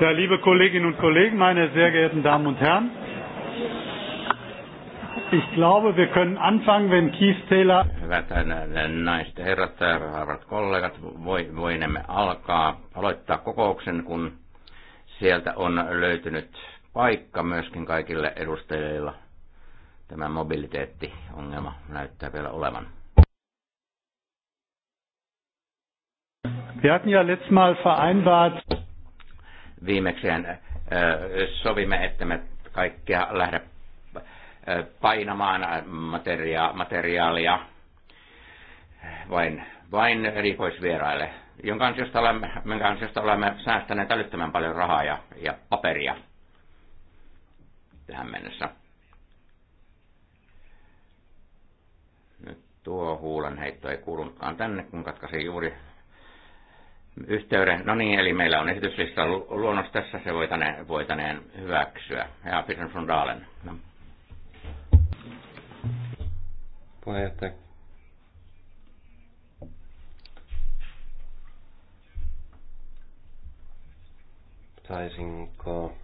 Ja, liebe Kolleginnen und Kollegen, meine sehr geehrten Damen und Herren, ich glaube, wir können anfangen, wenn Keith Taylor. Hyvät äh, naiset ja herrat, äh, arvat kollegat, voinemme alkaa aloittaa kokouksen, kun sieltä on löytynyt paikka myöskin kaikille edustajille. Tämä mobiliteettiongelma näyttää vielä olevan. Wir hatten ja letztes Mal vereinbart. Viimekseen äh, sovimme, että me kaikkea lähde äh, painamaan äh, materia- materiaalia vain, vain erikoisvieraille, jonka ansiosta olemme, minkä ansiosta olemme säästäneet älyttömän paljon rahaa ja, ja paperia tähän mennessä. Nyt tuo huulenheitto ei kuulunutkaan tänne, kun katkaisin juuri yhteyden. No niin, eli meillä on esityslista luonnos tässä, se voitaneen, voitaneen hyväksyä. Ja Pirsen von Dahlen. No. Puheenjohtaja. Saisinko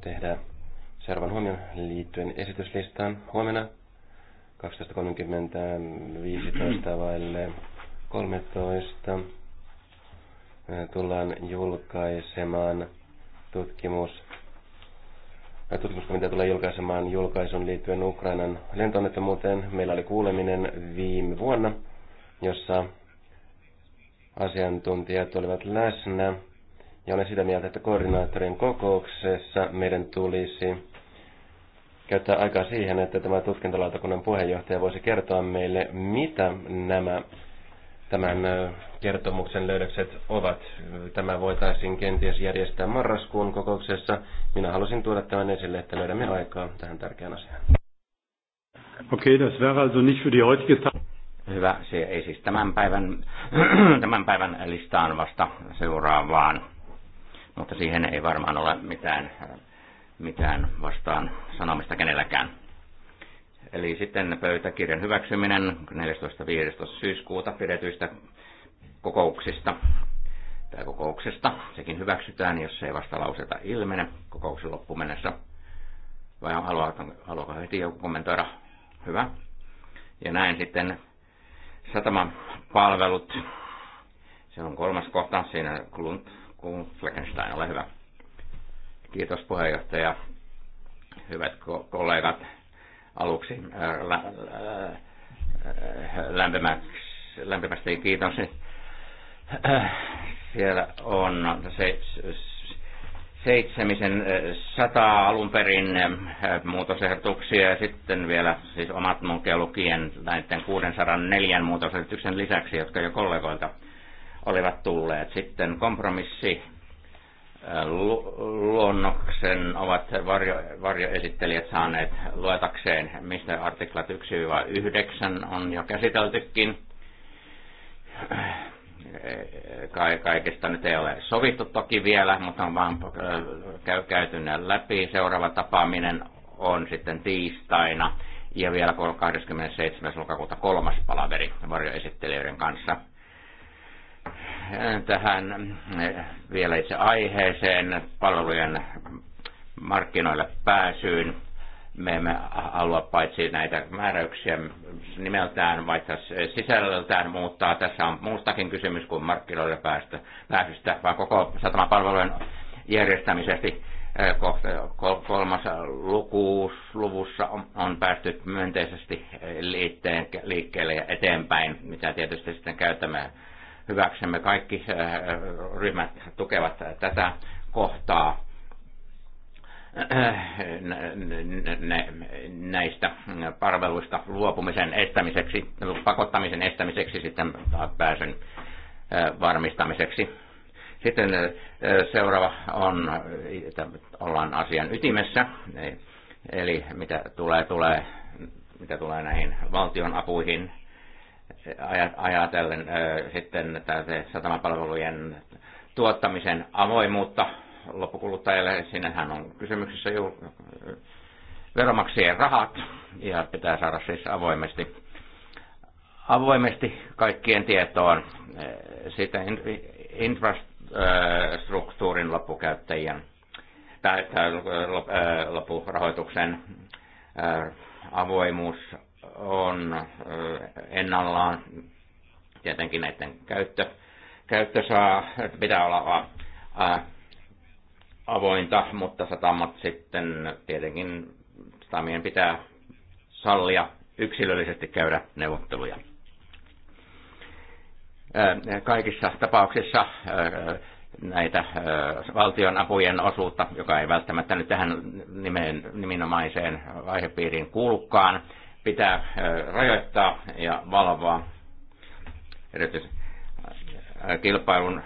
tehdä seuraavan huomion liittyen esityslistaan huomenna 12.30 15 vaille 13 tullaan julkaisemaan tutkimus. Tutkimuskomitea tulee julkaisemaan julkaisun liittyen Ukrainan lentonnettomuuteen. Meillä oli kuuleminen viime vuonna, jossa asiantuntijat olivat läsnä. Ja olen sitä mieltä, että koordinaattorin kokouksessa meidän tulisi käyttää aikaa siihen, että tämä tutkintolautakunnan puheenjohtaja voisi kertoa meille, mitä nämä tämän kertomuksen löydökset ovat. Tämä voitaisiin kenties järjestää marraskuun kokouksessa. Minä halusin tuoda tämän esille, että löydämme aikaa tähän tärkeään asiaan. Okei, okay, das wäre also nicht für die heutige Hyvä, se ei siis tämän päivän, tämän päivän listaan vasta seuraavaan. Mutta siihen ei varmaan ole mitään, mitään vastaan sanomista kenelläkään. Eli sitten pöytäkirjan hyväksyminen 14.15. syyskuuta pidetyistä kokouksista tai kokouksesta. Sekin hyväksytään, jos ei vasta lauseta ilmene kokouksen loppuun Vai haluaako, haluaako heti joku kommentoida? Hyvä. Ja näin sitten satamapalvelut. Se on kolmas kohta. Siinä Klunt, Fleckenstein, ole hyvä. Kiitos puheenjohtaja. Hyvät kollegat aluksi äh, äh, äh, lämpimästi kiitos. Siellä on se, seitsemisen sataa alun perin muutosehdotuksia ja sitten vielä siis omat mukaan lukien näiden 604 muutosehdotuksen lisäksi, jotka jo kollegoilta olivat tulleet. Sitten kompromissi Äh, luonnoksen ovat varjo, varjoesittelijät saaneet luetakseen, mistä artiklat 1-9 on jo käsiteltykin. Kaikesta nyt ei ole sovittu toki vielä, mutta on vaan äh, käy käytyneen läpi. Seuraava tapaaminen on sitten tiistaina ja vielä 27. lokakuuta kolmas palaveri varjoesittelijöiden kanssa tähän eh, vielä itse aiheeseen, palvelujen markkinoille pääsyyn. Me emme halua paitsi näitä määräyksiä nimeltään, vaikka sisällöltään muuttaa. Tässä on muustakin kysymys kuin markkinoille päästä, pääsystä, vaan koko satamapalvelujen järjestämisesti eh, kolmas lukuus, luvussa on, on päästy myönteisesti eh, liitteen, liikkeelle ja eteenpäin, mitä tietysti sitten käytämme hyväksemme. Kaikki äh, ryhmät tukevat tätä kohtaa äh, näistä palveluista luopumisen estämiseksi, pakottamisen estämiseksi sitten pääsyn äh, varmistamiseksi. Sitten seuraava on, että ollaan asian ytimessä, eli mitä tulee, tulee, mitä tulee näihin valtion apuihin, ajatellen sitten satamapalvelujen tuottamisen avoimuutta loppukuluttajalle. Sinnehän on kysymyksessä ju- veromaksien rahat ja pitää saada siis avoimesti, avoimesti kaikkien tietoon sitten infrastruktuurin loppukäyttäjien tai loppurahoituksen avoimuus on ennallaan. Tietenkin näiden käyttö, käyttö saa, pitää olla avointa, mutta satamat sitten tietenkin satamien pitää sallia yksilöllisesti käydä neuvotteluja. Kaikissa tapauksissa näitä valtion apujen osuutta, joka ei välttämättä nyt tähän nimenomaiseen aihepiiriin kuulukaan, pitää rajoittaa ja valvoa erityisesti kilpailun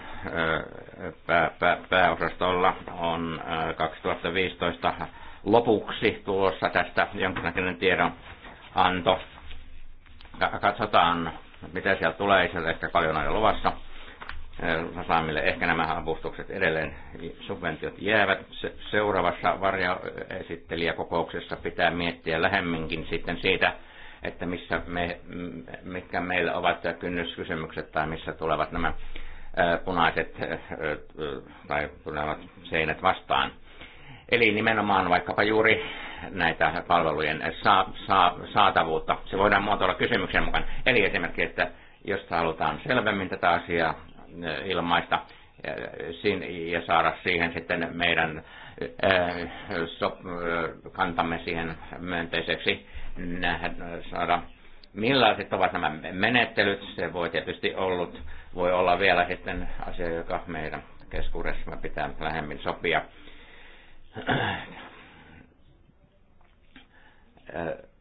pää, pää, pääosastolla on 2015 lopuksi tuossa tästä jonkinnäköinen tiedonanto. Katsotaan, mitä siellä tulee, ei siellä ehkä paljon aina luvassa saamille. Ehkä nämä avustukset edelleen, subventiot jäävät. Seuraavassa varjoesittelijäkokouksessa pitää miettiä lähemminkin sitten siitä, että missä me, mitkä meillä ovat kynnyskysymykset tai missä tulevat nämä punaiset tai tulevat seinät vastaan. Eli nimenomaan vaikkapa juuri näitä palvelujen saa, saa, saatavuutta. Se voidaan muotoilla kysymyksen mukaan. Eli esimerkiksi, että jos halutaan selvemmin tätä asiaa ilmaista ja saada siihen sitten meidän kantamme siihen myönteiseksi nähdä, saada millaiset ovat nämä menettelyt, se voi tietysti ollut, voi olla vielä sitten asia, joka meidän keskuudessamme pitää lähemmin sopia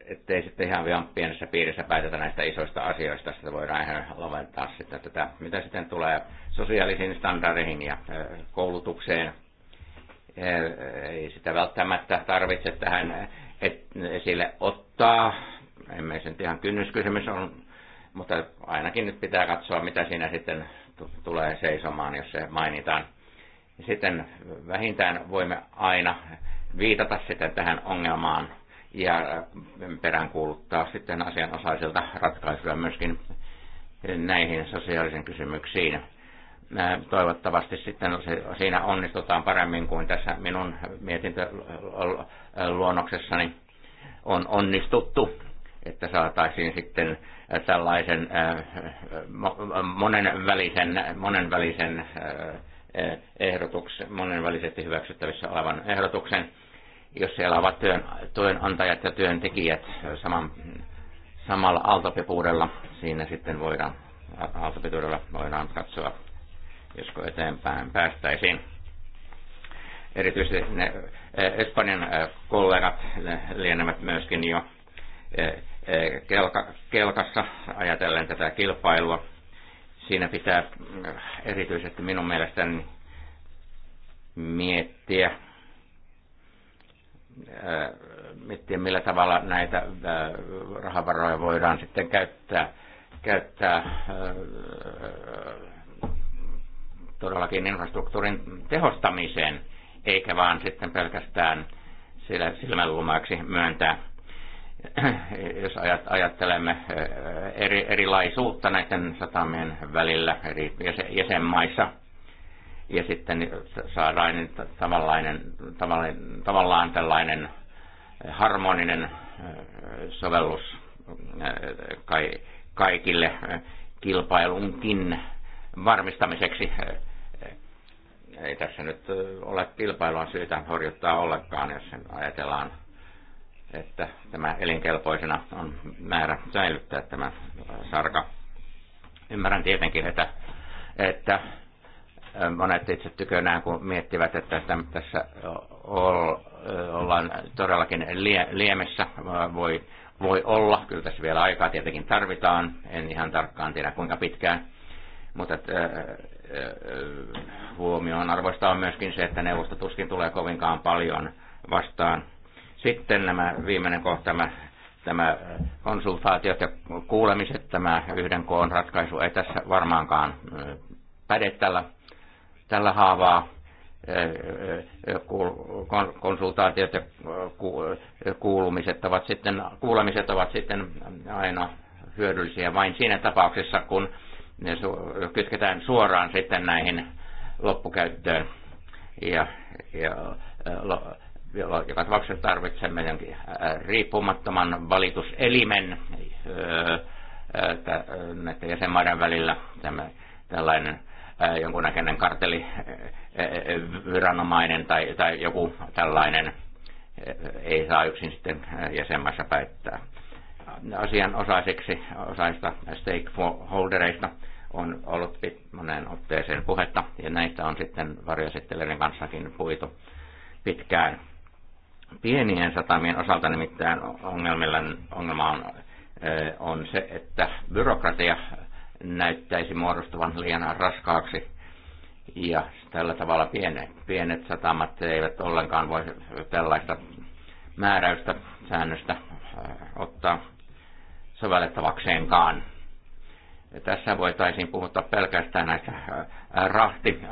ettei sitten ihan, vielä pienessä piirissä päätetä näistä isoista asioista, sitä voidaan ihan laventaa sitten tätä, mitä sitten tulee sosiaalisiin standardeihin ja koulutukseen. Ei sitä välttämättä tarvitse tähän esille ottaa. Emme se nyt ihan kynnyskysymys on, mutta ainakin nyt pitää katsoa, mitä siinä sitten tulee seisomaan, jos se mainitaan. Sitten vähintään voimme aina viitata sitten tähän ongelmaan ja äh, peräänkuuluttaa sitten asianosaisilta ratkaisuja myöskin näihin sosiaalisiin kysymyksiin. Äh, toivottavasti sitten siinä onnistutaan paremmin kuin tässä minun mietintöluonnoksessani on onnistuttu, että saataisiin sitten äh, tällaisen monenvälisen, monenvälisen ehdotuksen, monenvälisesti hyväksyttävissä olevan ehdotuksen jos siellä ovat työn, työnantajat ja työntekijät saman, samalla aaltopituudella, siinä sitten voidaan, aaltopituudella voidaan katsoa, josko eteenpäin päästäisiin. Erityisesti ne eh, Espanjan eh, kollegat lienevät myöskin jo eh, kelka, kelkassa ajatellen tätä kilpailua. Siinä pitää mm, erityisesti minun mielestäni miettiä Äh, miettiä, millä tavalla näitä äh, rahavaroja voidaan sitten käyttää, käyttää äh, todellakin infrastruktuurin tehostamiseen, eikä vaan sitten pelkästään sillä silmänlumaksi myöntää. Jos ajattelemme eri, erilaisuutta näiden satamien välillä eri jäsenmaissa, ja sitten saadaan niin tavallainen, tavallaan tällainen eh, harmoninen eh, sovellus eh, kaikille kilpailunkin varmistamiseksi. Ei tässä nyt ole kilpailua syytä horjuttaa ollenkaan, jos ajatellaan, että tämä elinkelpoisena on määrä säilyttää tämä sarka. Ymmärrän tietenkin, että, että monet itse tykönään, kun miettivät, että tässä ollaan todellakin liemessä, voi, voi olla. Kyllä tässä vielä aikaa tietenkin tarvitaan, en ihan tarkkaan tiedä kuinka pitkään. Mutta huomioon arvoista on myöskin se, että neuvosto tuskin tulee kovinkaan paljon vastaan. Sitten nämä viimeinen kohta, tämä, tämä konsultaatiot ja kuulemiset, tämä yhden koon ratkaisu ei tässä varmaankaan päde tällä tällä haavaa eh, eh, konsultaatiot ja eh, kuulumiset ovat sitten, kuulemiset ovat sitten aina hyödyllisiä vain siinä tapauksessa, kun ne kytketään suoraan sitten näihin loppukäyttöön. Ja, ja, joka tapauksessa tarvitsemme jonkin riippumattoman valituselimen näiden jäsenmaiden välillä. Tämä, tällainen jonkunnäköinen karteliviranomainen tai, tai joku tällainen ei saa yksin sitten jäsenmaissa päättää. Asian osaiseksi, osaista stakeholdereista on ollut monen otteeseen puhetta, ja näistä on sitten varjoesittelijöiden kanssakin puitu pitkään. Pienien satamien osalta nimittäin ongelma on, on se, että byrokratia näyttäisi muodostuvan liian raskaaksi. Ja tällä tavalla pienet, pienet satamat eivät ollenkaan voi tällaista määräystä, säännöstä äh, ottaa sovellettavakseenkaan. Tässä voitaisiin puhuttaa pelkästään näistä äh, rahti, äh,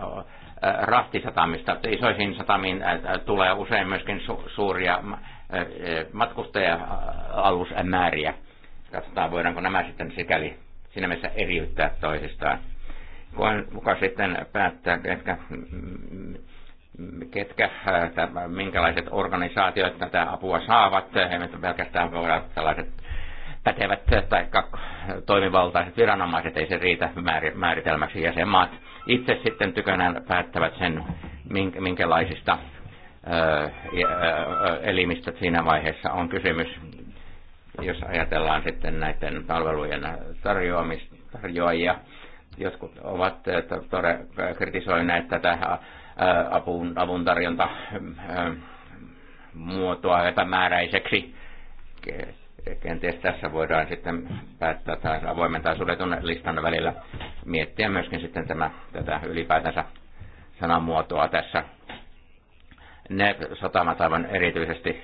rahtisatamista. Isoisiin satamiin tulee usein myöskin su- suuria matkustaja-alusmääriä. Katsotaan, voidaanko nämä sitten sikäli siinä mielessä eriyttää toisistaan. kun Kuka sitten päättää, ketkä, ketkä minkälaiset organisaatiot tätä apua saavat, eivät pelkästään voida tällaiset pätevät tai toimivaltaiset viranomaiset, ei se riitä määritelmäksi. Jäsenmaat itse sitten tykönään päättävät sen, minkälaisista elimistä siinä vaiheessa on kysymys jos ajatellaan sitten näiden palvelujen tarjoajia, jotkut ovat eh, tore, kritisoineet tätä eh, avun, avun tarjonta eh, muotoa epämääräiseksi. Kenties tässä voidaan sitten päättää tämän avoimen tai suljetun listan välillä miettiä myöskin sitten tämä, tätä ylipäätänsä sanamuotoa tässä. Ne satamat aivan erityisesti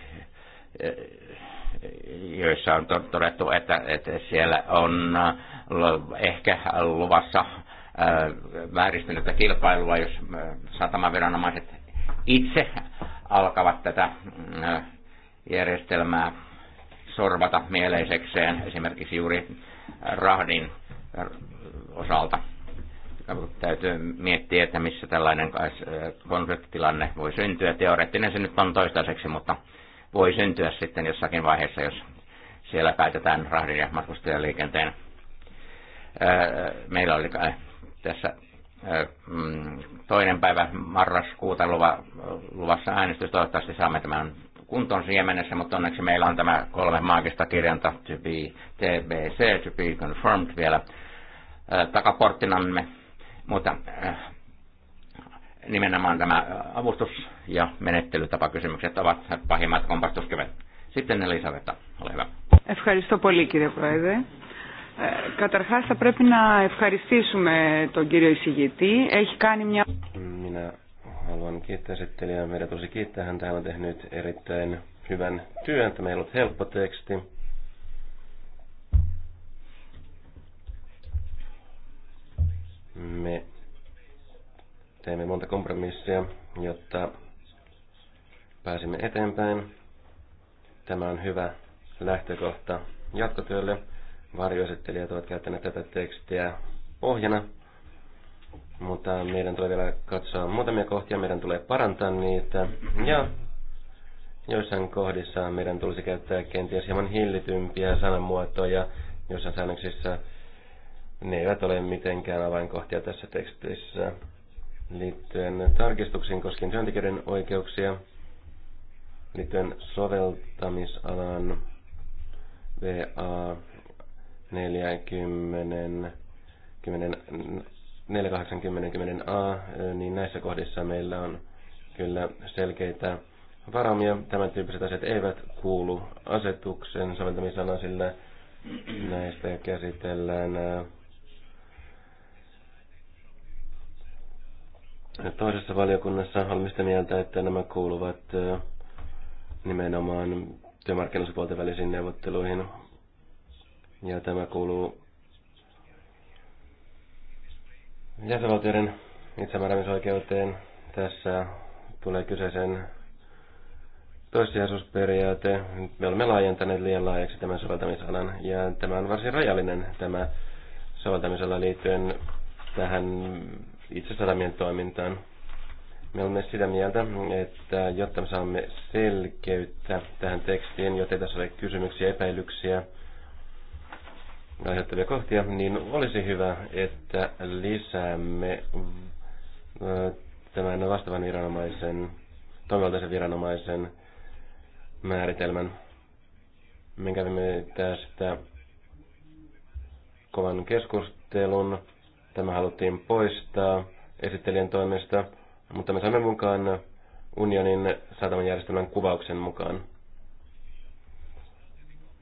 joissa on todettu, että, että siellä on äh, ehkä luvassa äh, vääristynyttä kilpailua, jos äh, satamaviranomaiset itse alkavat tätä järjestelmää sorvata mieleisekseen, esimerkiksi juuri rahdin osalta. Täytyy miettiä, että missä tällainen konfliktitilanne voi syntyä. Teoreettinen se nyt on toistaiseksi, mutta voi syntyä sitten jossakin vaiheessa, jos siellä päätetään rahdin ja matkustajaliikenteen. Meillä oli tässä mm, toinen päivä marraskuuta luvassa äänestys. Toivottavasti saamme tämän kuntoon siihen mennessä, mutta onneksi meillä on tämä kolme maagista kirjanta to be TBC, to be confirmed vielä takaporttinamme. Mutta nimenomaan tämä avustus- ja menettelytapakysymykset ovat pahimmat kompastuskivet. Sitten Elisabetta, ole hyvä. Ευχαριστώ πολύ κύριε Πρόεδρε. Καταρχάς θα πρέπει να ευχαριστήσουμε τον κύριο εισηγητή. Έχει κάνει μια... Minä haluan kiittää esittelijää. Meidän tosi kiittää häntä. Hän on tehnyt erittäin hyvän työn. Tämä ei ollut helppo teksti. Me Teimme monta kompromissia, jotta pääsimme eteenpäin. Tämä on hyvä lähtökohta jatkotyölle. Varjoesittelijät ovat käyttäneet tätä tekstiä pohjana, mutta meidän tulee vielä katsoa muutamia kohtia, meidän tulee parantaa niitä ja joissain kohdissa meidän tulisi käyttää kenties hieman hillitympiä sanamuotoja, joissain säännöksissä ne eivät ole mitenkään avainkohtia tässä tekstissä liittyen tarkistuksiin koskien työntekijöiden oikeuksia, liittyen soveltamisalan VA 40, 10, A, niin näissä kohdissa meillä on kyllä selkeitä varaumia. Tämän tyyppiset asiat eivät kuulu asetuksen soveltamisalan sillä näistä käsitellään toisessa valiokunnassa olemme sitä mieltä, että nämä kuuluvat nimenomaan työmarkkinosapuolten välisiin neuvotteluihin. Ja tämä kuuluu jäsenvaltioiden itsemääräämisoikeuteen. Tässä tulee kyseisen toissijaisuusperiaate. Me olemme laajentaneet liian laajaksi tämän soveltamisalan ja tämä on varsin rajallinen tämä soveltamisala liittyen tähän itsesatamien toimintaan. Me olemme sitä mieltä, että jotta me saamme selkeyttä tähän tekstiin, ei tässä ole kysymyksiä, epäilyksiä, aiheuttavia kohtia, niin olisi hyvä, että lisäämme tämän vastaavan viranomaisen, toimivaltaisen viranomaisen määritelmän. Me kävimme tästä kovan keskustelun Tämä haluttiin poistaa esittelijän toimesta, mutta me saimme mukaan unionin järjestelmän kuvauksen mukaan.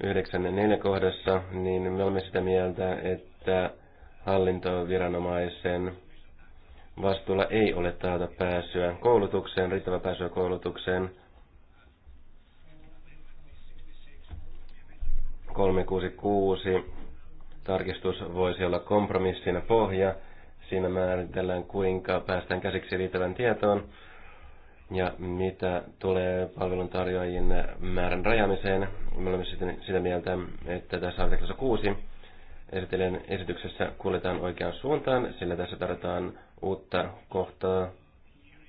9.4. kohdassa, niin me olemme sitä mieltä, että hallintoviranomaisen vastuulla ei ole taata pääsyä koulutukseen, riittävä pääsyä koulutukseen. 366 tarkistus voisi olla kompromissina pohja. Siinä määritellään, kuinka päästään käsiksi riittävän tietoon ja mitä tulee palveluntarjoajien määrän rajaamiseen. Me olemme sitä mieltä, että tässä artiklassa 6 esitellen esityksessä kuljetaan oikeaan suuntaan, sillä tässä tarvitaan uutta kohtaa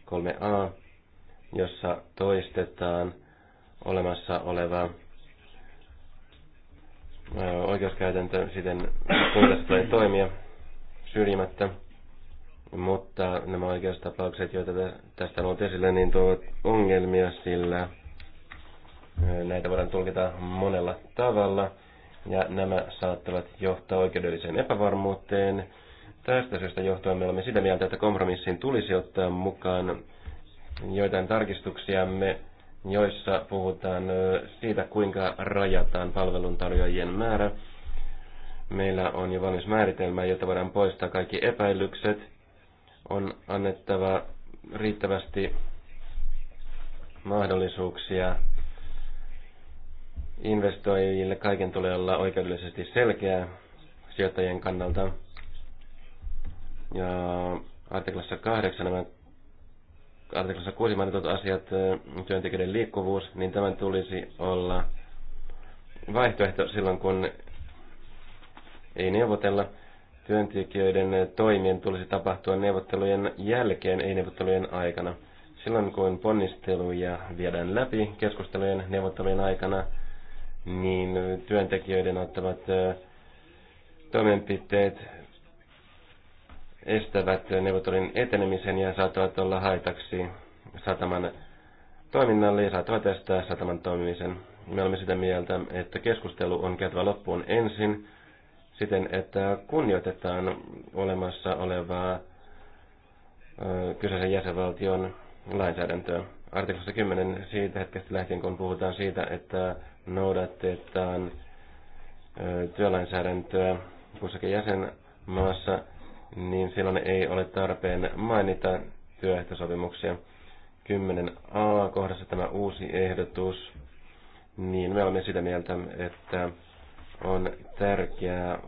3a, jossa toistetaan olemassa oleva oikeuskäytäntö siten, kuinka se tulee toimia syrjimättä. Mutta nämä oikeustapaukset, joita tästä on esille, niin tuovat ongelmia, sillä näitä voidaan tulkita monella tavalla. Ja nämä saattavat johtaa oikeudelliseen epävarmuuteen. Tästä syystä johtuen me olemme sitä mieltä, että kompromissiin tulisi ottaa mukaan joitain tarkistuksiamme, joissa puhutaan siitä, kuinka rajataan palveluntarjoajien määrä. Meillä on jo valmis määritelmä, jota voidaan poistaa kaikki epäilykset. On annettava riittävästi mahdollisuuksia investoijille. Kaiken tulee olla oikeudellisesti selkeää sijoittajien kannalta. Ja artiklassa 8 nämä artiklassa 6 mainitut asiat, työntekijöiden liikkuvuus, niin tämän tulisi olla vaihtoehto silloin, kun ei neuvotella. Työntekijöiden toimien tulisi tapahtua neuvottelujen jälkeen, ei neuvottelujen aikana. Silloin, kun ponnisteluja viedään läpi keskustelujen neuvottelujen aikana, niin työntekijöiden ottavat toimenpiteet estävät neuvottelun etenemisen ja saattavat olla haitaksi sataman toiminnalle ja saattavat estää sataman toimimisen. Me olemme sitä mieltä, että keskustelu on käytävä loppuun ensin siten, että kunnioitetaan olemassa olevaa kyseisen jäsenvaltion lainsäädäntöä. Artiklassa 10 siitä hetkestä lähtien, kun puhutaan siitä, että noudatetaan työlainsäädäntöä kussakin jäsenmaassa, niin silloin ei ole tarpeen mainita työehtosopimuksia. 10a kohdassa tämä uusi ehdotus, niin me olemme sitä mieltä, että on tärkeää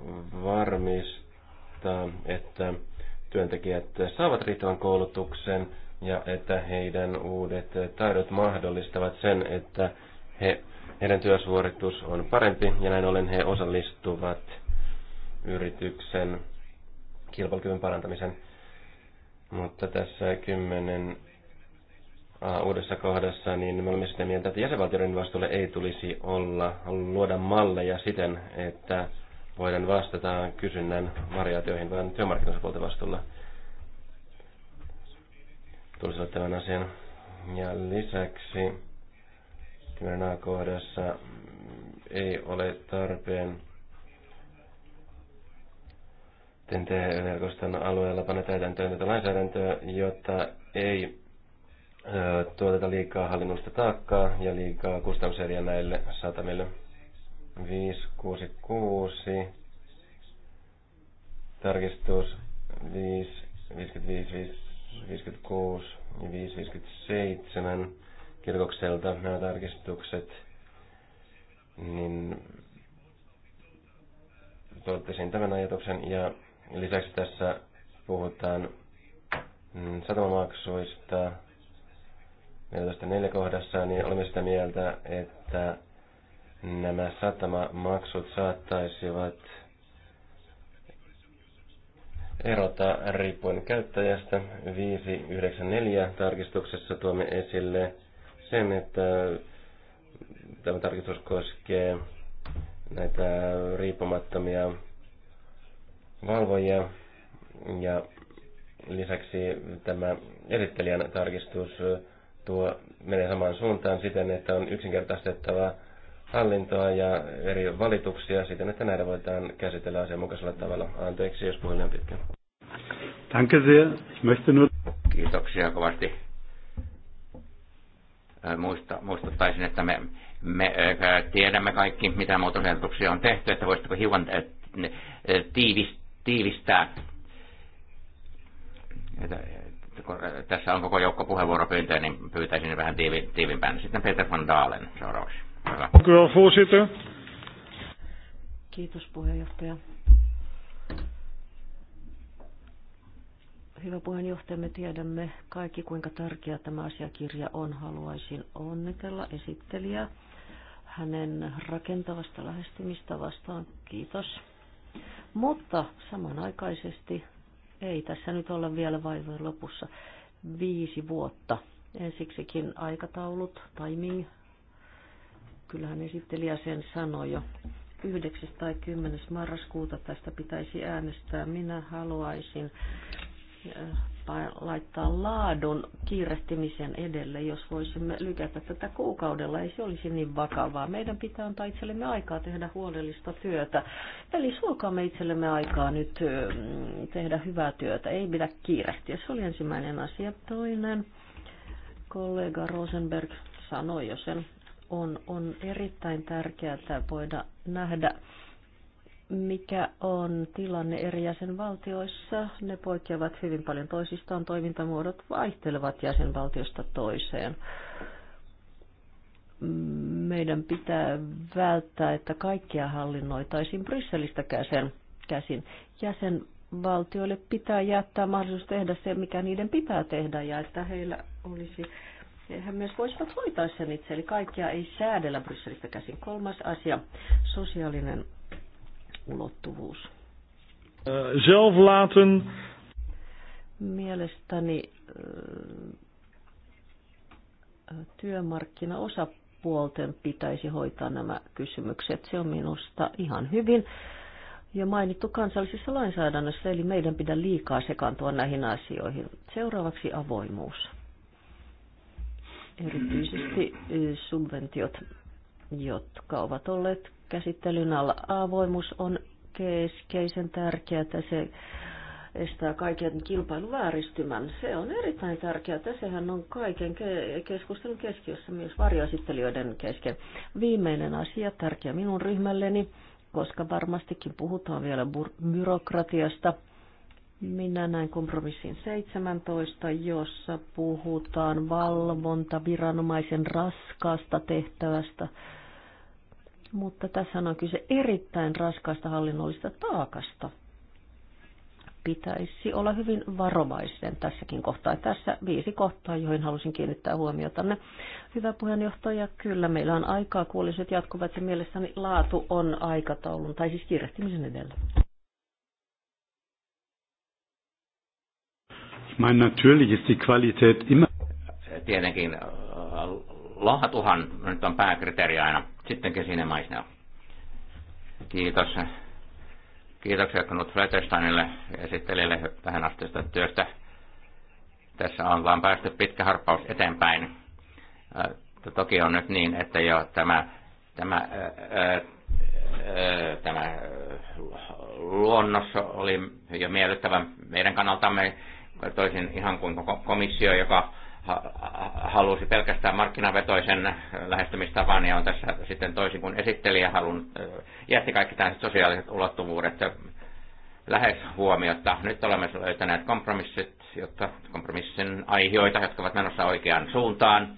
varmistaa, että työntekijät saavat riittävän koulutuksen ja että heidän uudet taidot mahdollistavat sen, että he, heidän työsuoritus on parempi ja näin ollen he osallistuvat yrityksen kilpailukyvyn parantamisen. Mutta tässä uh, uudessa kohdassa, niin me olemme sitä mieltä, että jäsenvaltioiden vastuulle ei tulisi olla luoda malleja siten, että voidaan vastata kysynnän variaatioihin, vaan työmarkkinoisapuolten vastuulla tulisi olla tämän asian. Ja lisäksi 10a kohdassa ei ole tarpeen sitten te verkoston alueella panna täytäntöön tätä lainsäädäntöä, jotta ei ö, tuoteta liikaa hallinnollista taakkaa ja liikaa kustannuseriä näille satamille. 566 tarkistus 5, 55, 5, 56 ja 5, kirkokselta nämä tarkistukset, niin totesin tämän ajatuksen ja Lisäksi tässä puhutaan mm, satamamaksuista neljä kohdassa, niin olemme sitä mieltä, että nämä satamamaksut saattaisivat erota riippuen käyttäjästä. 594 tarkistuksessa tuomme esille sen, että tämä tarkistus koskee näitä riippumattomia valvojia ja lisäksi tämä esittelijän tarkistus tuo menee samaan suuntaan siten, että on yksinkertaistettava hallintoa ja eri valituksia siten, että näitä voidaan käsitellä asianmukaisella tavalla. Anteeksi, jos puhuin liian pitkään. Danke sehr. Ich möchte nur... Kiitoksia kovasti. Muista, muistuttaisin, että me, me tiedämme kaikki, mitä muutosehdotuksia on tehty, että voisitko hiukan tiivistää tiivistää. Tässä on koko joukko puheenvuoropyyntöjä, niin pyytäisin vähän tiivi, tiivimpään. Sitten Peter van Daalen seuraavaksi. Hyvä. Kiitos puheenjohtaja. Hyvä puheenjohtaja, me tiedämme kaikki, kuinka tärkeä tämä asiakirja on. Haluaisin onnitella esittelijä hänen rakentavasta lähestymistä vastaan. Kiitos. Mutta samanaikaisesti ei tässä nyt olla vielä vaivojen lopussa viisi vuotta. Ensiksikin aikataulut, timing, kyllähän esittelijä sen sanoi jo. 9. tai 10. marraskuuta tästä pitäisi äänestää. Minä haluaisin laittaa laadun kiirehtimisen edelle, jos voisimme lykätä tätä kuukaudella, ei se olisi niin vakavaa. Meidän pitää antaa itsellemme aikaa tehdä huolellista työtä. Eli suokaamme itsellemme aikaa nyt tehdä hyvää työtä, ei pidä kiirehtiä. Se oli ensimmäinen asia. Toinen kollega Rosenberg sanoi jo sen, on, on erittäin tärkeää voida nähdä mikä on tilanne eri jäsenvaltioissa. Ne poikkeavat hyvin paljon toisistaan, toimintamuodot vaihtelevat jäsenvaltiosta toiseen. Meidän pitää välttää, että kaikkia hallinnoitaisiin Brysselistä käsin. käsin. Jäsenvaltioille pitää jättää mahdollisuus tehdä se, mikä niiden pitää tehdä, ja että heillä olisi he myös voisivat hoitaa sen itse, eli kaikkia ei säädellä Brysselistä käsin. Kolmas asia, sosiaalinen ulottuvuus. Eh, zelf laten. Mielestäni eh, työmarkkinaosapuolten pitäisi hoitaa nämä kysymykset. Se on minusta ihan hyvin ja mainittu kansallisessa lainsäädännössä, eli meidän pitää liikaa sekaantua näihin asioihin. Seuraavaksi avoimuus. Erityisesti eh, subventiot, jotka ovat olleet käsittelyn alla. Avoimuus on keskeisen tärkeää, että se estää kaiken kilpailun vääristymän. Se on erittäin tärkeää, että sehän on kaiken keskustelun keskiössä myös varjoesittelijöiden kesken. Viimeinen asia, tärkeä minun ryhmälleni, koska varmastikin puhutaan vielä byrokratiasta. Minä näen kompromissin 17, jossa puhutaan valvontaviranomaisen raskaasta tehtävästä mutta tässä on kyse erittäin raskaasta hallinnollista taakasta. Pitäisi olla hyvin varovaisen tässäkin kohtaa. Tässä viisi kohtaa, joihin halusin kiinnittää huomiota. Hyvä puheenjohtaja, kyllä meillä on aikaa. kuulliset jatkuvat ja mielestäni laatu on aikataulun, tai siis kiirehtimisen edellä. meine, natürlich ist die Qualität immer... Tietenkin äh, laatuhan nyt on pääkriteeri aina. Sitten Kesine Maisnel. Kiitos. Kiitoksia Knut Fletesteinille esittelijälle tähän asti työstä. Tässä on vaan päästy pitkä harppaus eteenpäin. Toki on nyt niin, että jo tämä, tämä, ää, ää, tämä luonnos oli jo miellyttävä meidän kannaltamme toisin ihan kuin koko komissio, joka halusi pelkästään markkinavetoisen äh, lähestymistavan ja on tässä sitten toisin kuin esittelijä halun, äh, jätti kaikki tämän sosiaaliset ulottuvuudet lähes huomiota. Nyt olemme löytäneet kompromissit, jotta kompromissin aiheita, jotka ovat menossa oikeaan suuntaan.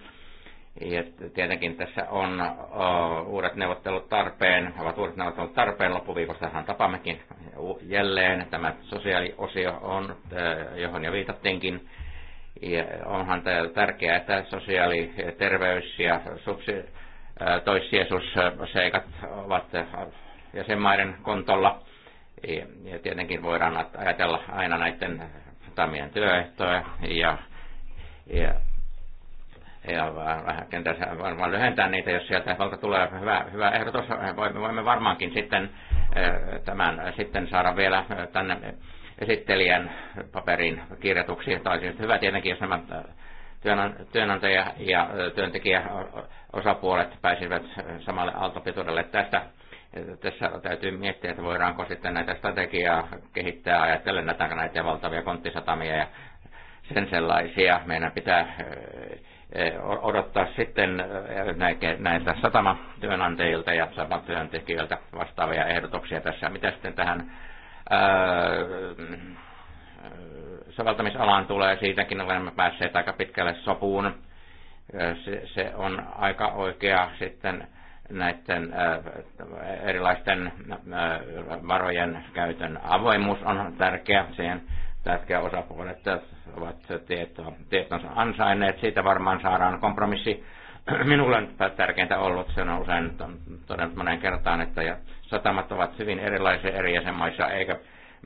Ja tietenkin tässä on äh, uudet neuvottelut tarpeen, ovat uudet neuvottelut tarpeen, loppuviikostahan tapaammekin jälleen. Tämä sosiaaliosio on, johon jo viitattiinkin, ja onhan tärkeää, että sosiaali-, terveys- ja subsi- toissijaisuusseikat ovat jäsenmaiden kontolla. Ja tietenkin voidaan ajatella aina näiden tamien työehtoja ja, ja ja vähän kenties varmaan lyhentää niitä, jos sieltä valta tulee hyvä, hyvä ehdotus. Voimme varmaankin sitten tämän sitten saada vielä tänne esittelijän paperin kirjatuksi. Tämä olisi hyvä tietenkin, jos nämä äh, työnantaja ja äh, työntekijä osapuolet pääsivät samalle aaltopituudelle tästä. Äh, tässä täytyy miettiä, että voidaanko sitten näitä strategiaa kehittää ajatellen näitä, näitä valtavia konttisatamia ja sen sellaisia. Meidän pitää odottaa sitten näitä satamatyönantajilta ja satamatyöntekijöiltä vastaavia ehdotuksia tässä. Mitä sitten tähän Öö, öö, soveltamisalaan tulee, siitäkin olemme päässeet aika pitkälle sopuun. Öö, se, se on aika oikea sitten näiden erilaisten varojen käytön avoimuus on tärkeä. Siihen tärkeä osapuolet ovat tieto, tietonsa ansainneet. Siitä varmaan saadaan kompromissi. Minulle on tärkeintä ollut, se on usein todennut moneen kertaan, että satamat ovat hyvin erilaisia eri jäsenmaissa, eikä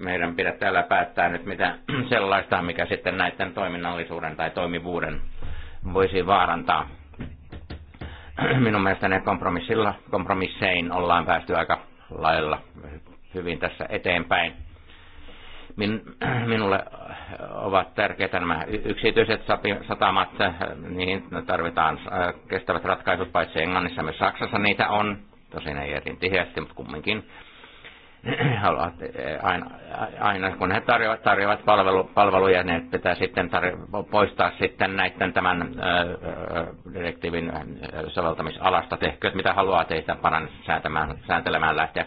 meidän pidä täällä päättää nyt mitä sellaista, mikä sitten näiden toiminnallisuuden tai toimivuuden voisi vaarantaa. Minun mielestäni kompromissilla, kompromissein ollaan päästy aika lailla hyvin tässä eteenpäin. Min, minulle ovat tärkeitä nämä yksityiset satamat, niihin tarvitaan äh, kestävät ratkaisut, paitsi Englannissa myös Saksassa niitä on tosin ei erin tiheästi, mutta kumminkin haluat, eh, aina, aina kun he tarjoavat, tarjoavat palvelu, palveluja, ne pitää sitten tarjo- poistaa sitten näiden tämän eh, eh, direktiivin soveltamisalasta. Tehkööt mitä haluaa teistä paran säätämään, sääntelemään lähteä.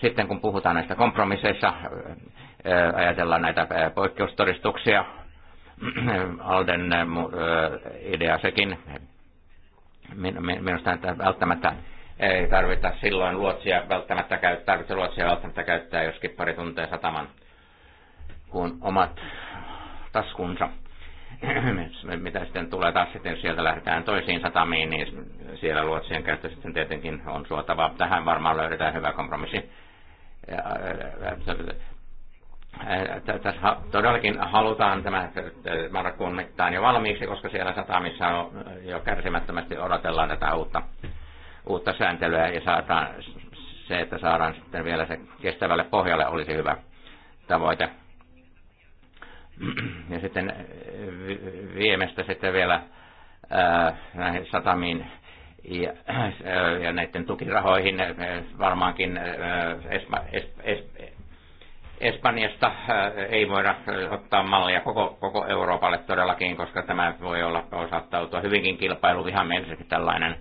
Sitten kun puhutaan näistä kompromisseissa, ajatellaan näitä poikkeustodistuksia, Alden äh, idea sekin, minusta välttämättä ei tarvita silloin luotsia välttämättä käyttää, tarvitse luotsia välttämättä käyttää, joskin kippari tuntee sataman kuin omat taskunsa. Mitä sitten tulee taas sitten, jos sieltä lähdetään toisiin satamiin, niin siellä luotsien käyttö sitten tietenkin on suotavaa. Tähän varmaan löydetään hyvä kompromissi. Tässä todellakin halutaan tämä marraskuun mittaan jo valmiiksi, koska siellä satamissa on jo kärsimättömästi odotellaan tätä uutta uutta sääntelyä ja saadaan se, että saadaan sitten vielä se kestävälle pohjalle olisi hyvä tavoite. Ja sitten äh, viemestä sitten vielä äh, näihin satamiin ja, äh, ja näiden tukirahoihin varmaankin Espa, es, es, Espanjasta ei voida ottaa mallia koko, koko Euroopalle todellakin, koska tämä voi olla osattautua hyvinkin kilpailuvihamielisesti tällainen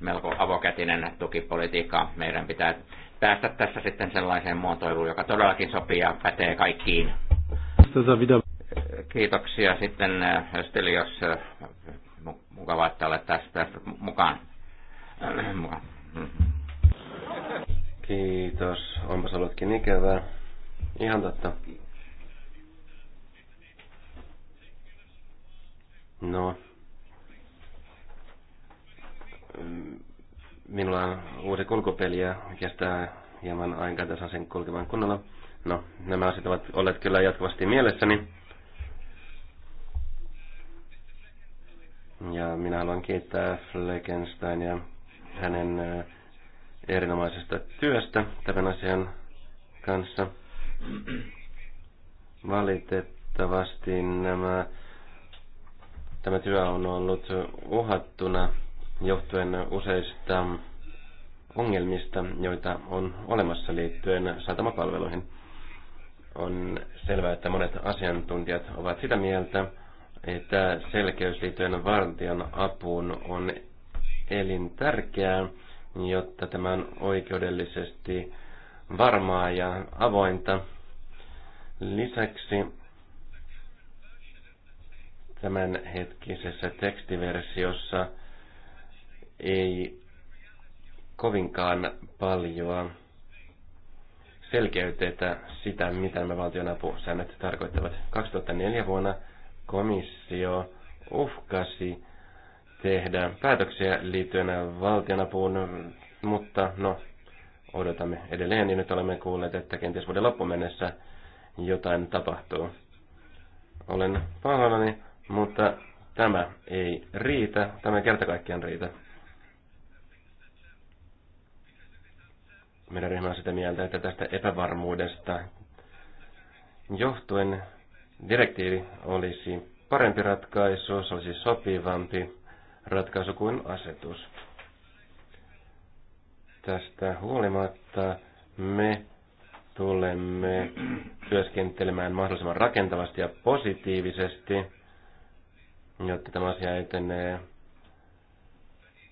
melko avokätinen tukipolitiikka. Meidän pitää päästä tässä sitten sellaiseen muotoiluun, joka todellakin sopii ja pätee kaikkiin. Kiitoksia sitten äh, jos äh, Mukava, että olet tässä, tässä mukaan. Kiitos. Onpas ollutkin ikävää. Ihan totta. No, Minulla on uusi kulkupeli ja kestää hieman aikaa sen kulkevan kunnolla. No, nämä asiat ovat olleet kyllä jatkuvasti mielessäni. Ja minä haluan kiittää Fleckenstein ja hänen äh, erinomaisesta työstä tämän asian kanssa. Valitettavasti nämä, tämä työ on ollut uhattuna johtuen useista ongelmista, joita on olemassa liittyen satamapalveluihin. On selvää, että monet asiantuntijat ovat sitä mieltä, että selkeys liittyen vartijan apuun on elintärkeää, jotta tämä on oikeudellisesti varmaa ja avointa. Lisäksi tämänhetkisessä tekstiversiossa ei kovinkaan paljoa selkeytetä sitä, mitä me valtionapusäännöt tarkoittavat. 2004 vuonna komissio uhkasi tehdä päätöksiä liittyen valtionapuun, mutta no, odotamme edelleen, niin nyt olemme kuulleet, että kenties vuoden loppumennessä jotain tapahtuu. Olen pahoillani, mutta tämä ei riitä, tämä ei kerta kaikkiaan riitä. meidän ryhmä on sitä mieltä, että tästä epävarmuudesta johtuen direktiivi olisi parempi ratkaisu, se olisi sopivampi ratkaisu kuin asetus. Tästä huolimatta me tulemme työskentelemään mahdollisimman rakentavasti ja positiivisesti, jotta tämä asia etenee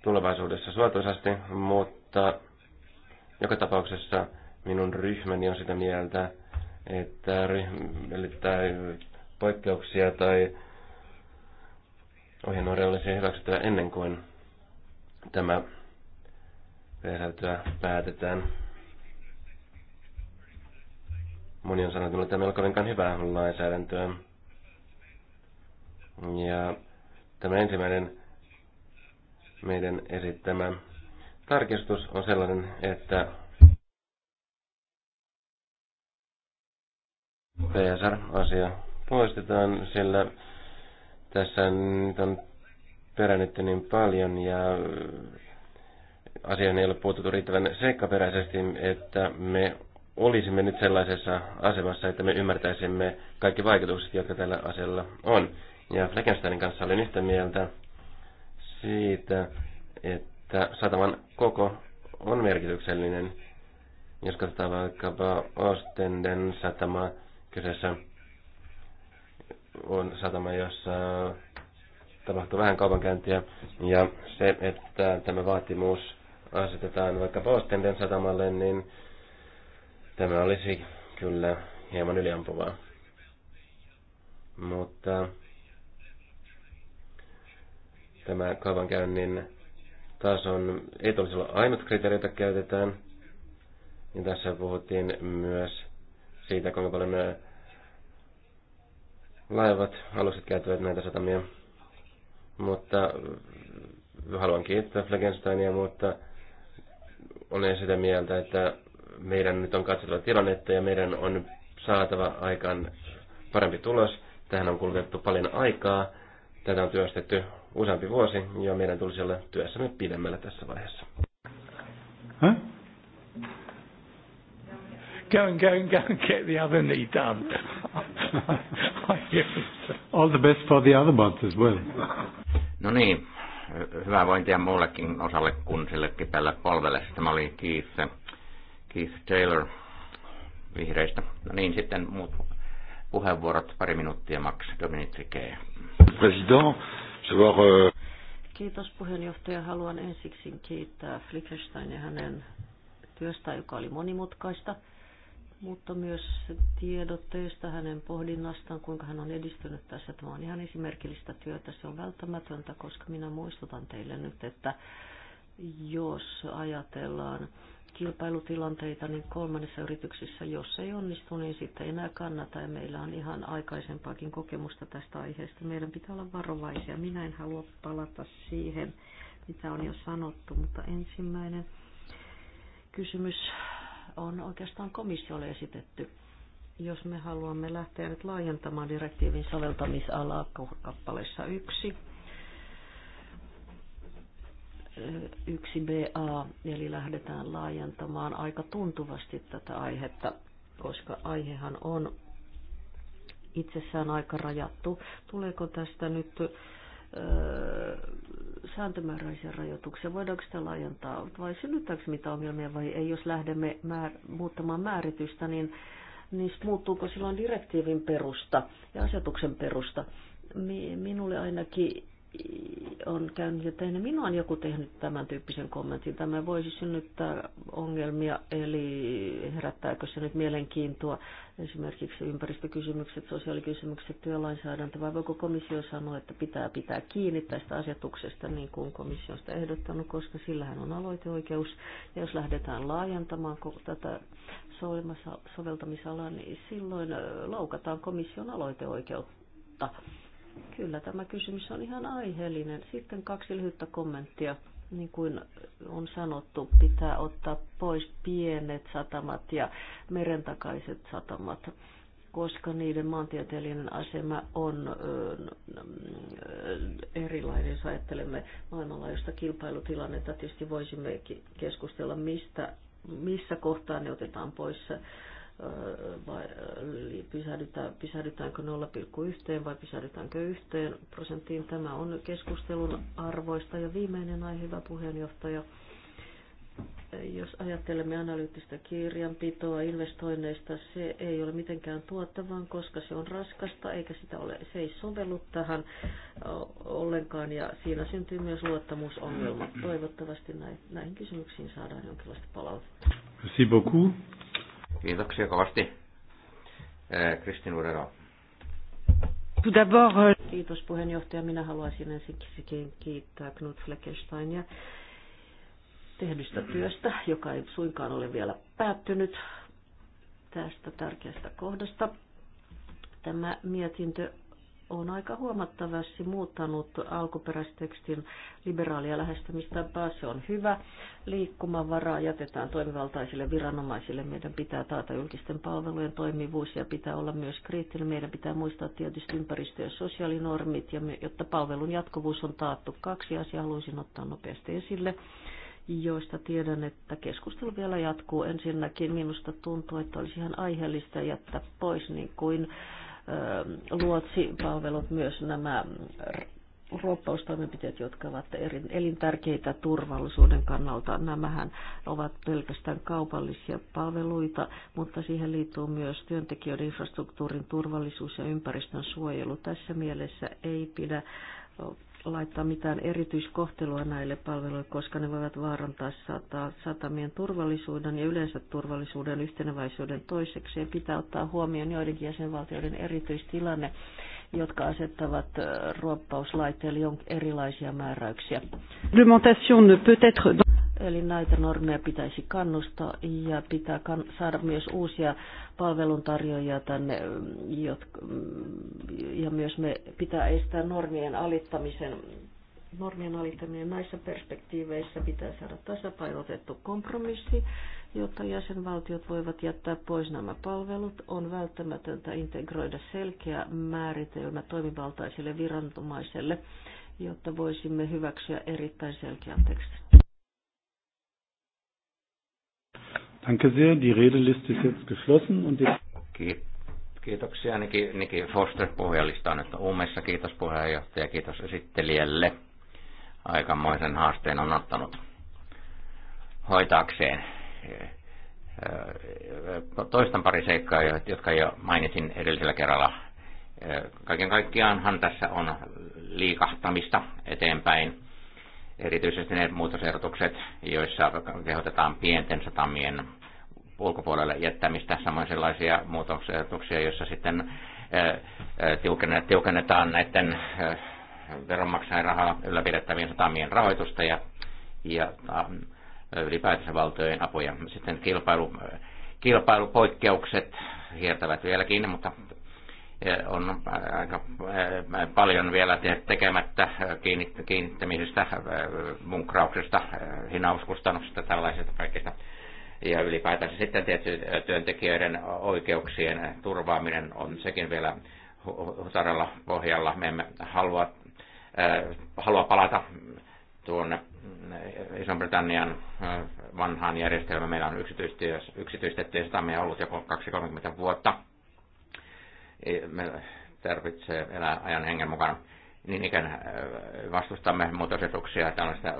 tulevaisuudessa suotuisasti, mutta joka tapauksessa minun ryhmäni on sitä mieltä, että, ryhmä, eli, tai poikkeuksia tai ohjenuoria olisi hyväksyttävä ennen kuin tämä perältyä päätetään. Moni on sanonut, että tämä ei ole kovinkaan hyvää lainsäädäntöä. Ja tämä ensimmäinen meidän esittämä tarkistus on sellainen, että PSR-asia poistetaan, sillä tässä nyt on perännetty niin paljon ja asiaan ei ole puututtu riittävän seikkaperäisesti, että me olisimme nyt sellaisessa asemassa, että me ymmärtäisimme kaikki vaikutukset, jotka tällä asialla on. Ja Fleckensteinin kanssa olin yhtä mieltä siitä, että että sataman koko on merkityksellinen. Jos katsotaan vaikkapa Ostenden satama, kyseessä on satama, jossa tapahtuu vähän kaupankäyntiä. Ja se, että tämä vaatimus asetetaan vaikka Postenden satamalle, niin tämä olisi kyllä hieman yliampuvaa. Mutta tämä kaupankäynnin taas on tulisi ainut kriteeri, jota käytetään. Ja tässä puhuttiin myös siitä, kuinka paljon nämä laivat, alukset käyttävät näitä satamia. Mutta haluan kiittää Flegensteinia, mutta olen sitä mieltä, että meidän nyt on katsottava tilannetta ja meidän on saatava aikaan parempi tulos. Tähän on kulutettu paljon aikaa. Tätä on työstetty useampi vuosi ja meidän tulisi olla työssämme pidemmällä tässä vaiheessa. Huh? Go and go and get the other need done. All the best for the other month as well. No niin, hyvää vointia muullekin osalle kuin sille kipeälle polvelle. Tämä oli Keith, Keith Taylor vihreistä. No niin, sitten muut puheenvuorot, pari minuuttia maks Dominic Rikee. President, Euh, Kiitos puheenjohtaja. Haluan ensiksi kiittää Flickenstein ja hänen työstä, joka oli monimutkaista, mutta myös tiedotteista, hänen pohdinnastaan, kuinka hän on edistynyt tässä. Tämä on ihan esimerkillistä työtä. Se on välttämätöntä, koska minä muistutan teille nyt, että jos ajatellaan kilpailutilanteita, niin kolmannessa yrityksessä, jos ei onnistu, niin sitten ei enää kannata. Ja meillä on ihan aikaisempaakin kokemusta tästä aiheesta. Meidän pitää olla varovaisia. Minä en halua palata siihen, mitä on jo sanottu, mutta ensimmäinen kysymys on oikeastaan komissiolle esitetty. Jos me haluamme lähteä nyt laajentamaan direktiivin soveltamisalaa kappaleessa yksi, 1BA, eli lähdetään laajentamaan aika tuntuvasti tätä aihetta, koska aihehan on itsessään aika rajattu. Tuleeko tästä nyt öö, sääntömääräisiä rajoituksia? Voidaanko sitä laajentaa vai synnyttääkö mitä ongelmia vai ei? Jos lähdemme määr- muuttamaan määritystä, niin, niin muuttuuko silloin direktiivin perusta ja asetuksen perusta? Minulle ainakin on käynyt, että ennen minua on joku tehnyt tämän tyyppisen kommentin. Tämä voisi synnyttää ongelmia, eli herättääkö se nyt mielenkiintoa esimerkiksi ympäristökysymykset, sosiaalikysymykset, työlainsäädäntö, vai voiko komissio sanoa, että pitää pitää kiinni tästä asetuksesta, niin kuin komissio on sitä ehdottanut, koska sillähän on aloiteoikeus, ja jos lähdetään laajentamaan tätä soveltamisalaa, niin silloin loukataan komission aloiteoikeutta Kyllä tämä kysymys on ihan aiheellinen. Sitten kaksi lyhyttä kommenttia. Niin kuin on sanottu, pitää ottaa pois pienet satamat ja merentakaiset satamat, koska niiden maantieteellinen asema on erilainen. Jos ajattelemme maailmanlaajuista kilpailutilannetta, tietysti voisimme keskustella, mistä, missä kohtaa ne otetaan pois vai pysähdytään, pysähdytäänkö 0,1 vai pysähdytäänkö yhteen prosenttiin. Tämä on keskustelun arvoista. Ja viimeinen aihe, hyvä puheenjohtaja. Jos ajattelemme analyyttistä kirjanpitoa investoinneista, se ei ole mitenkään tuottavaa, koska se on raskasta, eikä sitä ole, se ei sovellu tähän ollenkaan, ja siinä syntyy myös luottamusongelma. Toivottavasti näihin kysymyksiin saadaan jonkinlaista palautetta. Merci beaucoup. Kiitoksia kovasti. Eh, Kristin Urero. Euh, Kiitos puheenjohtaja. Minä haluaisin ensinnäkin kiittää Knut Fleckensteinia tehdystä työstä, joka ei suinkaan ole vielä päättynyt tästä tärkeästä kohdasta. Tämä mietintö on aika huomattavasti muuttanut alkuperäistekstin liberaalia lähestymistapaa. Se on hyvä. Liikkumavaraa jätetään toimivaltaisille viranomaisille. Meidän pitää taata julkisten palvelujen toimivuus ja pitää olla myös kriittinen. Meidän pitää muistaa tietysti ympäristö- ja sosiaalinormit, ja me, jotta palvelun jatkuvuus on taattu. Kaksi asiaa haluaisin ottaa nopeasti esille joista tiedän, että keskustelu vielä jatkuu. Ensinnäkin minusta tuntuu, että olisi ihan aiheellista jättää pois niin kuin äh, Ähm, luotsipalvelut, myös nämä ruoppaustoimenpiteet, jotka ovat elintärkeitä turvallisuuden kannalta. Nämähän ovat pelkästään kaupallisia palveluita, mutta siihen liittyy myös työntekijöiden infrastruktuurin turvallisuus ja ympäristön suojelu. Tässä mielessä ei pidä laittaa mitään erityiskohtelua näille palveluille, koska ne voivat vaarantaa sata, satamien turvallisuuden ja yleensä turvallisuuden yhteneväisyyden toiseksi. Ja pitää ottaa huomioon joidenkin jäsenvaltioiden erityistilanne, jotka asettavat ruoppauslaitteille erilaisia määräyksiä. Eli näitä normeja pitäisi kannustaa ja pitää kan- saada myös uusia palveluntarjoajia tänne, jotka, mm, ja myös me pitää estää normien alittamisen. Normien alittaminen näissä perspektiiveissä pitää saada tasapainotettu kompromissi, jotta jäsenvaltiot voivat jättää pois nämä palvelut. On välttämätöntä integroida selkeä määritelmä toimivaltaiselle viranomaiselle, jotta voisimme hyväksyä erittäin selkeän tekstin. Danke sehr. Die Redeliste ist jetzt geschlossen und jetzt Kiitoksia Niki, Niki Foster puhujalista että uumessa. Kiitos puheenjohtaja, kiitos esittelijälle. Aikamoisen haasteen on ottanut hoitaakseen. Äh, toistan pari seikkaa, jotka jo mainitsin edellisellä kerralla. Äh, kaiken kaikkiaanhan tässä on liikahtamista eteenpäin erityisesti ne muutosehdotukset, joissa kehotetaan pienten satamien ulkopuolelle jättämistä, samoin sellaisia muutosehdotuksia, joissa sitten tiukennetaan näiden veronmaksajan rahaa ylläpidettävien satamien rahoitusta ja, ja ylipäätänsä valtojen apuja. Sitten kilpailu, kilpailupoikkeukset hiertävät vieläkin, mutta on äh, aika äh, äh, paljon vielä tekemättä kiinnittämisestä, munkrauksesta, hinauskustannuksista, tällaisesta kaikista. Ja ylipäätänsä sitten tietysti työntekijöiden oikeuksien turvaaminen on sekin vielä saralla pohjalla. Me emme halua, halua palata tuonne Iso-Britannian vanhaan järjestelmään. Meillä on yksityistettyjä satamia ollut jo 20-30 vuotta me tarvitsee elää ajan hengen mukana. Niin ikään äh, vastustamme muutosetuksia tällaista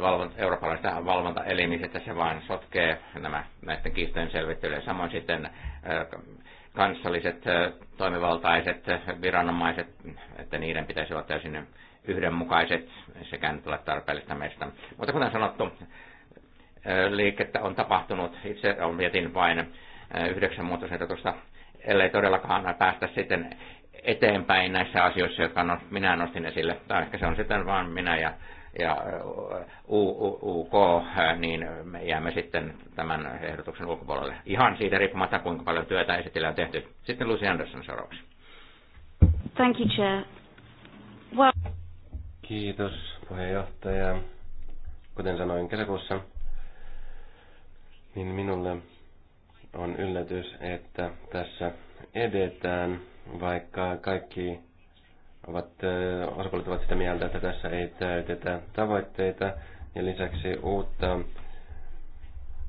valvonta, eurooppalaista valvontaelimistä, että se vain sotkee nämä näiden kiistojen selvittelyä. Samoin sitten äh, kansalliset äh, toimivaltaiset viranomaiset, että niiden pitäisi olla täysin yhdenmukaiset, sekä nyt ole tarpeellista meistä. Mutta kuten sanottu, liikettä on tapahtunut. Itse on vietin vain yhdeksän muutosehdotusta ellei todellakaan päästä sitten eteenpäin näissä asioissa, jotka no, minä nostin esille, tai ehkä se on sitten vain minä ja, ja UK, niin me jäämme sitten tämän ehdotuksen ulkopuolelle. Ihan siitä riippumatta, kuinka paljon työtä esitellä on tehty. Sitten Lucy Anderson seuraavaksi. Thank you, Chair. Well... Kiitos puheenjohtaja. Kuten sanoin kesäkuussa, niin minulle on yllätys, että tässä edetään, vaikka kaikki ovat, osapuolet ovat sitä mieltä, että tässä ei täytetä tavoitteita. Ja lisäksi uutta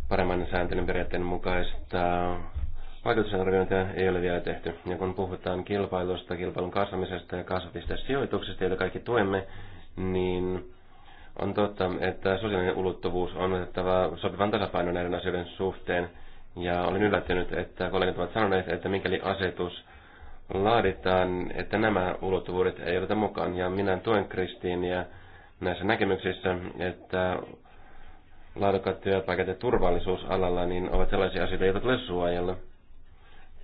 paremman sääntelyn periaatteen mukaista vaikutusarviointia ei ole vielä tehty. Ja kun puhutaan kilpailusta, kilpailun kasvamisesta ja kasvavista sijoituksista, joita kaikki tuemme, niin on totta, että sosiaalinen ulottuvuus on otettava sopivan tasapainon näiden asioiden suhteen – ja olen yllättynyt, että kollegat ovat sanoneet, että mikäli asetus laaditaan, että nämä ulottuvuudet ei oteta mukaan. Ja minä tuen Kristiiniä näissä näkemyksissä, että laadukkaat työpaikat ja turvallisuus alalla niin ovat sellaisia asioita, joita tulee suojella.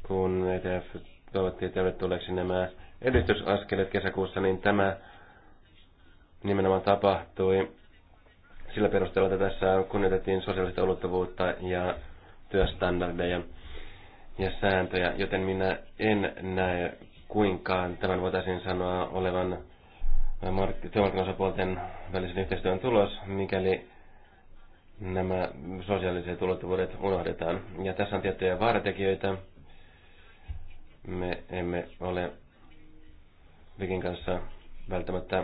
Kun ETF toivottiin tervetulleeksi nämä edistysaskeleet kesäkuussa, niin tämä nimenomaan tapahtui sillä perusteella, että tässä kunnioitettiin sosiaalista ulottuvuutta ja työstandardeja ja sääntöjä, joten minä en näe kuinkaan tämän voitaisiin sanoa olevan työmarkkinosapuolten välisen yhteistyön tulos, mikäli nämä sosiaaliset ulottuvuudet unohdetaan. Ja tässä on tiettyjä vaaratekijöitä. Me emme ole Vikin kanssa välttämättä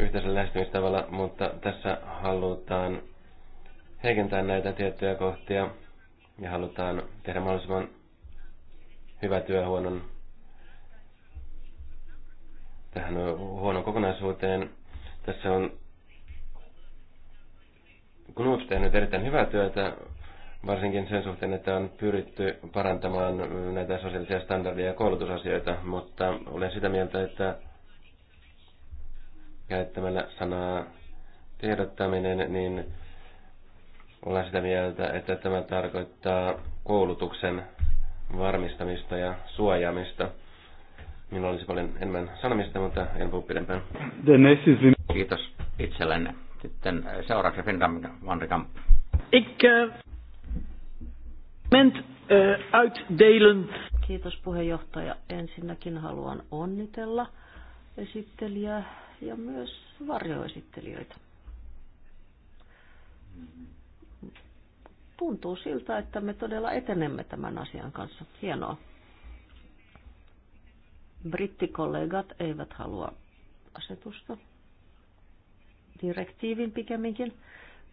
yhteisellä lähestymistavalla, mutta tässä halutaan heikentää näitä tiettyjä kohtia ja halutaan tehdä mahdollisimman hyvä työ huonon, tähän huonon kokonaisuuteen. Tässä on kun tehnyt erittäin hyvää työtä, varsinkin sen suhteen, että on pyritty parantamaan näitä sosiaalisia standardeja ja koulutusasioita, mutta olen sitä mieltä, että käyttämällä sanaa tiedottaminen, niin Ollaan sitä mieltä, että tämä tarkoittaa koulutuksen varmistamista ja suojaamista. Minulla olisi paljon enemmän sanomista, mutta en puhu pidempään. Kiitos itsellenne. Sitten seuraavaksi Finram van de Kamp. Ik uh, uitdelen. Kiitos puheenjohtaja. Ensinnäkin haluan onnitella esittelijää ja myös varjoesittelijöitä tuntuu siltä, että me todella etenemme tämän asian kanssa. Hienoa. Brittikollegat eivät halua asetusta, direktiivin pikemminkin,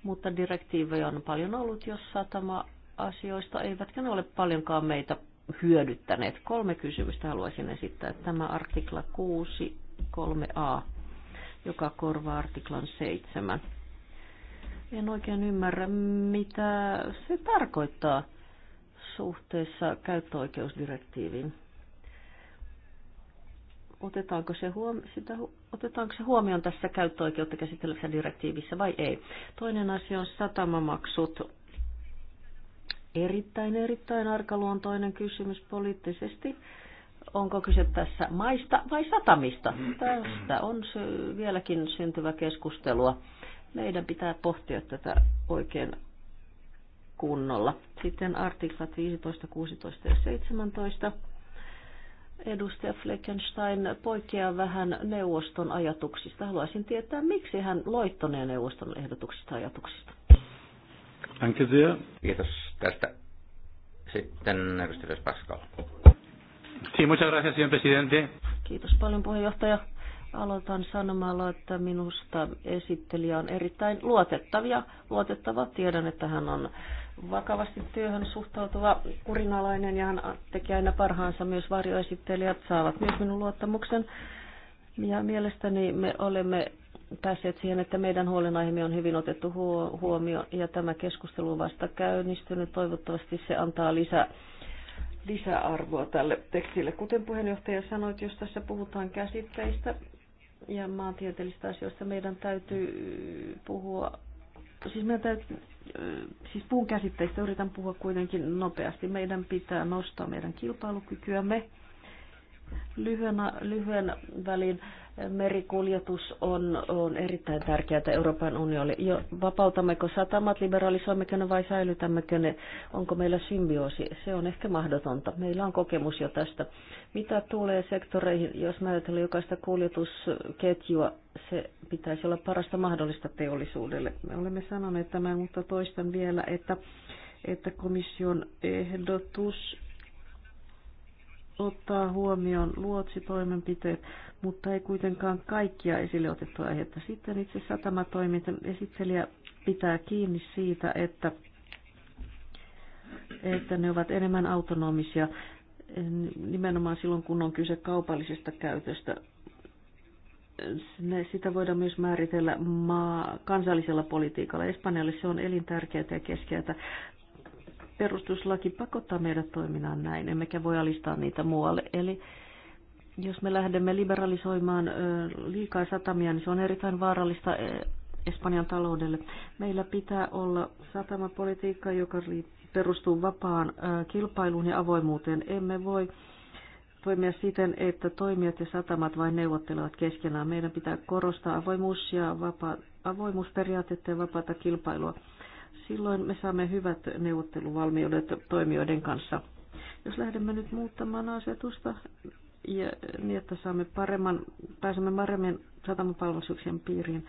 mutta direktiivejä on paljon ollut, jos satama-asioista eivätkä ne ole paljonkaan meitä hyödyttäneet. Kolme kysymystä haluaisin esittää. Tämä artikla 6, 3a, joka korvaa artiklan 7 en oikein ymmärrä, mitä se tarkoittaa suhteessa käyttöoikeusdirektiiviin. Otetaanko se, huom- sitä hu- otetaanko se huomioon tässä käyttöoikeutta käsittelevässä direktiivissä vai ei? Toinen asia on satamamaksut. Erittäin, erittäin arkaluontoinen kysymys poliittisesti onko kyse tässä maista vai satamista? Tästä on vieläkin syntyvä keskustelua. Meidän pitää pohtia tätä oikein kunnolla. Sitten artiklat 15, 16 ja 17. Edustaja Fleckenstein poikkeaa vähän neuvoston ajatuksista. Haluaisin tietää, miksi hän loittonee neuvoston ehdotuksista ajatuksista. Kiitos tästä. Sitten edustaja Pascal. Sí, muchas gracias, señor presidente. Kiitos paljon puheenjohtaja. Aloitan sanomalla, että minusta esittelijä on erittäin luotettavia. luotettava. Tiedän, että hän on vakavasti työhön suhtautuva kurinalainen ja hän tekee aina parhaansa. Myös varjoesittelijät saavat myös minun luottamuksen. Ja mielestäni me olemme päässeet siihen, että meidän huolenaiheemme on hyvin otettu huomioon ja tämä keskustelu on vasta käynnistynyt. Toivottavasti se antaa lisää lisäarvoa tälle tekstille. Kuten puheenjohtaja sanoit, jos tässä puhutaan käsitteistä, ja maantieteellisistä asioista meidän täytyy puhua, siis meidän täytyy, siis puun käsitteistä yritän puhua kuitenkin nopeasti. Meidän pitää nostaa meidän kilpailukykyämme lyhyen, lyhyen välin Merikuljetus on, on erittäin tärkeää Euroopan unionille. Jo, vapautammeko satamat, liberalisoimmeko ne vai säilytämmekö ne? Onko meillä symbioosi? Se on ehkä mahdotonta. Meillä on kokemus jo tästä. Mitä tulee sektoreihin, jos mä ajatellaan jokaista kuljetusketjua, se pitäisi olla parasta mahdollista teollisuudelle. Me olemme sanoneet tämän, mutta toistan vielä, että että komission ehdotus ottaa huomioon luotsitoimenpiteet, mutta ei kuitenkaan kaikkia esille otettua aihetta. Sitten itse satamatoiminta esittelijä pitää kiinni siitä, että, että ne ovat enemmän autonomisia nimenomaan silloin, kun on kyse kaupallisesta käytöstä. Sitä voidaan myös määritellä maa, kansallisella politiikalla. Espanjalle se on elintärkeää ja keskeää perustuslaki pakottaa meidät toimimaan näin, emmekä voi alistaa niitä muualle. Eli jos me lähdemme liberalisoimaan liikaa satamia, niin se on erittäin vaarallista Espanjan taloudelle. Meillä pitää olla satamapolitiikka, joka perustuu vapaan kilpailuun ja avoimuuteen. Emme voi toimia siten, että toimijat ja satamat vain neuvottelevat keskenään. Meidän pitää korostaa avoimuus ja vapaa, avoimuusperiaatetta ja vapaata kilpailua. Silloin me saamme hyvät neuvotteluvalmiudet toimijoiden kanssa. Jos lähdemme nyt muuttamaan asetusta ja, niin, että saamme paremman, pääsemme paremmin satamapalveluksien piiriin,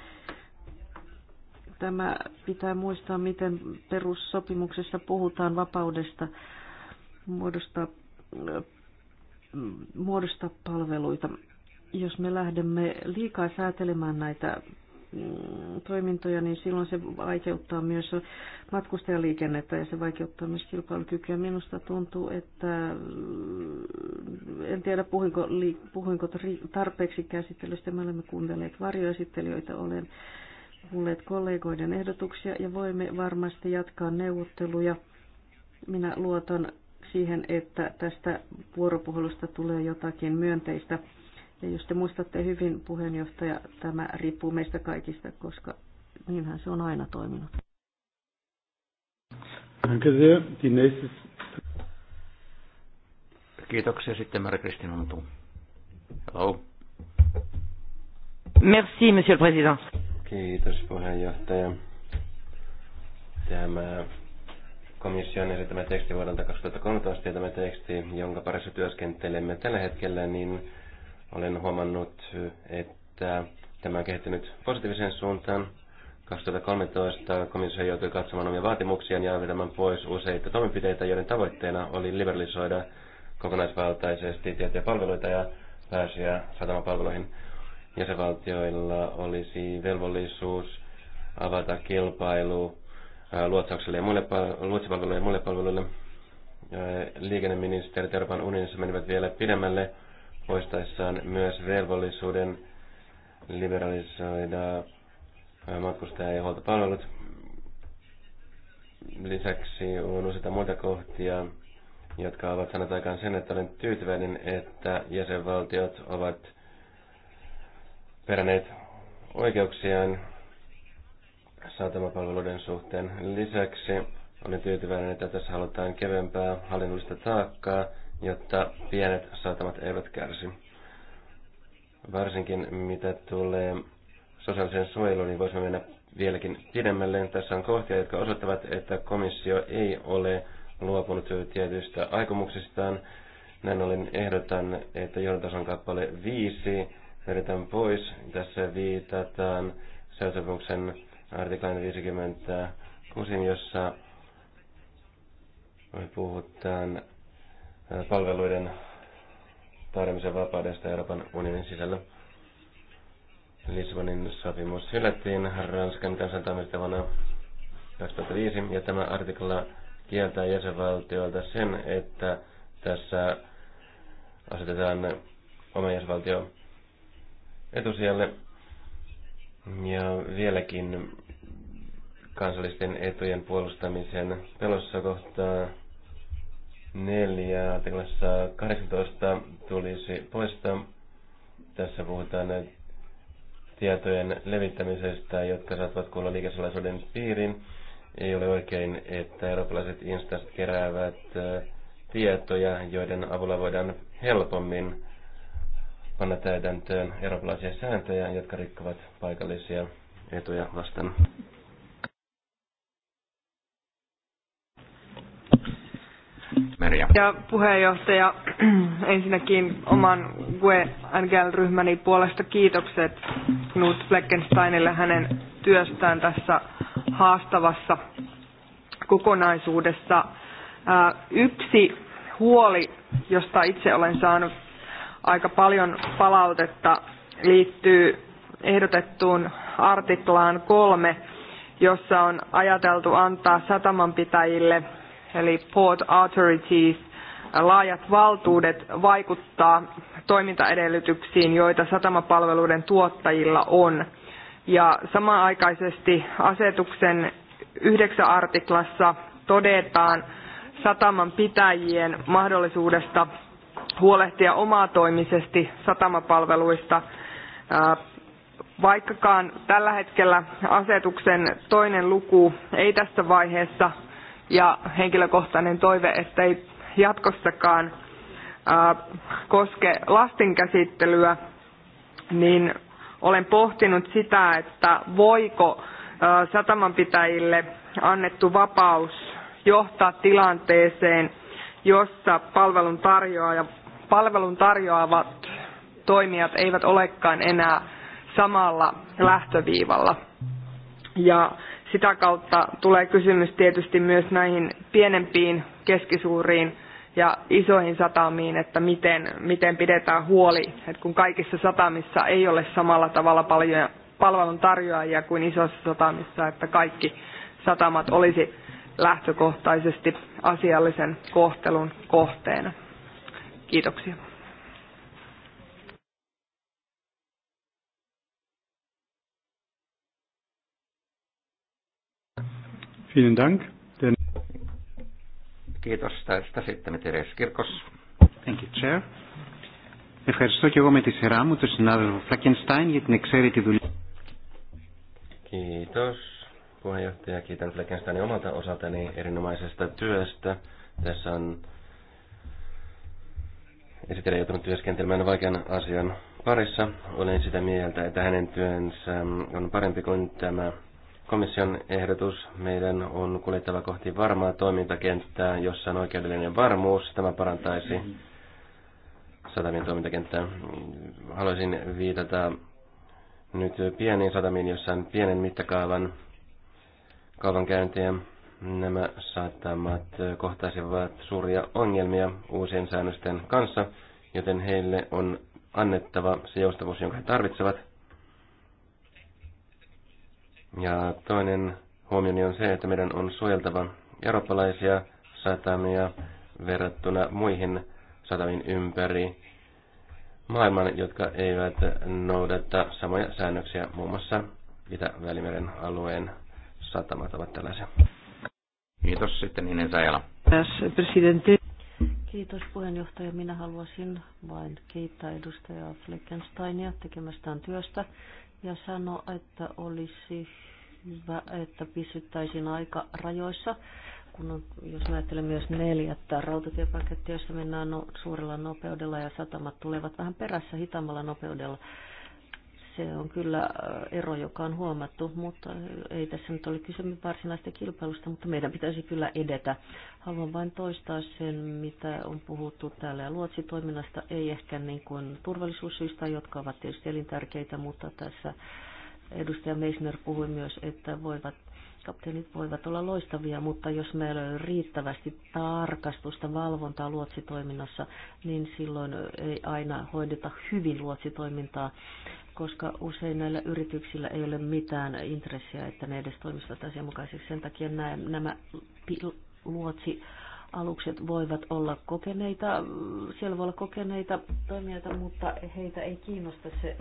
tämä pitää muistaa, miten perussopimuksessa puhutaan vapaudesta muodostaa, muodostaa palveluita. Jos me lähdemme liikaa säätelemään näitä Mm, toimintoja, niin silloin se vaikeuttaa myös matkustajaliikennettä ja se vaikeuttaa myös kilpailukykyä. Minusta tuntuu, että mm, en tiedä puhuinko, puhuinko tarpeeksi käsittelystä. Me olemme kuunnelleet varjoesittelijöitä, olen kuulleet kollegoiden ehdotuksia ja voimme varmasti jatkaa neuvotteluja. Minä luotan siihen, että tästä vuoropuhelusta tulee jotakin myönteistä ja jos te muistatte hyvin, puheenjohtaja, tämä riippuu meistä kaikista, koska niinhän se on aina toiminut. Kiitoksia. Sitten Mari Kristin Antu. Hello. Merci, monsieur le président. Kiitos, puheenjohtaja. Tämä komission esittämä teksti vuodelta 2013 ja tämä teksti, jonka parissa työskentelemme tällä hetkellä, niin olen huomannut, että tämä on kehittynyt positiiviseen suuntaan. 2013 komissio joutui katsomaan omia vaatimuksiaan ja vetämään pois useita toimenpiteitä, joiden tavoitteena oli liberalisoida kokonaisvaltaisesti tiettyjä palveluita ja pääsyä satamapalveluihin. Jäsenvaltioilla olisi velvollisuus avata kilpailu luotsaukselle ja muille, luotsipalveluille ja muille palveluille. Liikenneministeri Euroopan unionissa menivät vielä pidemmälle poistaessaan myös velvollisuuden liberalisoida matkustaja- ja huoltopalvelut. Lisäksi on useita muita kohtia, jotka ovat sanat aikaan sen, että olen tyytyväinen, että jäsenvaltiot ovat peräneet oikeuksiaan satamapalveluiden suhteen. Lisäksi olen tyytyväinen, että tässä halutaan kevempää hallinnollista taakkaa jotta pienet saatamat eivät kärsi. Varsinkin mitä tulee sosiaaliseen suojeluun, niin voisimme mennä vieläkin pidemmälle. Tässä on kohtia, jotka osoittavat, että komissio ei ole luopunut tietyistä aikomuksistaan. Näin ollen ehdotan, että johdotason kappale 5 vedetään pois. Tässä viitataan sääsopimuksen artiklan 56, jossa puhutaan palveluiden tarjoamisen vapaudesta Euroopan unionin sisällä. Lisbonin sopimus hylättiin Ranskan kansantaamista vuonna 2005, ja tämä artikla kieltää jäsenvaltioilta sen, että tässä asetetaan oma jäsenvaltio etusijalle. Ja vieläkin kansallisten etujen puolustamisen pelossa kohtaa 4 artiklassa 18 tulisi poistaa. Tässä puhutaan tietojen levittämisestä, jotka saattavat kuulla liikesalaisuuden piiriin. Ei ole oikein, että eurooppalaiset instat keräävät äh, tietoja, joiden avulla voidaan helpommin panna täytäntöön eurooppalaisia sääntöjä, jotka rikkovat paikallisia etuja vastaan. Merja. Ja puheenjohtaja, ensinnäkin oman GUE angel ryhmäni puolesta kiitokset Knut Fleckensteinille hänen työstään tässä haastavassa kokonaisuudessa. Yksi huoli, josta itse olen saanut aika paljon palautetta, liittyy ehdotettuun artiklaan kolme, jossa on ajateltu antaa satamanpitäjille eli Port Authorities, laajat valtuudet vaikuttaa toimintaedellytyksiin, joita satamapalveluiden tuottajilla on. Ja samanaikaisesti asetuksen 9 artiklassa todetaan sataman pitäjien mahdollisuudesta huolehtia omatoimisesti satamapalveluista vaikkakaan tällä hetkellä asetuksen toinen luku ei tässä vaiheessa ja henkilökohtainen toive, että ei jatkossakaan koske käsittelyä, niin olen pohtinut sitä, että voiko satamanpitäjille annettu vapaus johtaa tilanteeseen, jossa palvelun, tarjoaja, palvelun tarjoavat toimijat eivät olekaan enää samalla lähtöviivalla. Ja sitä kautta tulee kysymys tietysti myös näihin pienempiin, keskisuuriin ja isoihin satamiin, että miten, miten pidetään huoli, että kun kaikissa satamissa ei ole samalla tavalla paljon palvelun tarjoajia kuin isoissa satamissa, että kaikki satamat olisi lähtökohtaisesti asiallisen kohtelun kohteena. Kiitoksia. Vielen Dank. Den... Kiitos tästä sitten, Teres Kirkos. Thank you, Chair. Ευχαριστώ και εγώ με τη σειρά μου τον συνάδελφο Φλακενστάιν για την εξαίρετη δουλειά. Kiitos puheenjohtaja. Kiitän Φλακενστάιν omalta osaltani erinomaisesta työstä. Tässä on esittelijä joutunut työskentelemään vaikean asian parissa. Olen sitä mieltä, että hänen työnsä on parempi kuin tämä Komission ehdotus meidän on kuljettava kohti varmaa toimintakenttää, jossa on oikeudellinen varmuus. Tämä parantaisi satamien toimintakenttää. Haluaisin viitata nyt pieniin satamiin, jossa on pienen mittakaavan kaupankäyntiä. Nämä satamat kohtaisivat suuria ongelmia uusien säännösten kanssa, joten heille on annettava se joustavuus, jonka he tarvitsevat – ja toinen huomioni on se, että meidän on suojeltava eurooppalaisia satamia verrattuna muihin satamiin ympäri maailman, jotka eivät noudata samoja säännöksiä. Muun muassa Itä-Välimeren alueen satamat ovat tällaisia. Kiitos sitten Hinen Sajala. Kiitos puheenjohtaja. Minä haluaisin vain kiittää edustajaa Fleckensteinia tekemästään työstä ja sanoi, että olisi hyvä, että pysyttäisiin aika rajoissa. Kun on, jos ajattelen myös neljättä rautatiepakettia, jossa mennään no, suurella nopeudella ja satamat tulevat vähän perässä hitaammalla nopeudella, se on kyllä äh, ero, joka on huomattu, mutta ei tässä nyt ole kysymys varsinaista kilpailusta, mutta meidän pitäisi kyllä edetä. Haluan vain toistaa sen, mitä on puhuttu täällä. Ja luotsitoiminnasta ei ehkä niin kuin turvallisuussyistä, jotka ovat tietysti elintärkeitä, mutta tässä edustaja Meisner puhui myös, että voivat kapteenit voivat olla loistavia, mutta jos meillä on riittävästi tarkastusta valvontaa luotsitoiminnassa, niin silloin ei aina hoideta hyvin luotsitoimintaa, koska usein näillä yrityksillä ei ole mitään intressiä, että ne edes toimisivat asianmukaisesti. Sen takia nämä luotsi alukset voivat olla kokeneita, siellä voi olla kokeneita toimijoita, mutta heitä ei kiinnosta se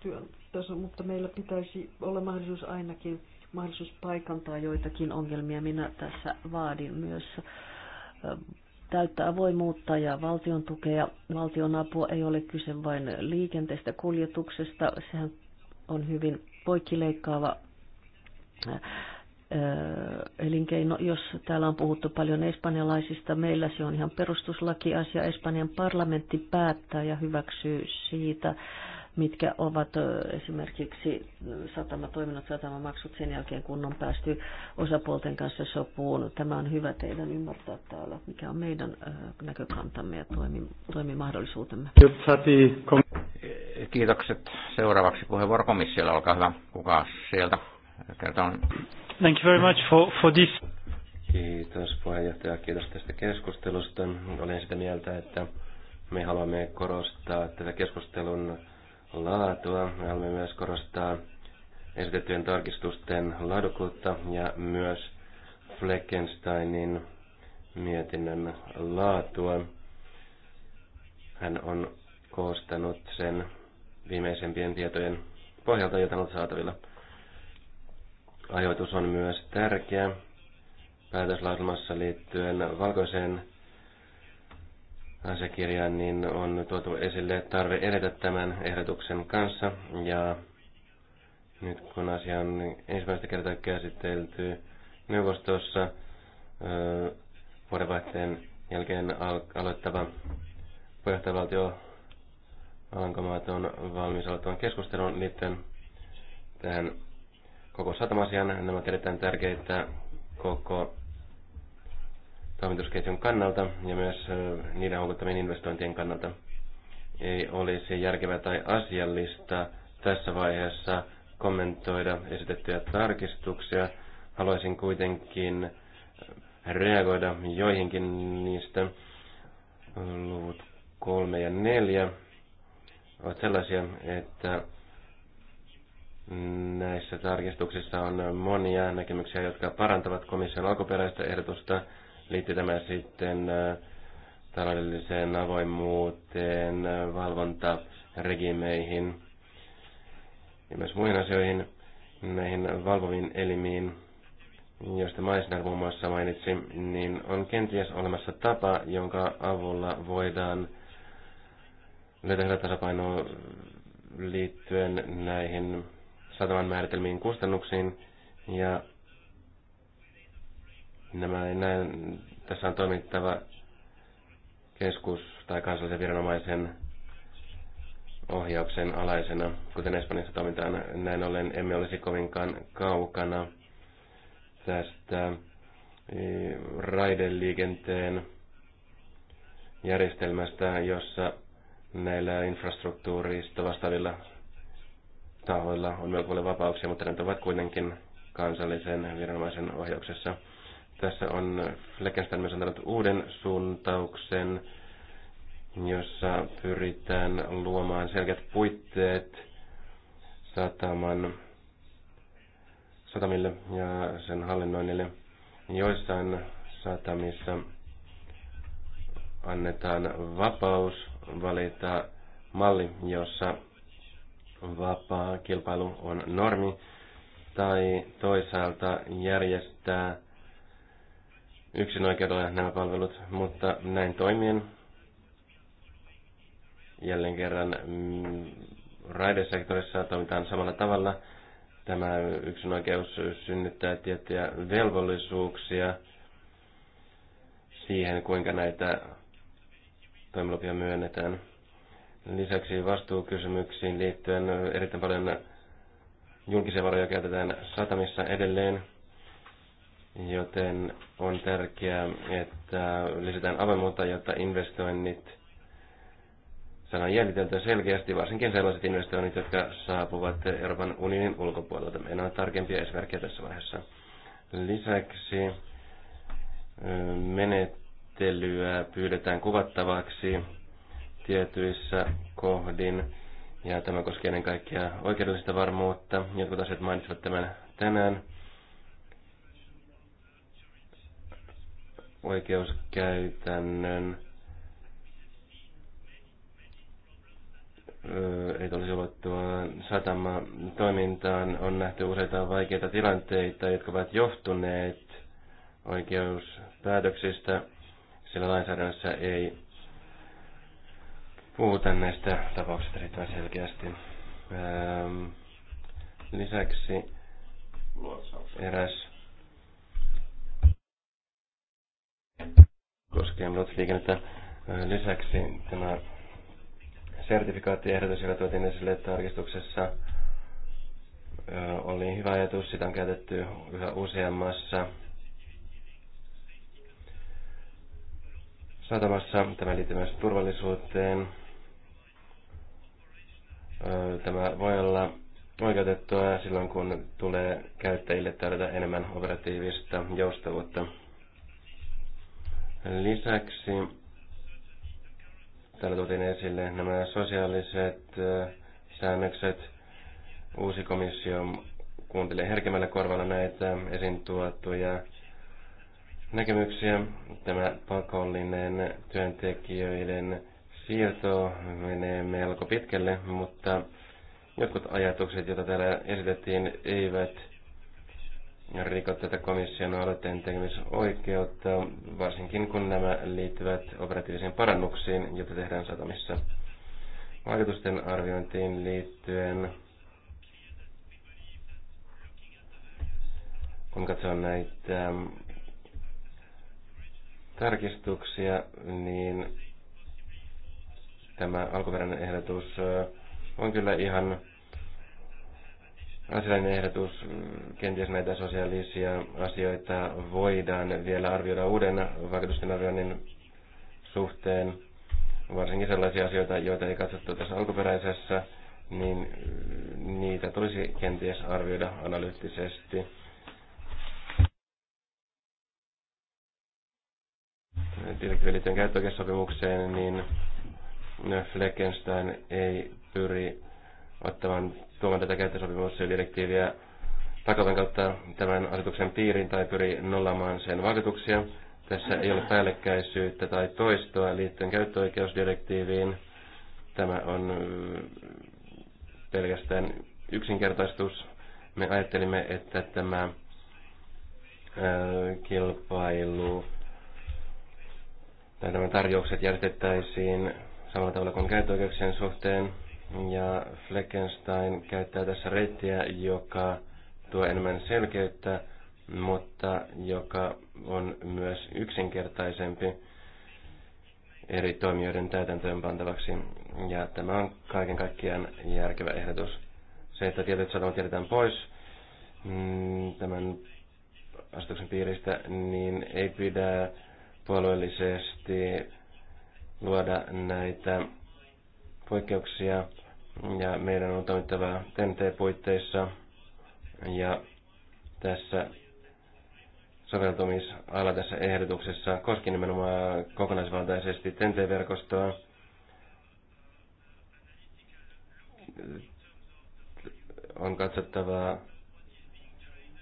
työn taso, mutta meillä pitäisi olla mahdollisuus ainakin mahdollisuus paikantaa joitakin ongelmia. Minä tässä vaadin myös täyttää avoimuutta ja valtion tukea. Valtion apua ei ole kyse vain liikenteestä, kuljetuksesta. Sehän on hyvin poikkileikkaava elinkeino, jos täällä on puhuttu paljon espanjalaisista, meillä se on ihan perustuslakiasia. Espanjan parlamentti päättää ja hyväksyy siitä mitkä ovat esimerkiksi satamatoiminnot, satamamaksut sen jälkeen, kun on päästy osapuolten kanssa sopuun. Tämä on hyvä teidän ymmärtää täällä, mikä on meidän näkökantamme ja toimimahdollisuutemme. Kiitokset. Seuraavaksi puheenvuoro komissiolla, Olkaa hyvä. Kuka sieltä kertoo? Thank you very much for, for this. Kiitos puheenjohtaja, kiitos tästä keskustelusta. Olen sitä mieltä, että me haluamme korostaa tätä keskustelun laatua. Haluamme myös korostaa esitettyjen tarkistusten laadukkuutta ja myös Fleckensteinin mietinnön laatua. Hän on koostanut sen viimeisempien tietojen pohjalta, joita on saatavilla. Ajoitus on myös tärkeä päätöslauselmassa liittyen valkoiseen asiakirjaan, niin on tuotu esille tarve edetä tämän ehdotuksen kanssa. Ja nyt kun asia on ensimmäistä kertaa käsitelty neuvostossa, vuodenvaihteen jälkeen aloittava puheenjohtajavaltio Alankomaat on valmis aloittamaan keskustelun liittyen tähän koko satamasian. Nämä ovat erittäin tärkeitä koko toimitusketjun kannalta ja myös niiden houkuttamien investointien kannalta ei olisi järkevää tai asiallista tässä vaiheessa kommentoida esitettyjä tarkistuksia. Haluaisin kuitenkin reagoida joihinkin niistä. Luvut kolme ja neljä ovat sellaisia, että näissä tarkistuksissa on monia näkemyksiä, jotka parantavat komission alkuperäistä ehdotusta – Liittyy tämä sitten taloudelliseen avoimuuteen, valvontaregimeihin ja myös muihin asioihin, näihin valvoviin elimiin, joista Maisner muun muassa mainitsi, niin on kenties olemassa tapa, jonka avulla voidaan löytää hyvä tasapaino liittyen näihin sataman määritelmiin kustannuksiin ja Nämä, näin, tässä on toimittava keskus tai kansallisen viranomaisen ohjauksen alaisena, kuten Espanjassa toimitaan. Näin ollen emme olisi kovinkaan kaukana tästä e, raideliikenteen järjestelmästä, jossa näillä infrastruktuurista vastaavilla tahoilla on melko paljon vapauksia, mutta ne ovat kuitenkin kansallisen viranomaisen ohjauksessa. Tässä on Fleckenstein myös antanut uuden suuntauksen, jossa pyritään luomaan selkeät puitteet sataman, satamille ja sen hallinnoinnille. Joissain satamissa annetaan vapaus valita malli, jossa vapaa kilpailu on normi, tai toisaalta järjestää yksin oikeudella nämä palvelut, mutta näin toimien jälleen kerran mm, raidesektorissa toimitaan samalla tavalla. Tämä yksinoikeus synnyttää tiettyjä velvollisuuksia siihen, kuinka näitä toimilupia myönnetään. Lisäksi vastuukysymyksiin liittyen erittäin paljon julkisia varoja käytetään satamissa edelleen joten on tärkeää, että lisätään avoimuutta, jotta investoinnit saadaan jäljiteltyä selkeästi, varsinkin sellaiset investoinnit, jotka saapuvat Euroopan unionin ulkopuolelta. En ole tarkempia esimerkkejä tässä vaiheessa. Lisäksi menettelyä pyydetään kuvattavaksi tietyissä kohdin, ja tämä koskee ennen kaikkea oikeudellista varmuutta. Jotkut asiat mainitsivat tämän tänään oikeuskäytännön ei tulisi ulottua satama toimintaan. On nähty useita vaikeita tilanteita, jotka ovat johtuneet oikeuspäätöksistä, sillä lainsäädännössä ei puhuta näistä tapauksista riittävän selkeästi. Öö, lisäksi eräs koskee liikennettä. Öö, lisäksi tämä sertifikaattiehdotus, joka tuotiin esille tarkistuksessa, öö, oli hyvä ajatus. Sitä on käytetty yhä useammassa satamassa. Tämä liittyy myös turvallisuuteen. Öö, tämä voi olla oikeutettua silloin, kun tulee käyttäjille tarjota enemmän operatiivista joustavuutta. Lisäksi täällä tuotiin esille nämä sosiaaliset säännökset. Uusi komissio kuuntelee herkemmällä korvalla näitä esiin tuotuja näkemyksiä. Tämä pakollinen työntekijöiden siirto menee melko pitkälle, mutta jotkut ajatukset, joita täällä esitettiin, eivät rikot tätä komission aloitteen tekemisoikeutta, varsinkin kun nämä liittyvät operatiivisiin parannuksiin, joita tehdään satamissa. Vaikutusten arviointiin liittyen, kun katsoo näitä tarkistuksia, niin tämä alkuperäinen ehdotus äh, on kyllä ihan Asiallinen ehdotus, mm, kenties näitä sosiaalisia asioita voidaan vielä arvioida uuden vaikutusten arvioinnin suhteen, varsinkin sellaisia asioita, joita ei katsottu tässä alkuperäisessä, niin mm, niitä tulisi kenties arvioida analyyttisesti. liittyen käyttöoikeussopimukseen, niin Fleckenstein ei pyri ottamaan tuomaan tätä käyttösopimusdirektiiviä pakoton kautta tämän asetuksen piiriin tai pyri nollaamaan sen vaikutuksia. Tässä ei ole päällekkäisyyttä tai toistoa liittyen käyttöoikeusdirektiiviin. Tämä on mm, pelkästään yksinkertaistus. Me ajattelimme, että tämä mm, kilpailu tai nämä tarjoukset järjestettäisiin samalla tavalla kuin käyttöoikeuksien suhteen ja Fleckenstein käyttää tässä reittiä, joka tuo enemmän selkeyttä, mutta joka on myös yksinkertaisempi eri toimijoiden täytäntöön pantavaksi. Ja tämä on kaiken kaikkiaan järkevä ehdotus. Se, että tietyt sanomat jätetään pois mm, tämän asetuksen piiristä, niin ei pidä puolueellisesti luoda näitä poikkeuksia ja meidän on toimittava TNT-puitteissa ja tässä soveltumisala tässä ehdotuksessa koski nimenomaan kokonaisvaltaisesti TNT-verkostoa. On katsottava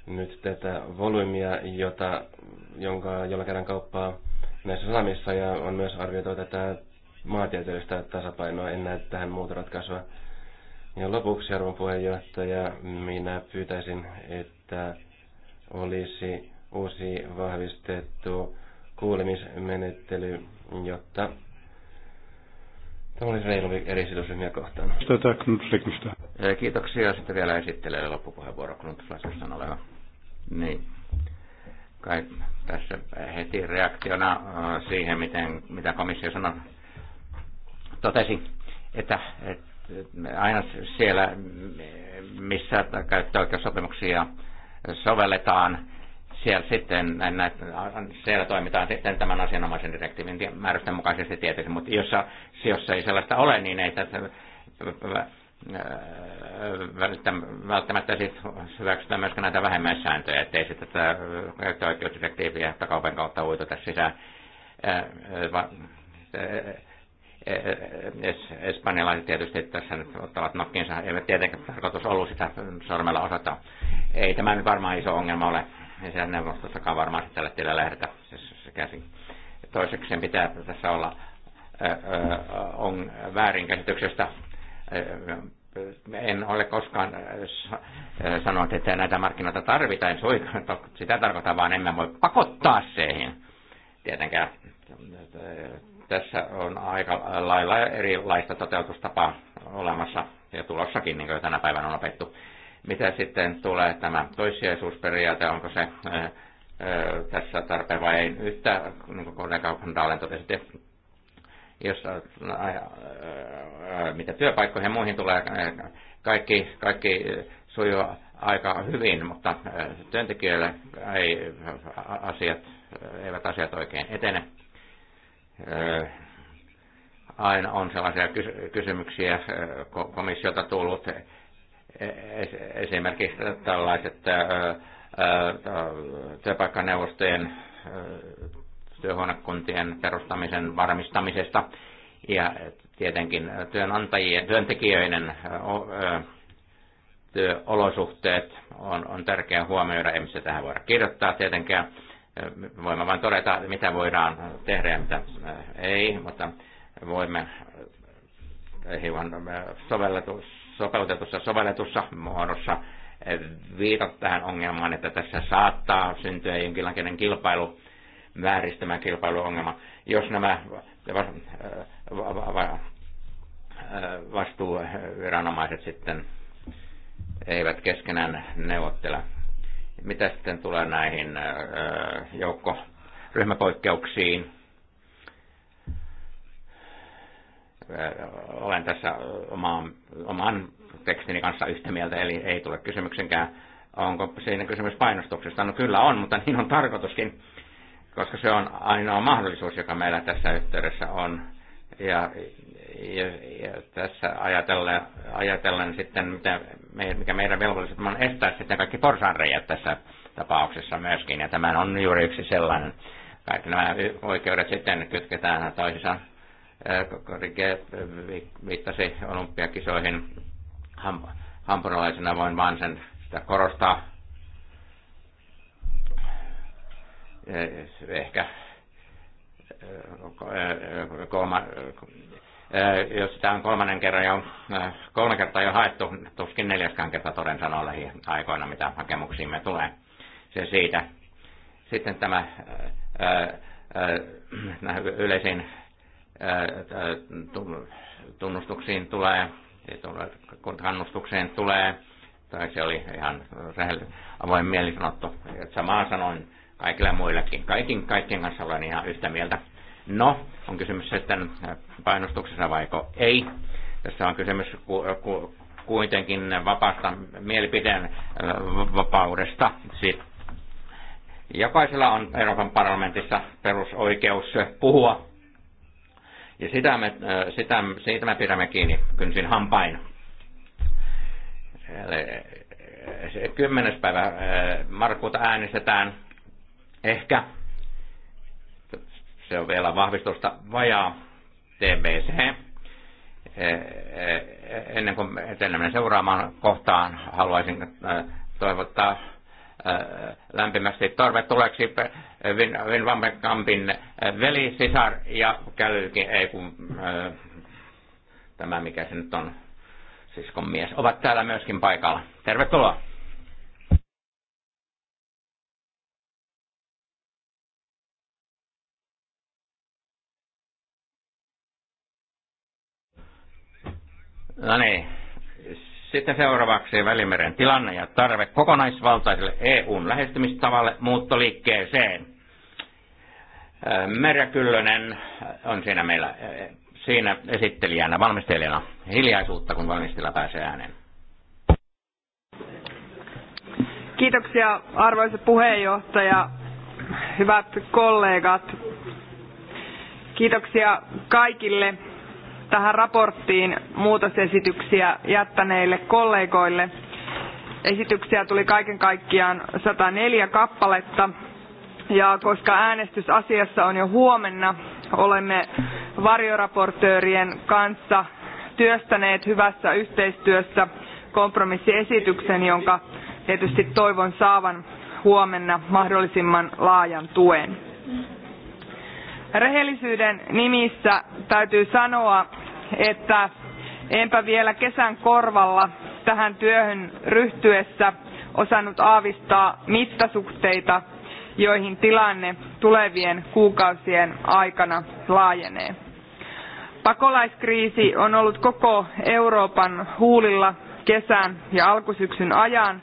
nyt tätä volyymia, jota, jonka, jolla käydään kauppaa näissä salamissa ja on myös arvioitu tätä maantieteellistä tasapainoa, en näe tähän muuta ratkaisua. Ja lopuksi, arvon puheenjohtaja, minä pyytäisin, että olisi uusi vahvistettu kuulemismenettely, jotta tämä olisi reilu eri sidosryhmiä kohtaan. Kiitoksia. Sitten vielä esittelee loppupuheenvuoro Knutflikusta oleva. Niin. Kai tässä heti reaktiona siihen, miten, mitä komissio sanoi totesi, että, että aina siellä, missä käyttöoikeussopimuksia sovelletaan, siellä sitten näitä, siellä toimitaan sitten tämän asianomaisen direktiivin määräysten mukaisesti tietysti, mutta jos, jos ei sellaista ole, niin ei tässä välttämättä sit hyväksytä myöskään näitä vähemmäissääntöjä, ettei sitten tätä käyttöoikeusdirektiiviä kaupan kautta uitota sisään Eh, espanjalaiset tietysti tässä nyt ottavat nokkinsa, ei tietenkään tarkoitus ollut sitä sormella osata. Ei tämä nyt varmaan iso ongelma ole, ei siellä neuvostossakaan varmaan tällä tiellä lähdetä siis se käsin. Toiseksi pitää tässä olla on väärinkäsityksestä. En ole koskaan sanonut, että näitä markkinoita tarvitaan, sitä tarkoittaa vaan emme voi pakottaa siihen tietenkään tässä on aika lailla erilaista toteutustapaa olemassa ja tulossakin, niin kuin tänä päivänä on opettu. Mitä sitten tulee tämä toissijaisuusperiaate, onko se tässä tarpeen vai ei yhtä, niin kuin kollega Daalen totesi, jos, mitä työpaikkoihin ja muihin tulee, kaikki, kaikki sujuu aika hyvin, mutta työntekijöille ei asiat, eivät asiat oikein etene aina on sellaisia kysymyksiä komissiota tullut, e-, esimerkiksi tällaiset työpaikkaneuvostojen työhuonekuntien perustamisen varmistamisesta ja tietenkin työnantajien, työntekijöiden työolosuhteet on, on tärkeää huomioida. Emme sitä tähän voida kirjoittaa tietenkään, voimme vain todeta, mitä voidaan tehdä ja mitä ei, mutta voimme hiukan sopeutetussa sovelletussa muodossa viitata tähän ongelmaan, että tässä saattaa syntyä jonkinlainen kilpailu, vääristymä kilpailuongelma. Jos nämä vastuuviranomaiset sitten eivät keskenään neuvottele mitä sitten tulee näihin joukkoryhmäpoikkeuksiin? Olen tässä oman, oman tekstini kanssa yhtä mieltä, eli ei tule kysymyksenkään, onko siinä kysymys painostuksesta. No kyllä on, mutta niin on tarkoituskin, koska se on ainoa mahdollisuus, joka meillä tässä yhteydessä on. Ja, ja, ja tässä ajatellen, ajatellen sitten, miten mikä meidän velvollisuutemme on estää sitten kaikki porsanreijat tässä tapauksessa myöskin. Ja tämä on juuri yksi sellainen. Kaikki nämä oikeudet sitten kytketään toisissaan. Rike viittasi olympiakisoihin hampurilaisena, voin vaan sen sitä korostaa. Ehkä jos sitä on kolmannen kerran jo, kolme kertaa jo haettu, tuskin neljäskään kerta toden sanoa lähiaikoina, mitä hakemuksiimme tulee. Se siitä. Sitten tämä yleisiin tunnustuksiin tulee, kannustukseen tulee, tai se oli ihan avoin mieli sanottu, että samaa sanoin kaikille muillekin. Kaikin, kaikkien kanssa olen ihan yhtä mieltä No, on kysymys sitten äh, painostuksessa vaiko ei. Tässä on kysymys kuitenkin vapaasta mielipiteen äh, vapaudesta. Siis jokaisella on Euroopan parlamentissa perusoikeus puhua. Ja sitä me, äh, sitä, siitä me pidämme kiinni kynsin hampain. Eli 10. päivä marraskuuta äänestetään ehkä se on vielä vahvistusta vajaa TBC. Eh, eh, ennen kuin etenemme seuraamaan kohtaan, haluaisin eh, toivottaa lämpimästi tervetulleeksi Vin Vammekammin veli, sisar ja käykin, ei kun tämä mikä se nyt on, siskon mies, ovat täällä myöskin paikalla. Tervetuloa! No niin. Sitten seuraavaksi Välimeren tilanne ja tarve kokonaisvaltaiselle EUn lähestymistavalle muuttoliikkeeseen. Merja Kyllönen on siinä meillä siinä esittelijänä, valmistelijana. Hiljaisuutta, kun valmistella pääsee ääneen. Kiitoksia arvoisa puheenjohtaja, hyvät kollegat. Kiitoksia kaikille tähän raporttiin muutosesityksiä jättäneille kollegoille. Esityksiä tuli kaiken kaikkiaan 104 kappaletta ja koska äänestysasiassa on jo huomenna, olemme varjoraportöörien kanssa työstäneet hyvässä yhteistyössä kompromissiesityksen, jonka tietysti toivon saavan huomenna mahdollisimman laajan tuen. Rehellisyyden nimissä täytyy sanoa, että enpä vielä kesän korvalla tähän työhön ryhtyessä osannut aavistaa mittasuhteita, joihin tilanne tulevien kuukausien aikana laajenee. Pakolaiskriisi on ollut koko Euroopan huulilla kesän ja alkusyksyn ajan,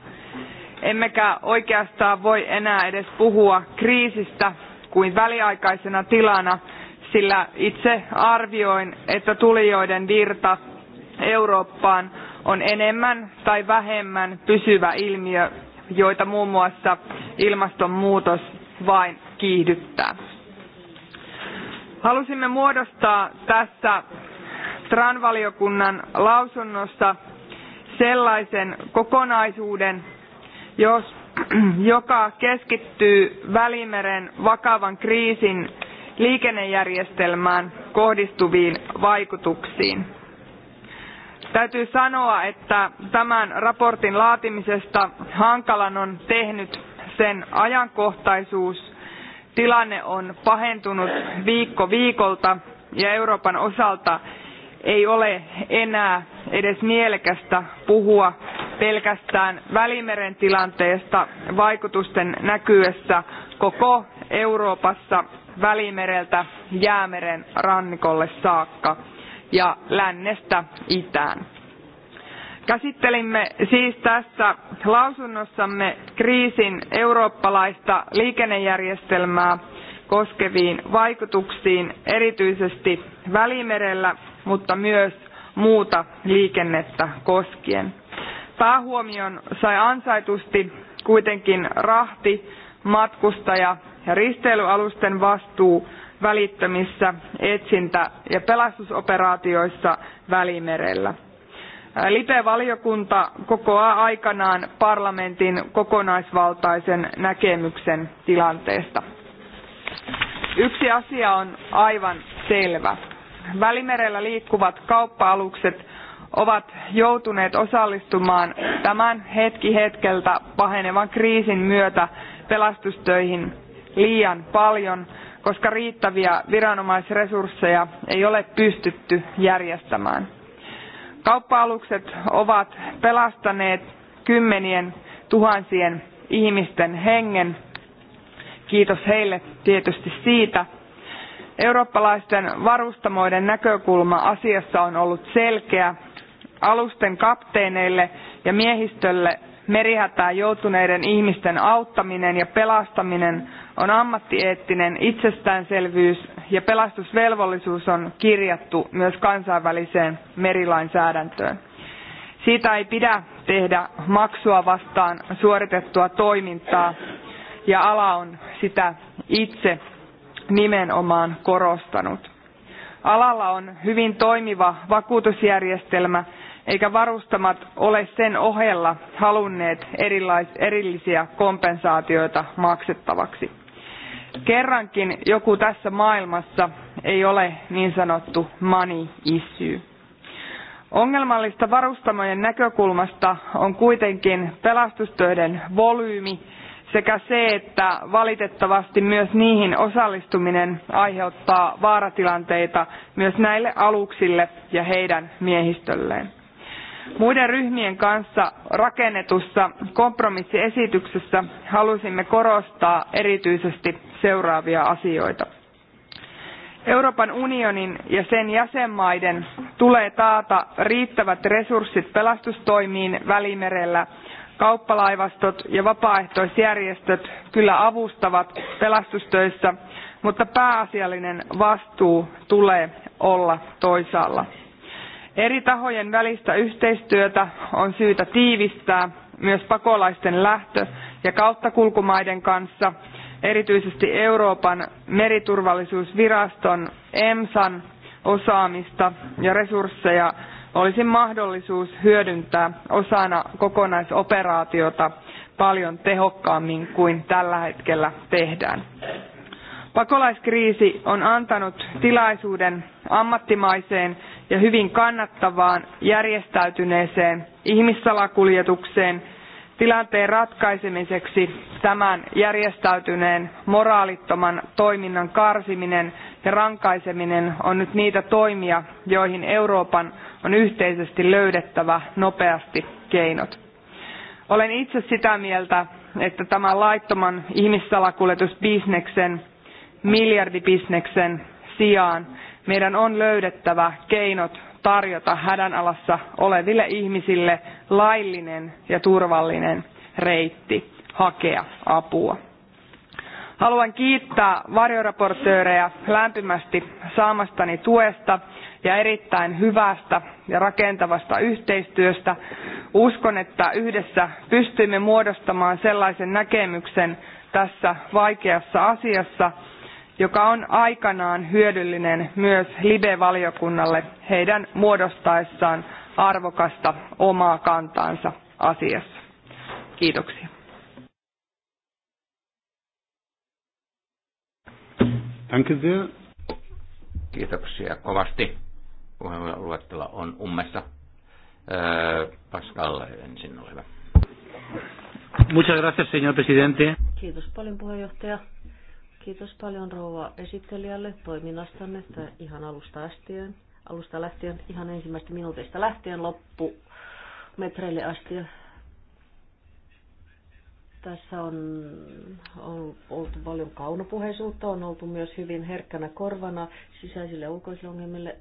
emmekä oikeastaan voi enää edes puhua kriisistä kuin väliaikaisena tilana, sillä itse arvioin, että tulijoiden virta Eurooppaan on enemmän tai vähemmän pysyvä ilmiö, joita muun muassa ilmastonmuutos vain kiihdyttää. Halusimme muodostaa tässä TRAN-valiokunnan lausunnossa sellaisen kokonaisuuden, jos, joka keskittyy Välimeren vakavan kriisin liikennejärjestelmään kohdistuviin vaikutuksiin. Täytyy sanoa, että tämän raportin laatimisesta hankalan on tehnyt sen ajankohtaisuus. Tilanne on pahentunut viikko viikolta ja Euroopan osalta ei ole enää edes mielekästä puhua pelkästään Välimeren tilanteesta vaikutusten näkyessä koko Euroopassa Välimereltä Jäämeren rannikolle saakka ja lännestä itään. Käsittelimme siis tässä lausunnossamme kriisin eurooppalaista liikennejärjestelmää koskeviin vaikutuksiin erityisesti Välimerellä, mutta myös muuta liikennettä koskien. Päähuomion sai ansaitusti kuitenkin rahti, matkustaja ja risteilyalusten vastuu välittömissä etsintä- ja pelastusoperaatioissa Välimerellä. LIPE-valiokunta kokoaa aikanaan parlamentin kokonaisvaltaisen näkemyksen tilanteesta. Yksi asia on aivan selvä. Välimerellä liikkuvat kauppa-alukset ovat joutuneet osallistumaan tämän hetki hetkeltä pahenevan kriisin myötä pelastustöihin liian paljon, koska riittäviä viranomaisresursseja ei ole pystytty järjestämään. Kauppa-alukset ovat pelastaneet kymmenien tuhansien ihmisten hengen. Kiitos heille tietysti siitä. Eurooppalaisten varustamoiden näkökulma asiassa on ollut selkeä. Alusten kapteeneille ja miehistölle merihätään joutuneiden ihmisten auttaminen ja pelastaminen on ammattieettinen itsestäänselvyys ja pelastusvelvollisuus on kirjattu myös kansainväliseen merilainsäädäntöön. Siitä ei pidä tehdä maksua vastaan suoritettua toimintaa ja ala on sitä itse nimenomaan korostanut. Alalla on hyvin toimiva vakuutusjärjestelmä eikä varustamat ole sen ohella halunneet erilais, erillisiä kompensaatioita maksettavaksi kerrankin joku tässä maailmassa ei ole niin sanottu money issue. Ongelmallista varustamojen näkökulmasta on kuitenkin pelastustöiden volyymi sekä se, että valitettavasti myös niihin osallistuminen aiheuttaa vaaratilanteita myös näille aluksille ja heidän miehistölleen. Muiden ryhmien kanssa rakennetussa kompromissiesityksessä halusimme korostaa erityisesti seuraavia asioita. Euroopan unionin ja sen jäsenmaiden tulee taata riittävät resurssit pelastustoimiin Välimerellä. Kauppalaivastot ja vapaaehtoisjärjestöt kyllä avustavat pelastustöissä, mutta pääasiallinen vastuu tulee olla toisaalla. Eri tahojen välistä yhteistyötä on syytä tiivistää myös pakolaisten lähtö- ja kauttakulkumaiden kanssa, erityisesti Euroopan meriturvallisuusviraston EMSAn osaamista ja resursseja olisi mahdollisuus hyödyntää osana kokonaisoperaatiota paljon tehokkaammin kuin tällä hetkellä tehdään. Pakolaiskriisi on antanut tilaisuuden ammattimaiseen ja hyvin kannattavaan järjestäytyneeseen ihmissalakuljetukseen tilanteen ratkaisemiseksi tämän järjestäytyneen moraalittoman toiminnan karsiminen ja rankaiseminen on nyt niitä toimia, joihin Euroopan on yhteisesti löydettävä nopeasti keinot. Olen itse sitä mieltä, että tämän laittoman ihmissalakuljetusbisneksen, miljardibisneksen sijaan meidän on löydettävä keinot tarjota hädänalassa oleville ihmisille laillinen ja turvallinen reitti hakea apua. Haluan kiittää varjoraportööreja lämpimästi saamastani tuesta ja erittäin hyvästä ja rakentavasta yhteistyöstä. Uskon, että yhdessä pystymme muodostamaan sellaisen näkemyksen tässä vaikeassa asiassa, joka on aikanaan hyödyllinen myös LIBE-valiokunnalle heidän muodostaessaan arvokasta omaa kantaansa asiassa. Kiitoksia. Kiitoksia kovasti. Puheenluettelo on ummessa. Öö, Pascal, ensin ole hyvä. Muchas gracias, señor presidente. Kiitos paljon puheenjohtaja. Kiitos paljon rouva esittelijälle toiminnastanne ihan alusta lähtien, alusta lähtien, ihan ensimmäistä minuutista lähtien loppu metreille asti. Tässä on, on oltu paljon kaunopuheisuutta, on oltu myös hyvin herkkänä korvana sisäisille ja ulkoisille ongelmille.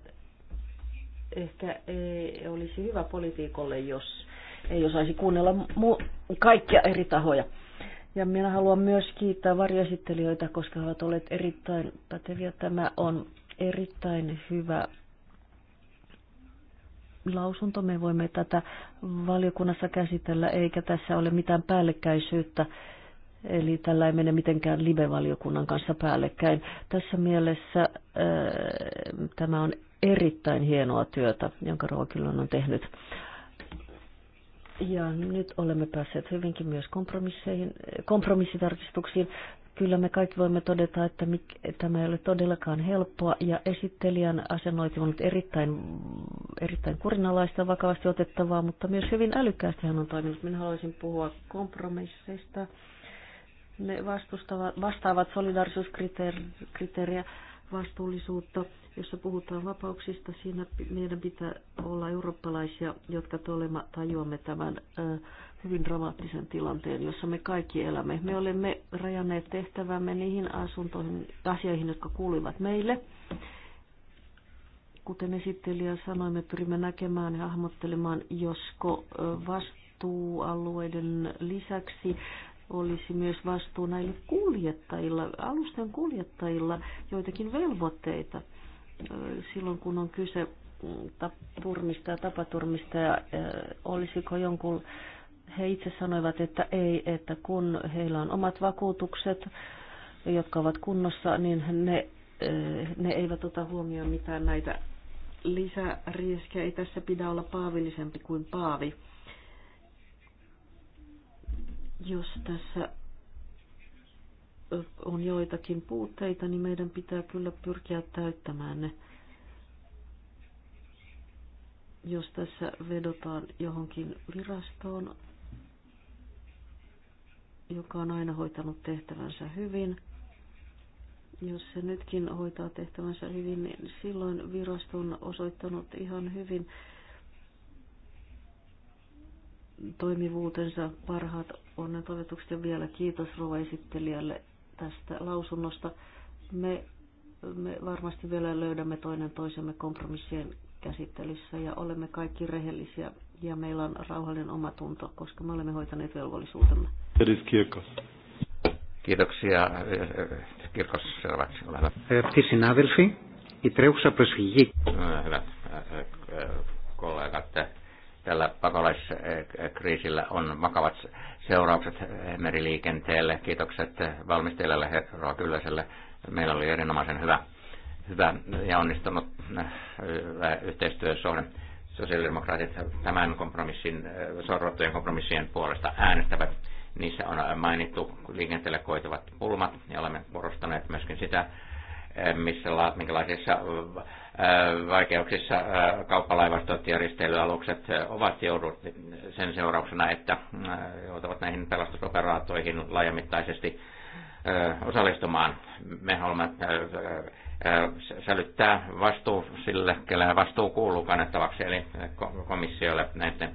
Ehkä ei olisi hyvä politiikolle, jos ei osaisi kuunnella kaikkia eri tahoja. Ja minä haluan myös kiittää varjoesittelijöitä, koska he ovat olleet erittäin päteviä. Tämä on erittäin hyvä lausunto. Me voimme tätä valiokunnassa käsitellä, eikä tässä ole mitään päällekkäisyyttä. Eli tällä ei mene mitenkään live-valiokunnan kanssa päällekkäin. Tässä mielessä ää, äh, tämä on erittäin hienoa työtä, jonka Ruokilon on tehnyt. Ja nyt olemme päässeet hyvinkin myös kompromisseihin, eh, kompromissitarkistuksiin. Kyllä me kaikki voimme todeta, että tämä ei ole todellakaan helppoa ja esittelijän asennoitunut erittäin, erittäin kurinalaista, vakavasti otettavaa, mutta myös hyvin älykkäästi hän on toiminut. Minä haluaisin puhua kompromisseista. Ne vastaavat solidarisuuskriteeriä, vastuullisuutta jossa puhutaan vapauksista, siinä meidän pitää olla eurooppalaisia, jotka tolema, tajuamme tämän ö, hyvin dramaattisen tilanteen, jossa me kaikki elämme. Me olemme rajanneet tehtävämme niihin asuntoihin, asioihin, jotka kuuluvat meille. Kuten esittelijä sanoi, me pyrimme näkemään ja hahmottelemaan, josko vastuualueiden lisäksi olisi myös vastuu näille kuljettajilla, alusten kuljettajilla joitakin velvoitteita – silloin kun on kyse turmista ja tapaturmista ja olisiko jonkun, he itse sanoivat, että ei, että kun heillä on omat vakuutukset, jotka ovat kunnossa, niin ne, ne eivät ota huomioon mitään näitä lisäriskejä. Ei tässä pidä olla paavillisempi kuin paavi. Jos tässä on joitakin puutteita, niin meidän pitää kyllä pyrkiä täyttämään ne. Jos tässä vedotaan johonkin virastoon, joka on aina hoitanut tehtävänsä hyvin, jos se nytkin hoitaa tehtävänsä hyvin, niin silloin virasto on osoittanut ihan hyvin toimivuutensa parhaat onnetoivotukset ja vielä kiitos rouva tästä lausunnosta. Me, me varmasti vielä löydämme toinen toisemme kompromissien käsittelyssä ja olemme kaikki rehellisiä ja meillä on rauhallinen omatunto, koska me olemme hoitaneet velvollisuutemme. Edis Kirkos. Kiitoksia. Kirkos seuraavaksi. Ole hyvä. Αγαπητοί συνάδελφοι, η Hyvät kollegat, Tällä pakolaiskriisillä on vakavat seuraukset meriliikenteelle. Kiitokset valmistelijalle Herra Kylläselle. Meillä oli erinomaisen hyvä, hyvä ja onnistunut äh, yhteistyösohde. Sosiaalidemokraatit tämän kompromissin, äh, sorvattujen kompromissien puolesta äänestävät. Niissä on mainittu liikenteelle koituvat pulmat ja olemme korostaneet myöskin sitä, äh, missä, minkälaisissa Äh, vaikeuksissa äh, kauppalaivastot ja risteilyalukset äh, ovat joudut sen seurauksena, että joutuvat näihin pelastusoperaatioihin laajamittaisesti osallistumaan. Me haluamme sälyttää vastuu sille, kelle vastuu kuuluu kannettavaksi, eli komissiolle näiden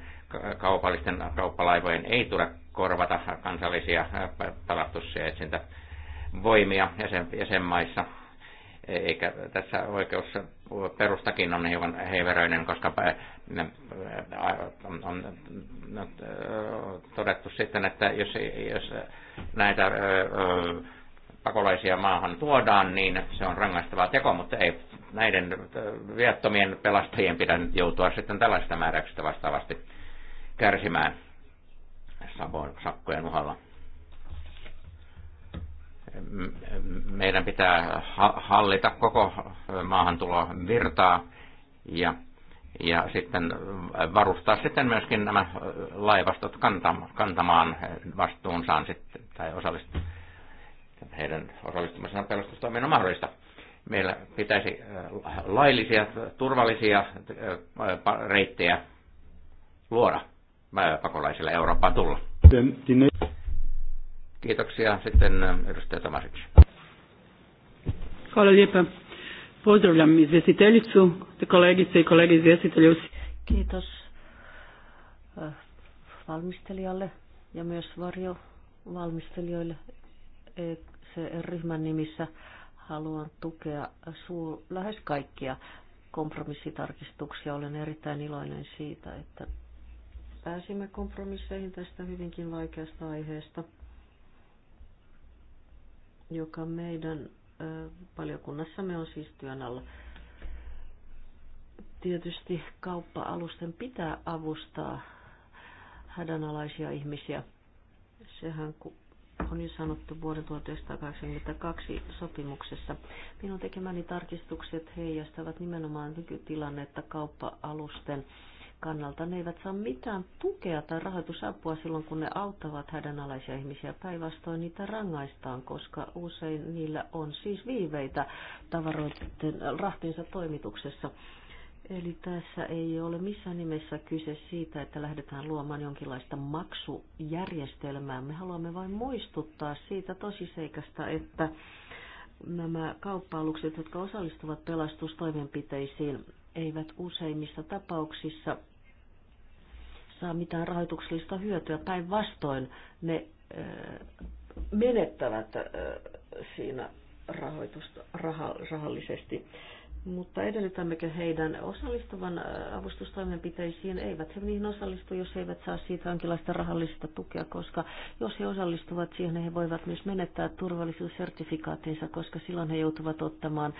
kaupallisten kauppalaivojen ei tule korvata kansallisia pelastus- ja etsintävoimia jäsenmaissa eikä tässä oikeus perustakin on hieman heiveröinen, koska on todettu sitten, että jos, jos näitä pakolaisia maahan tuodaan, niin se on rangaistava teko, mutta ei näiden viattomien pelastajien pidä joutua sitten tällaista määräyksistä vastaavasti kärsimään sakkojen uhalla meidän pitää hallita koko maahantulovirtaa virtaa ja, ja sitten varustaa sitten myöskin nämä laivastot kantamaan vastuunsaan sitten, tai osallistua, heidän osallistumisensa pelastustoiminnan mahdollista. Meillä pitäisi laillisia, turvallisia reittejä luoda pakolaisille Eurooppaan tulla. Kiitoksia. Sitten ähm, edustaja Tomasic. Hvala lijepa. Pozdravljam izvjestiteljicu, te kolegice i kolege izvjestitelje. Kiitos äh, valmistelijalle ja myös varjo valmistelijoille e, ryhmän nimissä haluan tukea suu, lähes kaikkia kompromissitarkistuksia. Olen erittäin iloinen siitä, että pääsimme kompromisseihin tästä hyvinkin vaikeasta aiheesta joka meidän valiokunnassamme on siis työn alla. Tietysti kauppa-alusten pitää avustaa hädänalaisia ihmisiä. Sehän on jo sanottu vuoden 1982 sopimuksessa. Minun tekemäni tarkistukset heijastavat nimenomaan nykytilannetta kauppa-alusten kannalta. Ne eivät saa mitään tukea tai rahoitusapua silloin, kun ne auttavat hädänalaisia ihmisiä. Päinvastoin niitä rangaistaan, koska usein niillä on siis viiveitä tavaroiden rahtinsa toimituksessa. Eli tässä ei ole missään nimessä kyse siitä, että lähdetään luomaan jonkinlaista maksujärjestelmää. Me haluamme vain muistuttaa siitä tosiseikasta, että nämä kauppa-alukset, jotka osallistuvat pelastustoimenpiteisiin, eivät useimmissa tapauksissa saa mitään rahoituksellista hyötyä. Päinvastoin ne menettävät siinä rahoitusta rahallisesti mutta edellytämmekö heidän osallistuvan avustustoimenpiteisiin? Eivät he niihin osallistu, jos he eivät saa siitä jonkinlaista rahallista tukea, koska jos he osallistuvat siihen, he voivat myös menettää turvallisuussertifikaatinsa, koska silloin he joutuvat ottamaan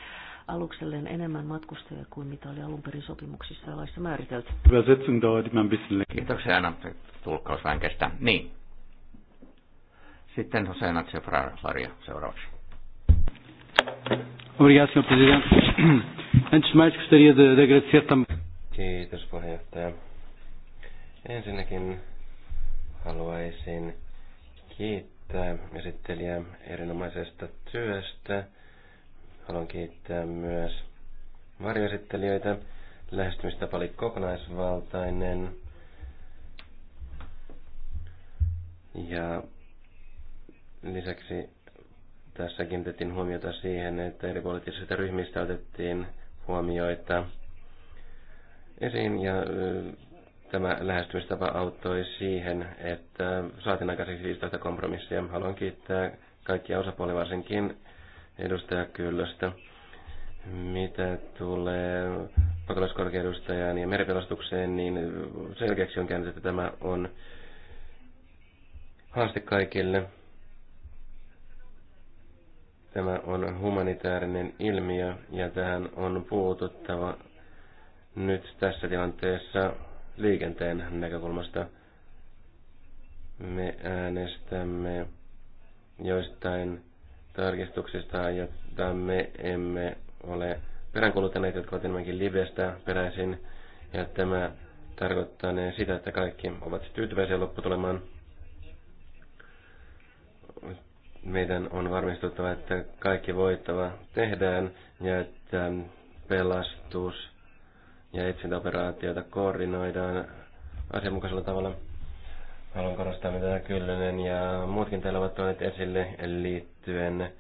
alukselleen enemmän matkustajia kuin mitä oli alun perin sopimuksissa ja laissa määritelty. Kiitoksia Anna. Tulkkaus vähän kestää. Niin. Sitten Hosea Natsefraria seuraavaksi. Obrigado, Sr. Presidente. Antes de mais, gostaria de, de agradecer também. Kiitos puheenjohtaja. Ensinnäkin haluaisin kiittää esittelijää erinomaisesta työstä. Haluan kiittää myös varjoesittelijöitä. Lähestymistapa oli kokonaisvaltainen. Ja lisäksi tässä kiinnitettiin huomiota siihen, että eri poliittisista ryhmistä otettiin huomioita esiin ja tämä lähestymistapa auttoi siihen, että saatiin aikaiseksi 15 kompromissia. Haluan kiittää kaikkia osapuolia, varsinkin edustaja Kyllöstä. Mitä tulee pakolaiskorkeudustajaan ja meripelastukseen, niin selkeäksi on käynyt, että tämä on haaste kaikille Tämä on humanitaarinen ilmiö ja tähän on puututtava nyt tässä tilanteessa liikenteen näkökulmasta. Me äänestämme joistain tarkistuksista, joita me emme ole peräänkuuluttaneet, jotka ovat enemmänkin livestä peräisin. Ja tämä tarkoittaa sitä, että kaikki ovat tyytyväisiä lopputulemaan meidän on varmistuttava, että kaikki voittava tehdään ja että pelastus- ja etsintäoperaatioita koordinoidaan asianmukaisella tavalla. Haluan korostaa, mitä Kyllönen ja muutkin täällä ovat tuoneet esille liittyen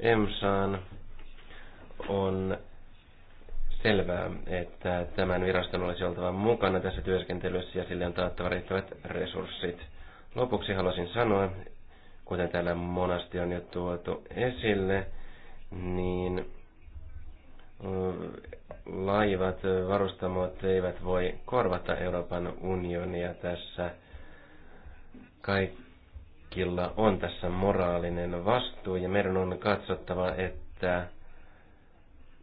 EMSAan. On selvää, että tämän viraston olisi oltava mukana tässä työskentelyssä ja sille on taattava riittävät resurssit. Lopuksi haluaisin sanoa, Kuten täällä monasti on jo tuotu esille, niin laivat, varustamot eivät voi korvata Euroopan unionia tässä. Kaikilla on tässä moraalinen vastuu ja meidän on katsottava, että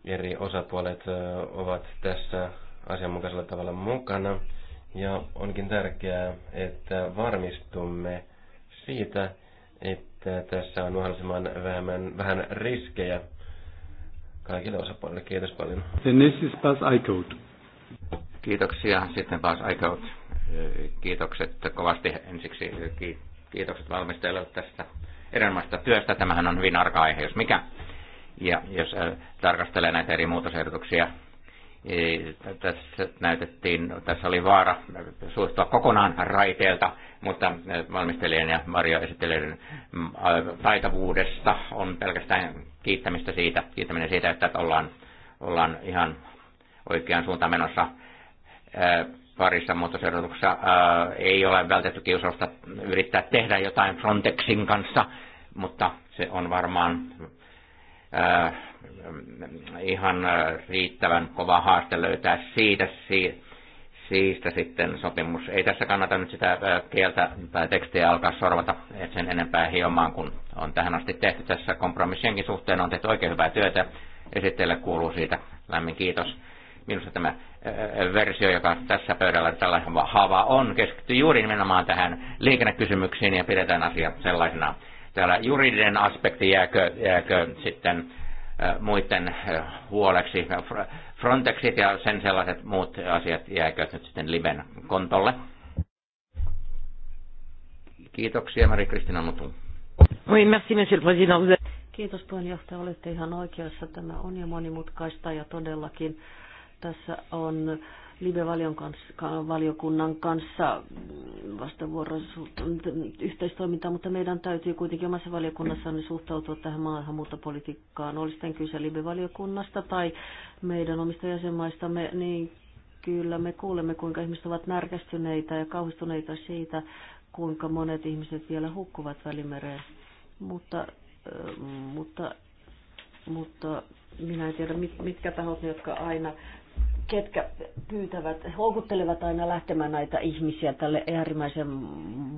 eri osapuolet ovat tässä asianmukaisella tavalla mukana. Ja onkin tärkeää, että varmistumme siitä, että tässä on mahdollisimman vähemmän, vähän riskejä kaikille osapuolille. Kiitos paljon. Then this is Bas Aikout. Kiitoksia. Sitten Bas Aikout. Kiitokset kovasti ensiksi. Kiitokset valmistajille tästä erinomaisesta työstä. Tämähän on hyvin arka aihe, jos mikä. Ja jos äh, tarkastelee näitä eri muutosehdotuksia, tässä näytettiin, tässä oli vaara suostua kokonaan raiteelta, mutta eh, valmistelijan ja Mario esittelijän mm, eh, taitavuudesta on pelkästään kiittämistä siitä, kiittäminen siitä, että ollaan, ollaan ihan oikeaan suuntaan menossa eh, parissa muutosehdotuksessa ei ole vältetty kiusausta yrittää tehdä jotain Frontexin kanssa, mutta se on varmaan ihan äh, riittävän kova haaste löytää siitä, siitä sitten sopimus. Ei tässä kannata nyt sitä äh, kieltä tai tekstiä alkaa sorvata et sen enempää hiomaan, kun on tähän asti tehty tässä kompromissienkin suhteen. On tehty oikein hyvää työtä. Esittäjälle kuuluu siitä lämmin kiitos. Minusta tämä äh, versio, joka tässä pöydällä tällä haava on, keskittyy juuri nimenomaan tähän liikennekysymyksiin ja pidetään asia sellaisena. Täällä juridinen aspekti jääkö, jääkö sitten muiden huoleksi. Frontexit ja sen sellaiset muut asiat jääkö nyt sitten liven kontolle. Kiitoksia, Mari Kristina Mutu. Oui, merci, monsieur le président. Kiitos puheenjohtaja, olette ihan oikeassa. Tämä on jo monimutkaista ja todellakin tässä on libe valiokunnan kanssa vastavuoroisuutta, yhteistoimintaa, mutta meidän täytyy kuitenkin omassa valiokunnassamme suhtautua tähän maahanmuuttopolitiikkaan. Oli sitten kyse libe valiokunnasta tai meidän omista jäsenmaistamme, niin kyllä me kuulemme, kuinka ihmiset ovat närkästyneitä ja kauhistuneita siitä, kuinka monet ihmiset vielä hukkuvat välimereen. Mutta, mutta, mutta minä en tiedä, mitkä tahot jotka aina ketkä pyytävät, houkuttelevat aina lähtemään näitä ihmisiä tälle äärimmäisen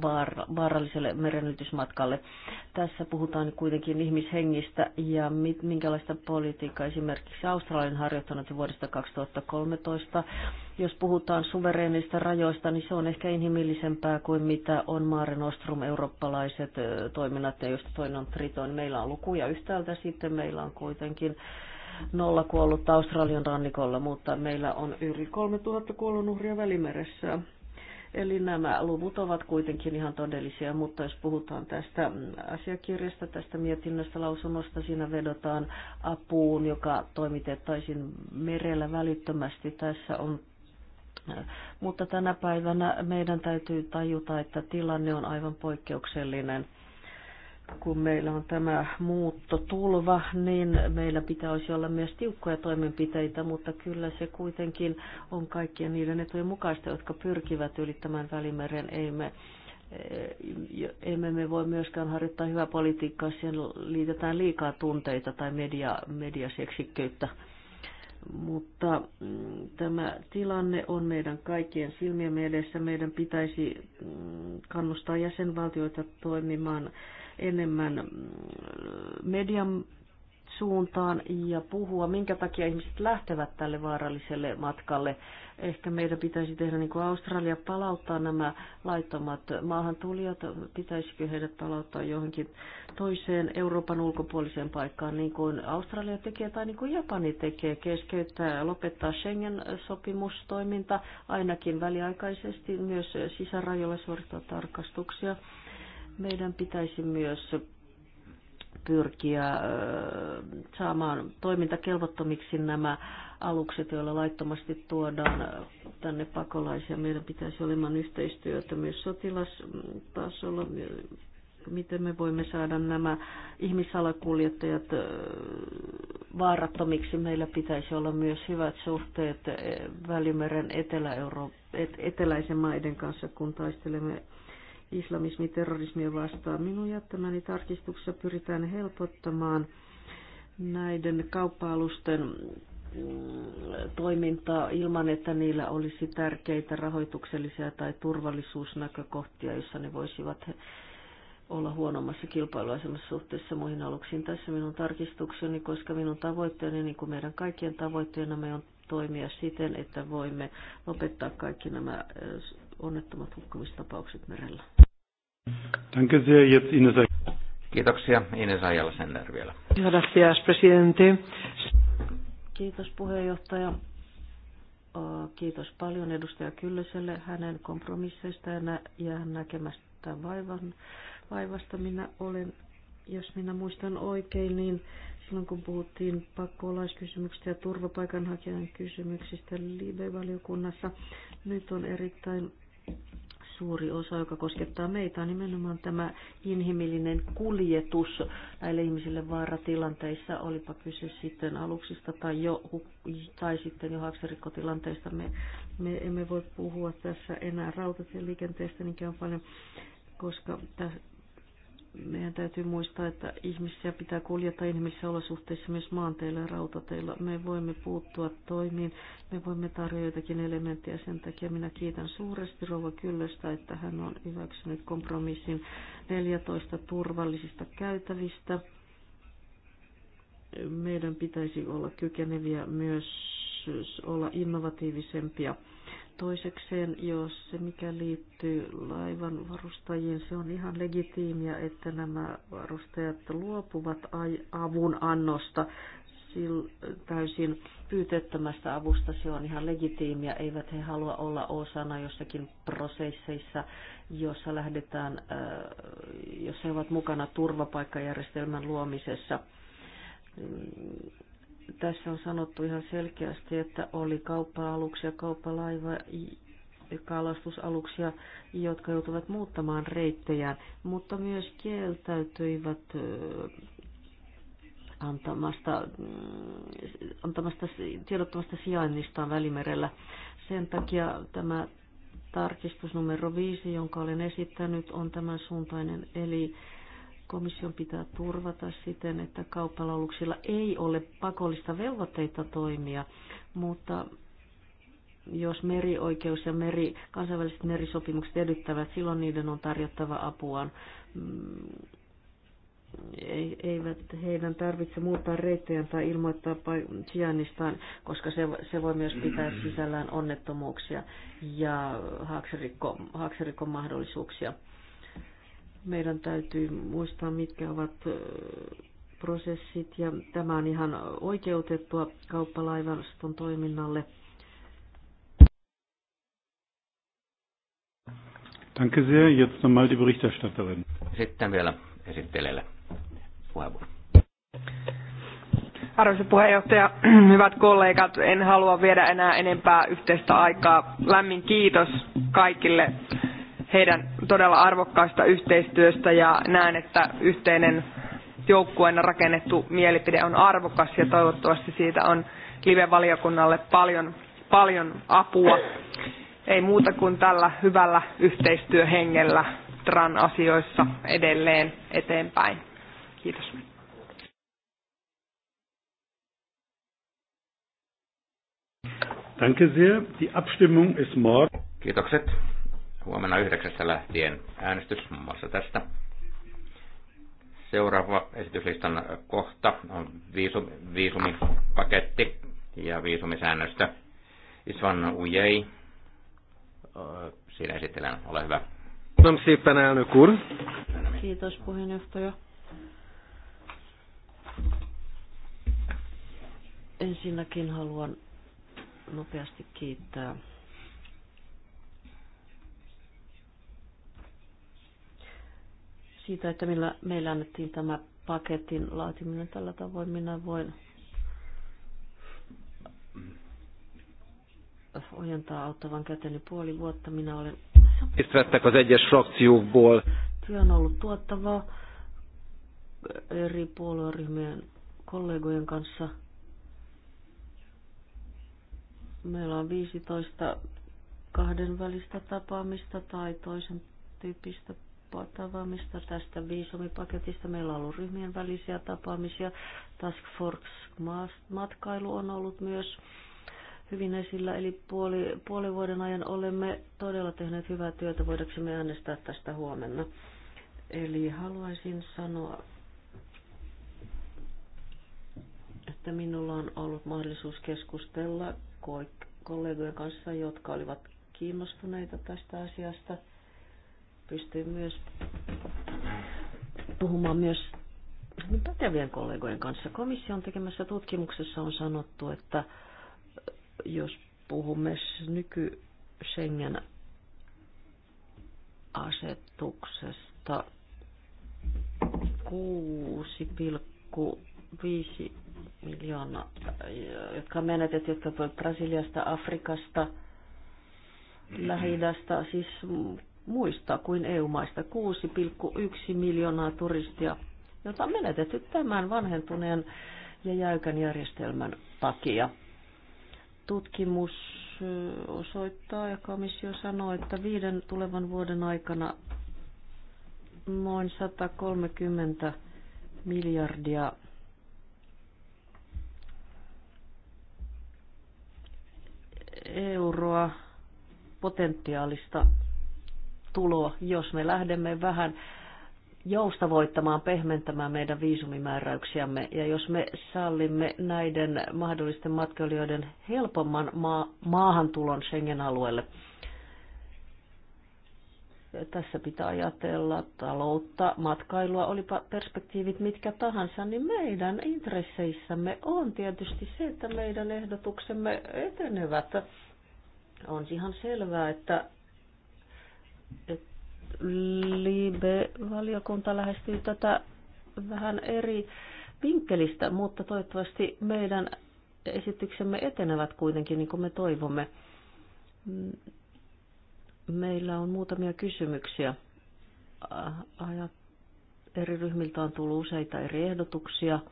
vaara, vaaralliselle merenytysmatkalle. Tässä puhutaan kuitenkin ihmishengistä ja minkälaista politiikkaa esimerkiksi Australian harjoittanut vuodesta 2013. Jos puhutaan suvereenista rajoista, niin se on ehkä inhimillisempää kuin mitä on Maaren ostrum eurooppalaiset toiminnat, ja just toinen on Triton. Meillä on lukuja yhtäältä, sitten meillä on kuitenkin nolla kuollutta Australian rannikolla, mutta meillä on yli 3000 kuollonuhria välimeressä. Eli nämä luvut ovat kuitenkin ihan todellisia, mutta jos puhutaan tästä asiakirjasta, tästä mietinnöstä, lausunnosta, siinä vedotaan apuun, joka toimitettaisiin merellä välittömästi. Tässä on mutta tänä päivänä meidän täytyy tajuta, että tilanne on aivan poikkeuksellinen kun meillä on tämä muuttotulva, niin meillä pitäisi olla myös tiukkoja toimenpiteitä, mutta kyllä se kuitenkin on kaikkien niiden etujen mukaista, jotka pyrkivät ylittämään välimeren. Ei me, emme eh, me voi myöskään harjoittaa hyvää politiikkaa, siihen liitetään liikaa tunteita tai media, mediaseksikkyyttä. Mutta mm, tämä tilanne on meidän kaikkien silmien edessä. Meidän pitäisi mm, kannustaa jäsenvaltioita toimimaan enemmän mm, median suuntaan ja puhua, minkä takia ihmiset lähtevät tälle vaaralliselle matkalle. Ehkä meidän pitäisi tehdä niin kuin Australia, palauttaa nämä laittomat maahantulijat, pitäisikö heidät palauttaa johonkin toiseen Euroopan ulkopuoliseen paikkaan, niin kuin Australia tekee tai niin kuin Japani tekee, keskeyttää lopettaa Schengen-sopimustoiminta ainakin väliaikaisesti, myös sisärajoilla suorittaa tarkastuksia meidän pitäisi myös pyrkiä saamaan toimintakelvottomiksi nämä alukset, joilla laittomasti tuodaan tänne pakolaisia. Meidän pitäisi olemaan yhteistyötä myös sotilastasolla, miten me voimme saada nämä ihmisalakuljettajat vaarattomiksi. Meillä pitäisi olla myös hyvät suhteet Välimeren etelä eteläisen maiden kanssa, kun taistelemme islamismi terrorismia vastaan. Minun jättämäni tarkistuksessa pyritään helpottamaan näiden kauppa-alusten mm, toimintaa ilman, että niillä olisi tärkeitä rahoituksellisia tai turvallisuusnäkökohtia, joissa ne voisivat olla huonommassa kilpailuasemassa suhteessa muihin aluksiin. Tässä minun tarkistukseni, koska minun tavoitteeni, niin kuin meidän kaikkien tavoitteena, me on toimia siten, että voimme lopettaa kaikki nämä onnettomat hukkumistapaukset merellä. Kiitoksia. Ines Ajala Sender vielä. Gracias, presidente. Kiitos puheenjohtaja. Kiitos paljon edustaja Kyllöselle hänen kompromisseista ja näkemästä vaivan, vaivasta. Minä olen, jos minä muistan oikein, niin silloin kun puhuttiin pakolaiskysymyksistä ja turvapaikanhakijan kysymyksistä libe valiokunnassa nyt on erittäin suuri osa, joka koskettaa meitä, on nimenomaan tämä inhimillinen kuljetus näille ihmisille vaaratilanteissa, olipa kyse sitten aluksista tai, jo, tai sitten jo haaksirikkotilanteista. Me, me emme voi puhua tässä enää rautatieliikenteestä niinkään paljon, koska meidän täytyy muistaa, että ihmisiä pitää kuljeta inhimillisissä olosuhteissa myös maanteilla ja rautateilla. Me voimme puuttua toimiin, me voimme tarjota jotakin elementtejä. Sen takia minä kiitän suuresti Rouva Kyllöstä, että hän on hyväksynyt kompromissin 14 turvallisista käytävistä. Meidän pitäisi olla kykeneviä myös olla innovatiivisempia Toisekseen, jos se mikä liittyy laivan varustajiin, se on ihan legitiimiä, että nämä varustajat luopuvat avun annosta täysin pyytettömästä avusta. Se on ihan legitiimiä. Eivät he halua olla osana jossakin prosesseissa, jossa lähdetään, äh, jos he ovat mukana turvapaikkajärjestelmän luomisessa tässä on sanottu ihan selkeästi, että oli kauppa-aluksia, kauppalaiva, kalastusaluksia, jotka joutuvat muuttamaan reittejään, mutta myös kieltäytyivät antamasta, mm, antamasta tiedottomasta sijainnistaan Välimerellä. Sen takia tämä tarkistus numero viisi, jonka olen esittänyt, on tämän suuntainen, eli Komission pitää turvata siten, että kauppalauluksilla ei ole pakollista velvoitteita toimia, mutta jos merioikeus ja meri, kansainväliset merisopimukset edyttävät, silloin niiden on tarjottava apuaan. Mm, eivät heidän tarvitse muuttaa reittejään tai ilmoittaa sijainnistaan, koska se, se voi myös pitää sisällään onnettomuuksia ja haaksirikkomahdollisuuksia. Haaksirikko meidän täytyy muistaa, mitkä ovat prosessit ja tämä on ihan oikeutettua kauppalaivaston toiminnalle. Danke sehr. Jetzt nochmal die Berichterstatterin. Sitten vielä esittelijälle puheenvuoro. Arvoisa puheenjohtaja, hyvät kollegat, en halua viedä enää enempää yhteistä aikaa. Lämmin kiitos kaikille heidän todella arvokkaasta yhteistyöstä ja näen, että yhteinen joukkueena rakennettu mielipide on arvokas ja toivottavasti siitä on live-valiokunnalle paljon, paljon apua. Ei muuta kuin tällä hyvällä yhteistyöhengellä TRAN asioissa edelleen eteenpäin. Kiitos. Danke sehr. Die Abstimmung ist morgen. Kiitokset. Huomenna yhdeksästä lähtien äänestys muun muassa tästä. Seuraava esityslistan kohta on viisum, viisumipaketti ja viisumisäännöstö. Isvan Ujei, siinä esittelen, ole hyvä. Kiitos puheenjohtaja. Ensinnäkin haluan nopeasti kiittää siitä, että millä meillä annettiin tämä paketin laatiminen tällä tavoin. Minä voin ojentaa auttavan käteni puoli vuotta. Minä olen... Työ on ollut tuottavaa eri puolueryhmien kollegojen kanssa. Meillä on 15 välistä tapaamista tai toisen tyyppistä tapaamista tästä viisumipaketista. Meillä on ollut ryhmien välisiä tapaamisia. Task Force matkailu on ollut myös hyvin esillä, eli puoli, puoli vuoden ajan olemme todella tehneet hyvää työtä, voidaksemme äänestää tästä huomenna. Eli haluaisin sanoa, että minulla on ollut mahdollisuus keskustella kollegojen kanssa, jotka olivat kiinnostuneita tästä asiasta – pystyy myös puhumaan myös pätevien kollegojen kanssa. Komission tekemässä tutkimuksessa on sanottu, että jos puhumme nyky Schengen asetuksesta 6,5 miljoonaa, jotka on menetetty, jotka Brasiliasta, Afrikasta, lähi siis muista kuin EU-maista 6,1 miljoonaa turistia, jota on menetetty tämän vanhentuneen ja jäykän järjestelmän takia. Tutkimus osoittaa ja komissio sanoo, että viiden tulevan vuoden aikana noin 130 miljardia euroa potentiaalista tulo, jos me lähdemme vähän joustavoittamaan, pehmentämään meidän viisumimääräyksiämme. Ja jos me sallimme näiden mahdollisten matkailijoiden helpomman ma- maahantulon Schengen-alueelle, tässä pitää ajatella taloutta, matkailua, olipa perspektiivit mitkä tahansa, niin meidän intresseissämme on tietysti se, että meidän ehdotuksemme etenevät. On ihan selvää, että Libe-valiokunta lähestyy tätä vähän eri vinkkelistä, mutta toivottavasti meidän esityksemme etenevät kuitenkin niin kuin me toivomme. Meillä on muutamia kysymyksiä. Eri ryhmiltä on tullut useita eri ehdotuksia –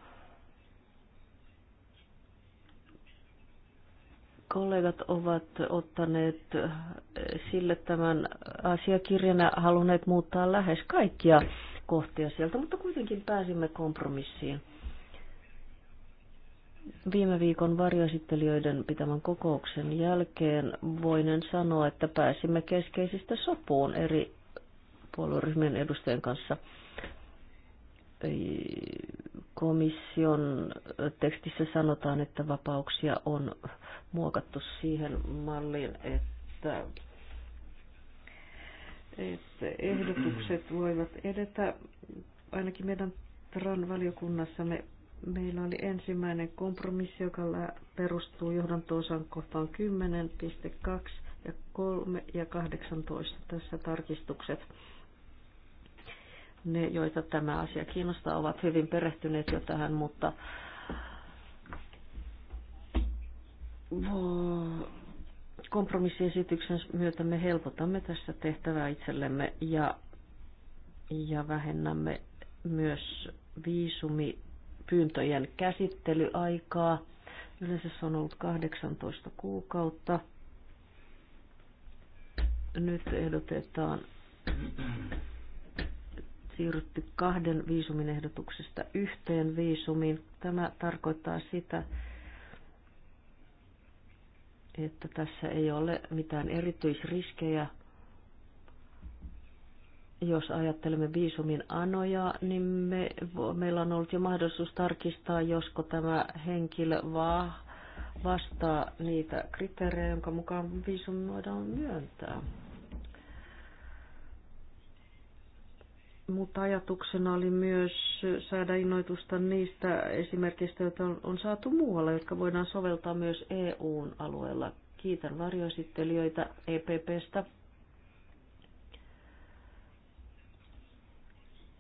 kollegat ovat ottaneet sille tämän asiakirjan ja halunneet muuttaa lähes kaikkia kohtia sieltä, mutta kuitenkin pääsimme kompromissiin. Viime viikon varjoesittelijöiden pitämän kokouksen jälkeen voinen sanoa, että pääsimme keskeisistä sopuun eri puolueryhmien edustajien kanssa komission tekstissä sanotaan, että vapauksia on muokattu siihen malliin, että, että ehdotukset voivat edetä. Ainakin meidän TRAN-valiokunnassamme meillä oli ensimmäinen kompromissi, joka perustuu johdantoosan kohtaan 10.2 ja 3 ja 18 tässä tarkistukset ne, joita tämä asia kiinnostaa, ovat hyvin perehtyneet jo tähän, mutta kompromissiesityksen myötä me helpotamme tässä tehtävää itsellemme ja, ja vähennämme myös viisumipyyntöjen käsittelyaikaa. Yleensä se on ollut 18 kuukautta. Nyt ehdotetaan siirrytty kahden viisumin ehdotuksesta yhteen viisumiin. Tämä tarkoittaa sitä, että tässä ei ole mitään erityisriskejä. Jos ajattelemme viisumin anoja, niin me, meillä on ollut jo mahdollisuus tarkistaa, josko tämä henkilö vaan vastaa niitä kriteerejä, jonka mukaan viisumi voidaan myöntää. mutta ajatuksena oli myös saada innoitusta niistä esimerkkeistä, joita on saatu muualla, jotka voidaan soveltaa myös EUn alueella. Kiitän varjoesittelijöitä EPPstä,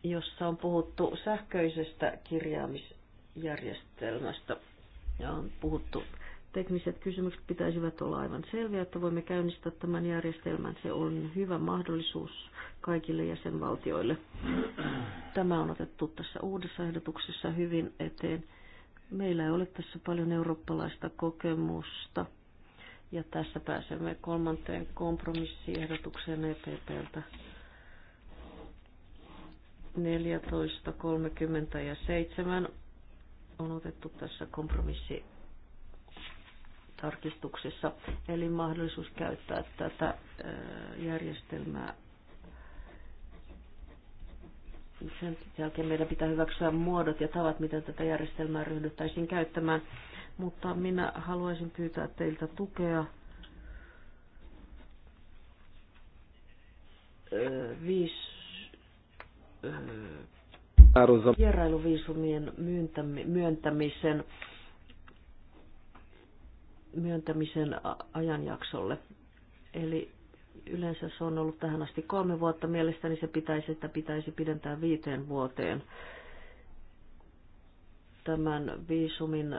jossa on puhuttu sähköisestä kirjaamisjärjestelmästä ja on puhuttu tekniset kysymykset pitäisivät olla aivan selviä, että voimme käynnistää tämän järjestelmän. Se on hyvä mahdollisuus kaikille jäsenvaltioille. Tämä on otettu tässä uudessa ehdotuksessa hyvin eteen. Meillä ei ole tässä paljon eurooppalaista kokemusta. Ja tässä pääsemme kolmanteen kompromissiehdotukseen EPPltä. 14.30 ja 7 on otettu tässä kompromissi tarkistuksissa. Eli mahdollisuus käyttää tätä järjestelmää. Sen jälkeen meidän pitää hyväksyä muodot ja tavat, miten tätä järjestelmää ryhdyttäisiin käyttämään. Mutta minä haluaisin pyytää teiltä tukea viis vierailuviisumien myöntämisen myöntämisen ajanjaksolle. Eli yleensä se on ollut tähän asti kolme vuotta. Mielestäni se pitäisi, että pitäisi pidentää viiteen vuoteen tämän viisumin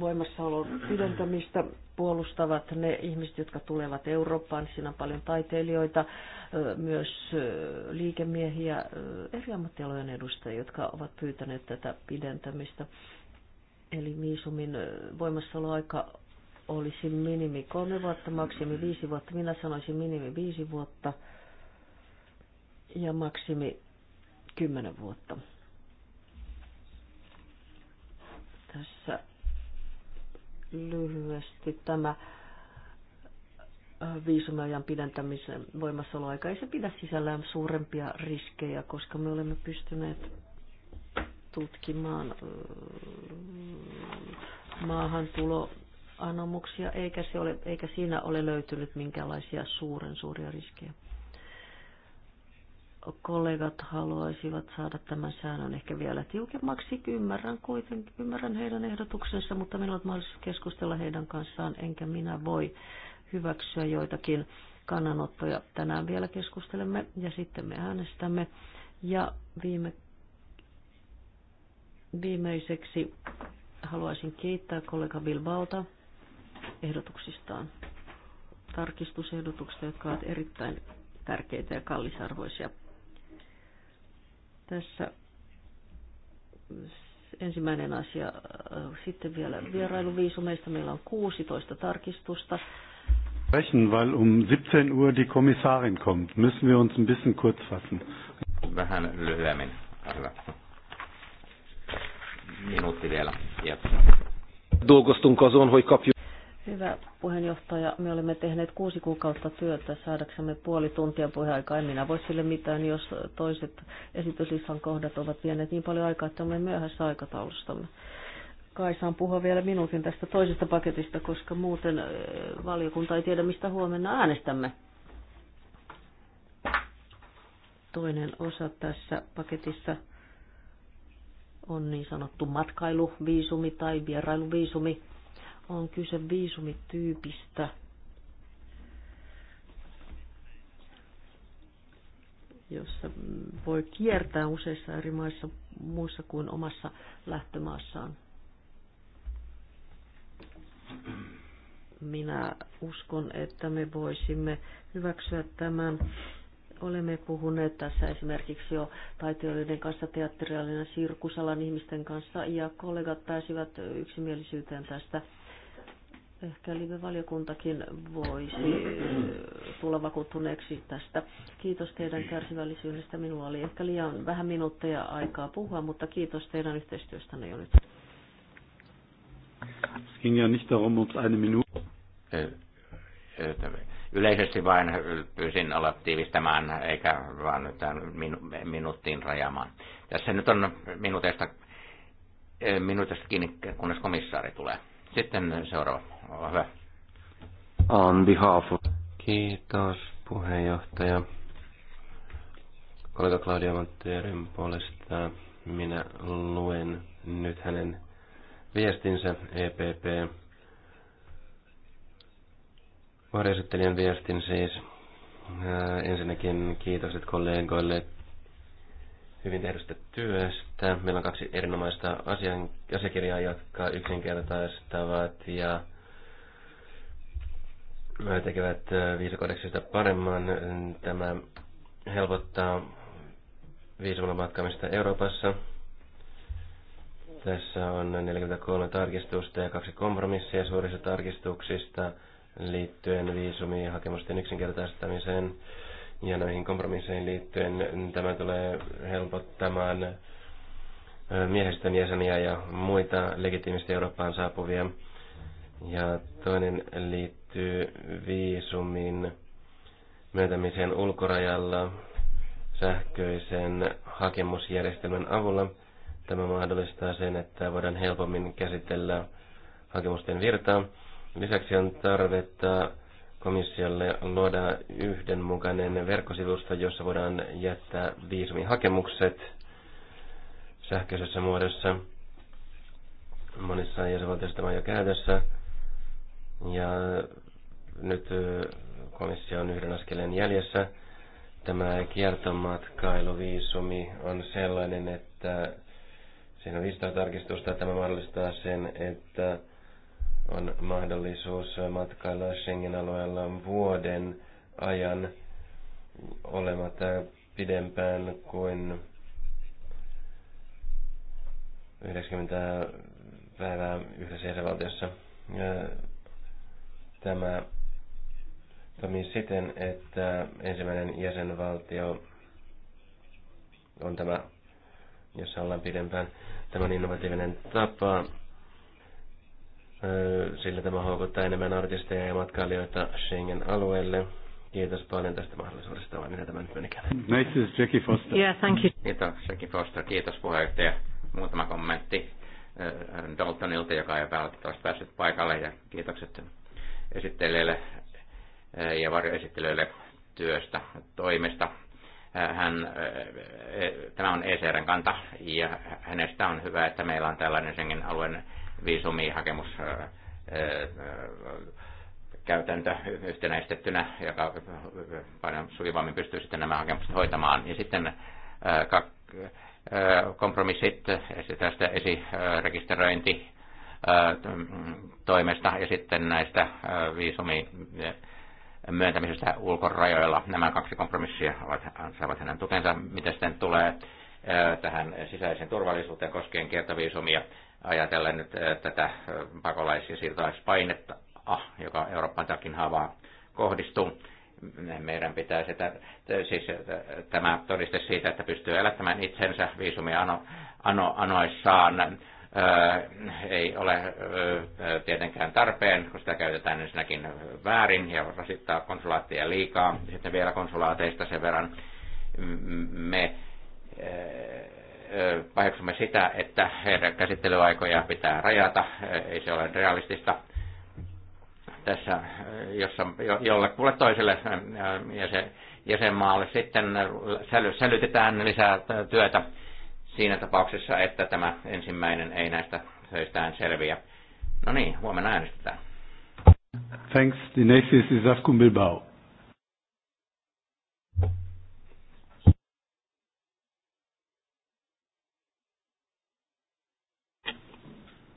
voimassaolon pidentämistä puolustavat ne ihmiset, jotka tulevat Eurooppaan. Siinä on paljon taiteilijoita, myös liikemiehiä, eri ammattialojen edustajia, jotka ovat pyytäneet tätä pidentämistä. Eli viisumin voimassaoloaika olisi minimi kolme vuotta, maksimi viisi vuotta. Minä sanoisin minimi viisi vuotta ja maksimi kymmenen vuotta. Tässä lyhyesti tämä viisumajan pidentämisen voimassaoloaika ei se pidä sisällään suurempia riskejä, koska me olemme pystyneet tutkimaan maahantulo anomuksia, eikä, se ole, eikä siinä ole löytynyt minkäänlaisia suuren suuria riskejä. Kollegat haluaisivat saada tämän säännön ehkä vielä tiukemmaksi. Ymmärrän kuitenkin, ymmärrän heidän ehdotuksensa, mutta minulla on mahdollisuus keskustella heidän kanssaan, enkä minä voi hyväksyä joitakin kannanottoja. Tänään vielä keskustelemme ja sitten me äänestämme. Ja viime Viimeiseksi haluaisin kiittää kollega Bilbaota ehdotuksistaan, tarkistusehdotuksista, jotka ovat erittäin tärkeitä ja kallisarvoisia. Tässä ensimmäinen asia. Sitten vielä vierailuviisumeista. Meillä on 16 tarkistusta. Sprechen, weil um 17 Uhr die Kommissarin kommt. Müssen wir uns ein bisschen kurz fassen. Vähän lyhyemmin. Hyvä. Minuutti vielä. Jep. Dolgoztunk azon, hogy kapjuk. Hyvä puheenjohtaja, me olemme tehneet kuusi kuukautta työtä saadaksemme puoli tuntia puheaikaa. En minä voi sille mitään, jos toiset esityslistan kohdat ovat vieneet niin paljon aikaa, että olemme myöhässä aikataulustamme. Kai saan puhua vielä minuutin tästä toisesta paketista, koska muuten valiokunta ei tiedä, mistä huomenna äänestämme. Toinen osa tässä paketissa on niin sanottu matkailuviisumi tai vierailuviisumi. On kyse viisumityypistä, jossa voi kiertää useissa eri maissa muissa kuin omassa lähtömaassaan. Minä uskon, että me voisimme hyväksyä tämän Olemme puhuneet tässä esimerkiksi jo taiteilijoiden kanssa, teatteriallinen sirkusalan ihmisten kanssa, ja kollegat pääsivät yksimielisyyteen tästä. Ehkä live-valiokuntakin voisi tulla vakuuttuneeksi tästä. Kiitos teidän kärsivällisyydestä. Minulla oli ehkä liian vähän minuutteja aikaa puhua, mutta kiitos teidän yhteistyöstänne jo nyt. Es ging ja nicht darum, uns eine Minute. Äh, äh, yleisesti vain pyysin olla tiivistämään, eikä vaan nyt minu- minuuttiin rajaamaan. Tässä nyt on minuutista eh, minuutista kiinni, kunnes komissaari tulee. Sitten seuraava. Ole hyvä. On behalf of... Kiitos puheenjohtaja. Kollega Claudia Mantteerin puolesta minä luen nyt hänen viestinsä EPP varjoesittelijän viestin siis. Ensinnäkin kiitos kollegoille hyvin tehdystä työstä. Meillä on kaksi erinomaista asian, asiakirjaa, jotka yksinkertaistavat ja tekevät viisakodeksista paremman. Tämä helpottaa viisumalla matkaamista Euroopassa. Tässä on 43 tarkistusta ja kaksi kompromissia suurissa tarkistuksista liittyen viisumiin, hakemusten yksinkertaistamiseen ja näihin kompromisseihin liittyen. Tämä tulee helpottamaan miehistön jäseniä ja muita legitiimisti Eurooppaan saapuvia. Ja toinen liittyy viisumin myöntämiseen ulkorajalla sähköisen hakemusjärjestelmän avulla. Tämä mahdollistaa sen, että voidaan helpommin käsitellä hakemusten virtaa. Lisäksi on tarvetta komissiolle luoda yhdenmukainen verkkosivusto, jossa voidaan jättää viisumihakemukset sähköisessä muodossa. Monissa jäsenvaltioissa tämä on jo käytössä. Ja nyt komissio on yhden askeleen jäljessä. Tämä kiertomatkailuviisumi on sellainen, että siinä on 500 tarkistusta. Tämä mahdollistaa sen, että on mahdollisuus matkailla Schengen-alueella vuoden ajan olematta pidempään kuin 90 päivää yhdessä jäsenvaltiossa. Tämä toimii siten, että ensimmäinen jäsenvaltio on tämä, jossa ollaan pidempään. Tämä on innovatiivinen tapa sillä tämä houkuttaa enemmän artisteja ja matkailijoita Schengen-alueelle. Kiitos paljon tästä mahdollisuudesta, vaan mitä tämä nyt menikään. Nice is Jackie Foster. Yeah, thank you. Kiitos Jackie Foster, kiitos puheenjohtaja. Muutama kommentti Daltonilta, joka ei välttämättä päässyt paikalle, ja kiitokset esittelijälle ja varjoesittelijöille työstä, toimesta. Hän, e, tämä on ECRn kanta, ja hänestä on hyvä, että meillä on tällainen Schengen-alueen viisumihakemus käytäntö yhtenäistettynä, joka paljon sujuvammin pystyy sitten nämä hakemukset hoitamaan. Ja sitten kompromissit tästä esirekisteröinti toimesta ja sitten näistä viisumi myöntämisestä ulkorajoilla. Nämä kaksi kompromissia ovat, saavat hänen tukensa. Mitä sitten tulee tähän sisäiseen turvallisuuteen koskien kiertoviisumia, ajatellen nyt eh, tätä eh, pakolais- ja siirtolaispainetta, ah, joka Euroopan takin havaa kohdistuu. Meidän pitää sitä, siis eh, tämä todiste siitä, että pystyy elättämään itsensä viisumia ano, ano, anoissaan, ei ole tietenkään tarpeen, kun sitä käytetään ensinnäkin väärin ja rasittaa konsulaattia liikaa. Sitten vielä konsulaateista sen verran me paheksumme sitä, että heidän käsittelyaikoja pitää rajata, ei se ole realistista. Tässä jossa, jollekulle toiselle ja se jäsenmaalle sitten sälytetään lisää työtä siinä tapauksessa, että tämä ensimmäinen ei näistä töistään selviä. No niin, huomenna äänestetään. Thanks. The next is Bilbao.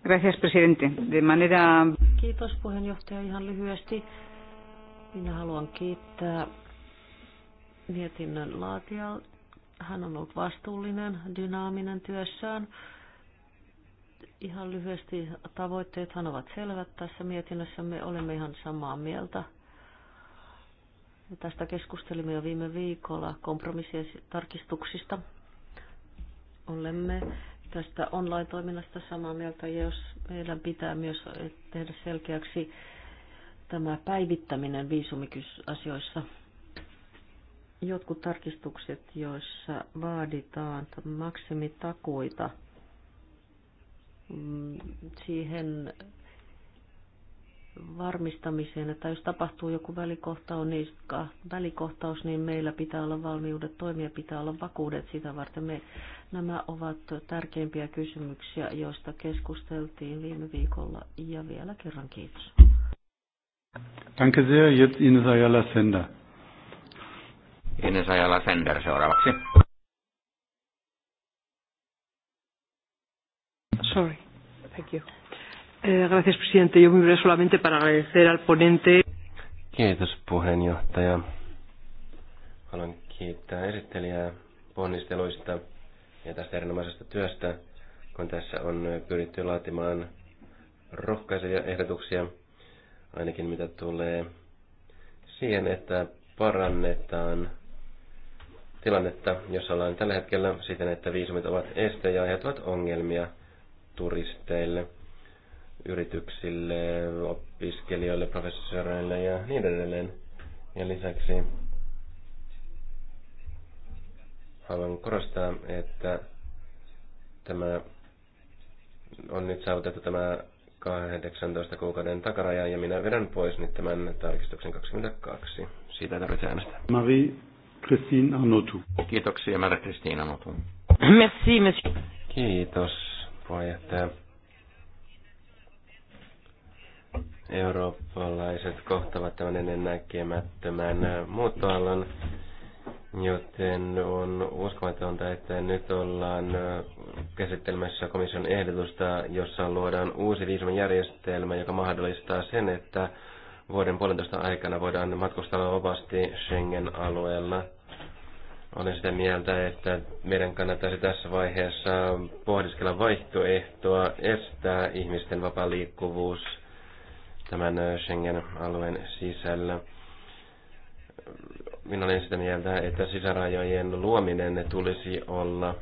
Gracias, presidente. De manera... Kiitos puheenjohtaja ihan lyhyesti. Minä haluan kiittää mietinnön laatijaa. Hän on ollut vastuullinen, dynaaminen työssään. Ihan lyhyesti tavoitteethan ovat selvät tässä mietinnössä. Me olemme ihan samaa mieltä. Ja tästä keskustelimme jo viime viikolla kompromissitarkistuksista. Olemme tästä online-toiminnasta samaa mieltä, ja jos meidän pitää myös tehdä selkeäksi tämä päivittäminen viisumikysasioissa. Jotkut tarkistukset, joissa vaaditaan maksimitakuita mm, siihen varmistamiseen, että jos tapahtuu joku välikohtaus niin, välikohtaus, niin meillä pitää olla valmiudet toimia, pitää olla vakuudet sitä varten. Me, nämä ovat tärkeimpiä kysymyksiä, joista keskusteltiin viime viikolla ja vielä kerran kiitos. Danke sehr, jetzt Ines Ayala Sender. Ines Ayala Sender seuraavaksi. Sorry, thank you. Eh, gracias, presidente. Yo me solamente para agradecer al ponente. Kiitos, puheenjohtaja. Haluan kiittää esittelijää ponnisteluista ja tästä erinomaisesta työstä, kun tässä on pyritty laatimaan rohkaisevia ehdotuksia, ainakin mitä tulee siihen, että parannetaan tilannetta, jossa ollaan tällä hetkellä siten, että viisumit ovat este ja aiheuttavat ongelmia turisteille – yrityksille, opiskelijoille, professoreille ja niin edelleen. Ja lisäksi haluan korostaa, että tämä on nyt saavutettu tämä 18 kuukauden takaraja ja minä vedän pois nyt tämän tarkistuksen 22. Siitä tarvitsee äänestää. Marie Christine Anotu. Kiitoksia, Marie Christine Anotu. Merci, monsieur. Kiitos, puheenjohtaja. eurooppalaiset kohtavat tämän näkemättömän muuttoallon, joten on uskomatonta, että nyt ollaan käsittelemässä komission ehdotusta, jossa luodaan uusi viisumijärjestelmä, joka mahdollistaa sen, että vuoden puolentoista aikana voidaan matkustaa vapaasti Schengen-alueella. Olen sitä mieltä, että meidän kannattaisi tässä vaiheessa pohdiskella vaihtoehtoa estää ihmisten vapaa liikkuvuus – tämän äh, Schengen-alueen sisällä. Minä olen sitä mieltä, että sisärajojen luominen tulisi olla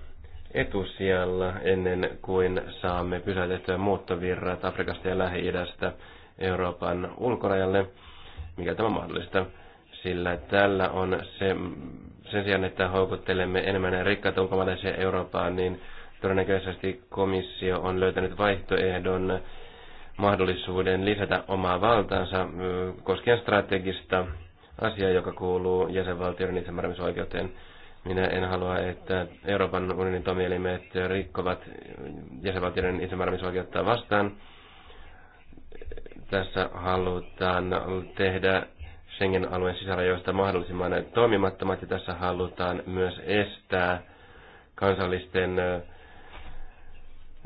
etusijalla ennen kuin saamme pysäytettyä muuttovirrat Afrikasta ja Lähi-idästä Euroopan ulkorajalle, mikä tämä on mahdollista, sillä tällä on se, sen sijaan, että houkuttelemme enemmän rikkaita ulkomaalaisia Eurooppaan, niin todennäköisesti komissio on löytänyt vaihtoehdon mahdollisuuden lisätä omaa valtaansa koskien strategista asiaa, joka kuuluu jäsenvaltioiden itsemääräämisoikeuteen. Minä en halua, että Euroopan unionin toimielimet rikkovat jäsenvaltioiden itsemääräämisoikeutta vastaan. Tässä halutaan tehdä Schengen-alueen sisärajoista mahdollisimman toimimattomat ja tässä halutaan myös estää kansallisten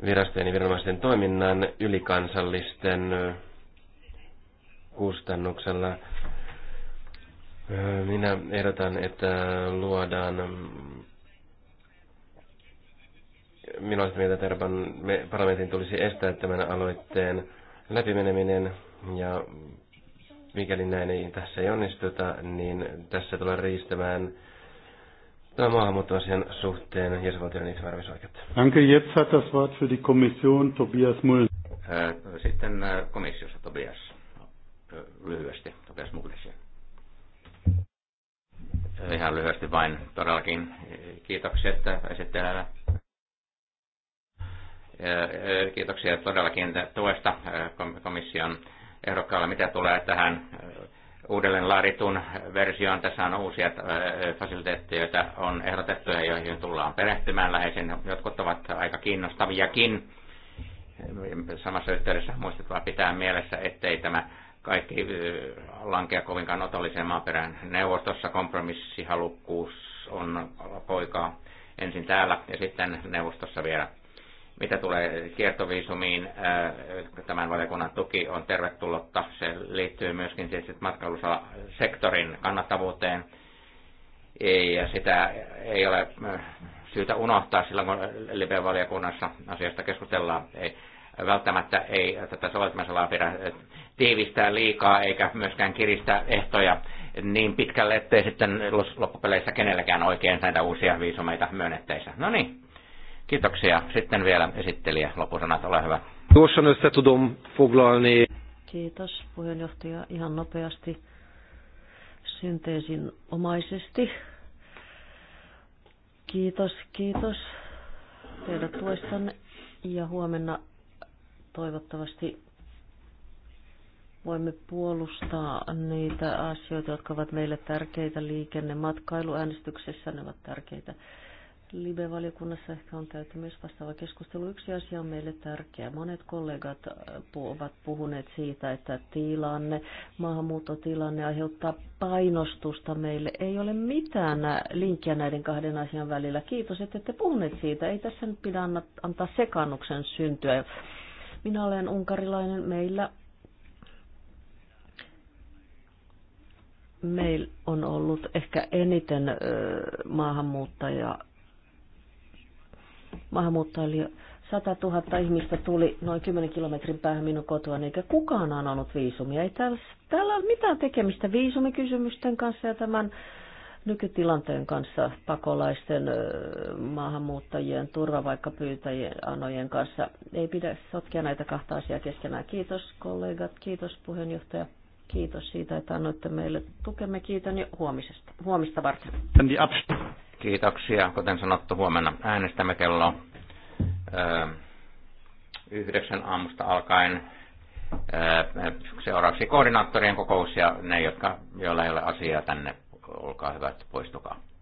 virastojen ja viranomaisten toiminnan ylikansallisten kustannuksella. Minä ehdotan, että luodaan minä mieltä, että Euroopan parlamentin tulisi estää tämän aloitteen läpimeneminen ja mikäli näin ei tässä ei onnistuta, niin tässä tulee riistämään Tämä äh, maahanmuuttoasian suhteen jäsenvaltioiden itsemääräämisoikeut. Danke, jetzt hat das Wort für die Kommission Tobias Mullen. Äh, sitten äh, komissiossa Tobias, lyhyesti, Tobias Mullis. Ihan lyhyesti vain todellakin. kiitoksia, että esittelijälle. Kiitoksia todellakin tuesta komission ehdokkaalle, mitä tulee tähän uudelleen laaditun versioon. Tässä on uusia äh, fasiliteetteja, joita on ehdotettu ja joihin tullaan perehtymään läheisin. Jotkut ovat aika kiinnostaviakin. Samassa yhteydessä muistettava pitää mielessä, ettei tämä kaikki äh, lankea kovinkaan otolliseen maaperään. Neuvostossa kompromissihalukkuus on poikaa ensin täällä ja sitten neuvostossa vielä mitä tulee kiertoviisumiin, äh, tämän valiokunnan tuki on tervetullutta. Se liittyy myöskin siis matkailusektorin kannattavuuteen. Ja sitä ei ole äh, syytä unohtaa silloin, kun libe valiokunnassa asiasta keskustellaan. Ei, välttämättä ei tätä soveltamisalaa pidä äh, tiivistää liikaa eikä myöskään kiristää ehtoja niin pitkälle, ettei sitten loppupeleissä kenelläkään oikein näitä uusia viisumeita myönnettäisi. No niin, Kiitoksia. Sitten vielä esittelijä. Lopusanat, ole hyvä. Tuossa nyt tudom foglalni. Kiitos puheenjohtaja. Ihan nopeasti synteesin omaisesti. Kiitos, kiitos teidän tuestanne ja huomenna toivottavasti voimme puolustaa niitä asioita, jotka ovat meille tärkeitä liikenne, matkailuäänestyksessä, ne ovat tärkeitä libe valiokunnassa ehkä on käyty myös vastaava keskustelu. Yksi asia on meille tärkeä. Monet kollegat äh, ovat puhuneet siitä, että tilanne, maahanmuuttotilanne aiheuttaa painostusta meille. Ei ole mitään linkkiä näiden kahden asian välillä. Kiitos, että ette puhuneet siitä. Ei tässä nyt pidä antaa sekannuksen syntyä. Minä olen unkarilainen. Meillä meillä on ollut ehkä eniten maahanmuuttaja maahanmuuttoa oli 100 000 ihmistä tuli noin 10 kilometrin päähän minun kotoa, eikä kukaan anonut viisumia. Ei täällä, täällä ole mitään tekemistä viisumikysymysten kanssa ja tämän nykytilanteen kanssa pakolaisten, maahanmuuttajien, turvavaikkapyytäjien, anojen kanssa. Ei pidä sotkea näitä kahta asiaa keskenään. Kiitos kollegat, kiitos puheenjohtaja. Kiitos siitä, että annoitte meille tukemme. Kiitän jo huomisesta, huomista varten. Kiitoksia. Kuten sanottu, huomenna äänestämme kello yhdeksän aamusta alkaen. Seuraavaksi koordinaattorien kokous ja ne, jotka, joilla ei ole asiaa tänne, olkaa hyvät, poistukaa.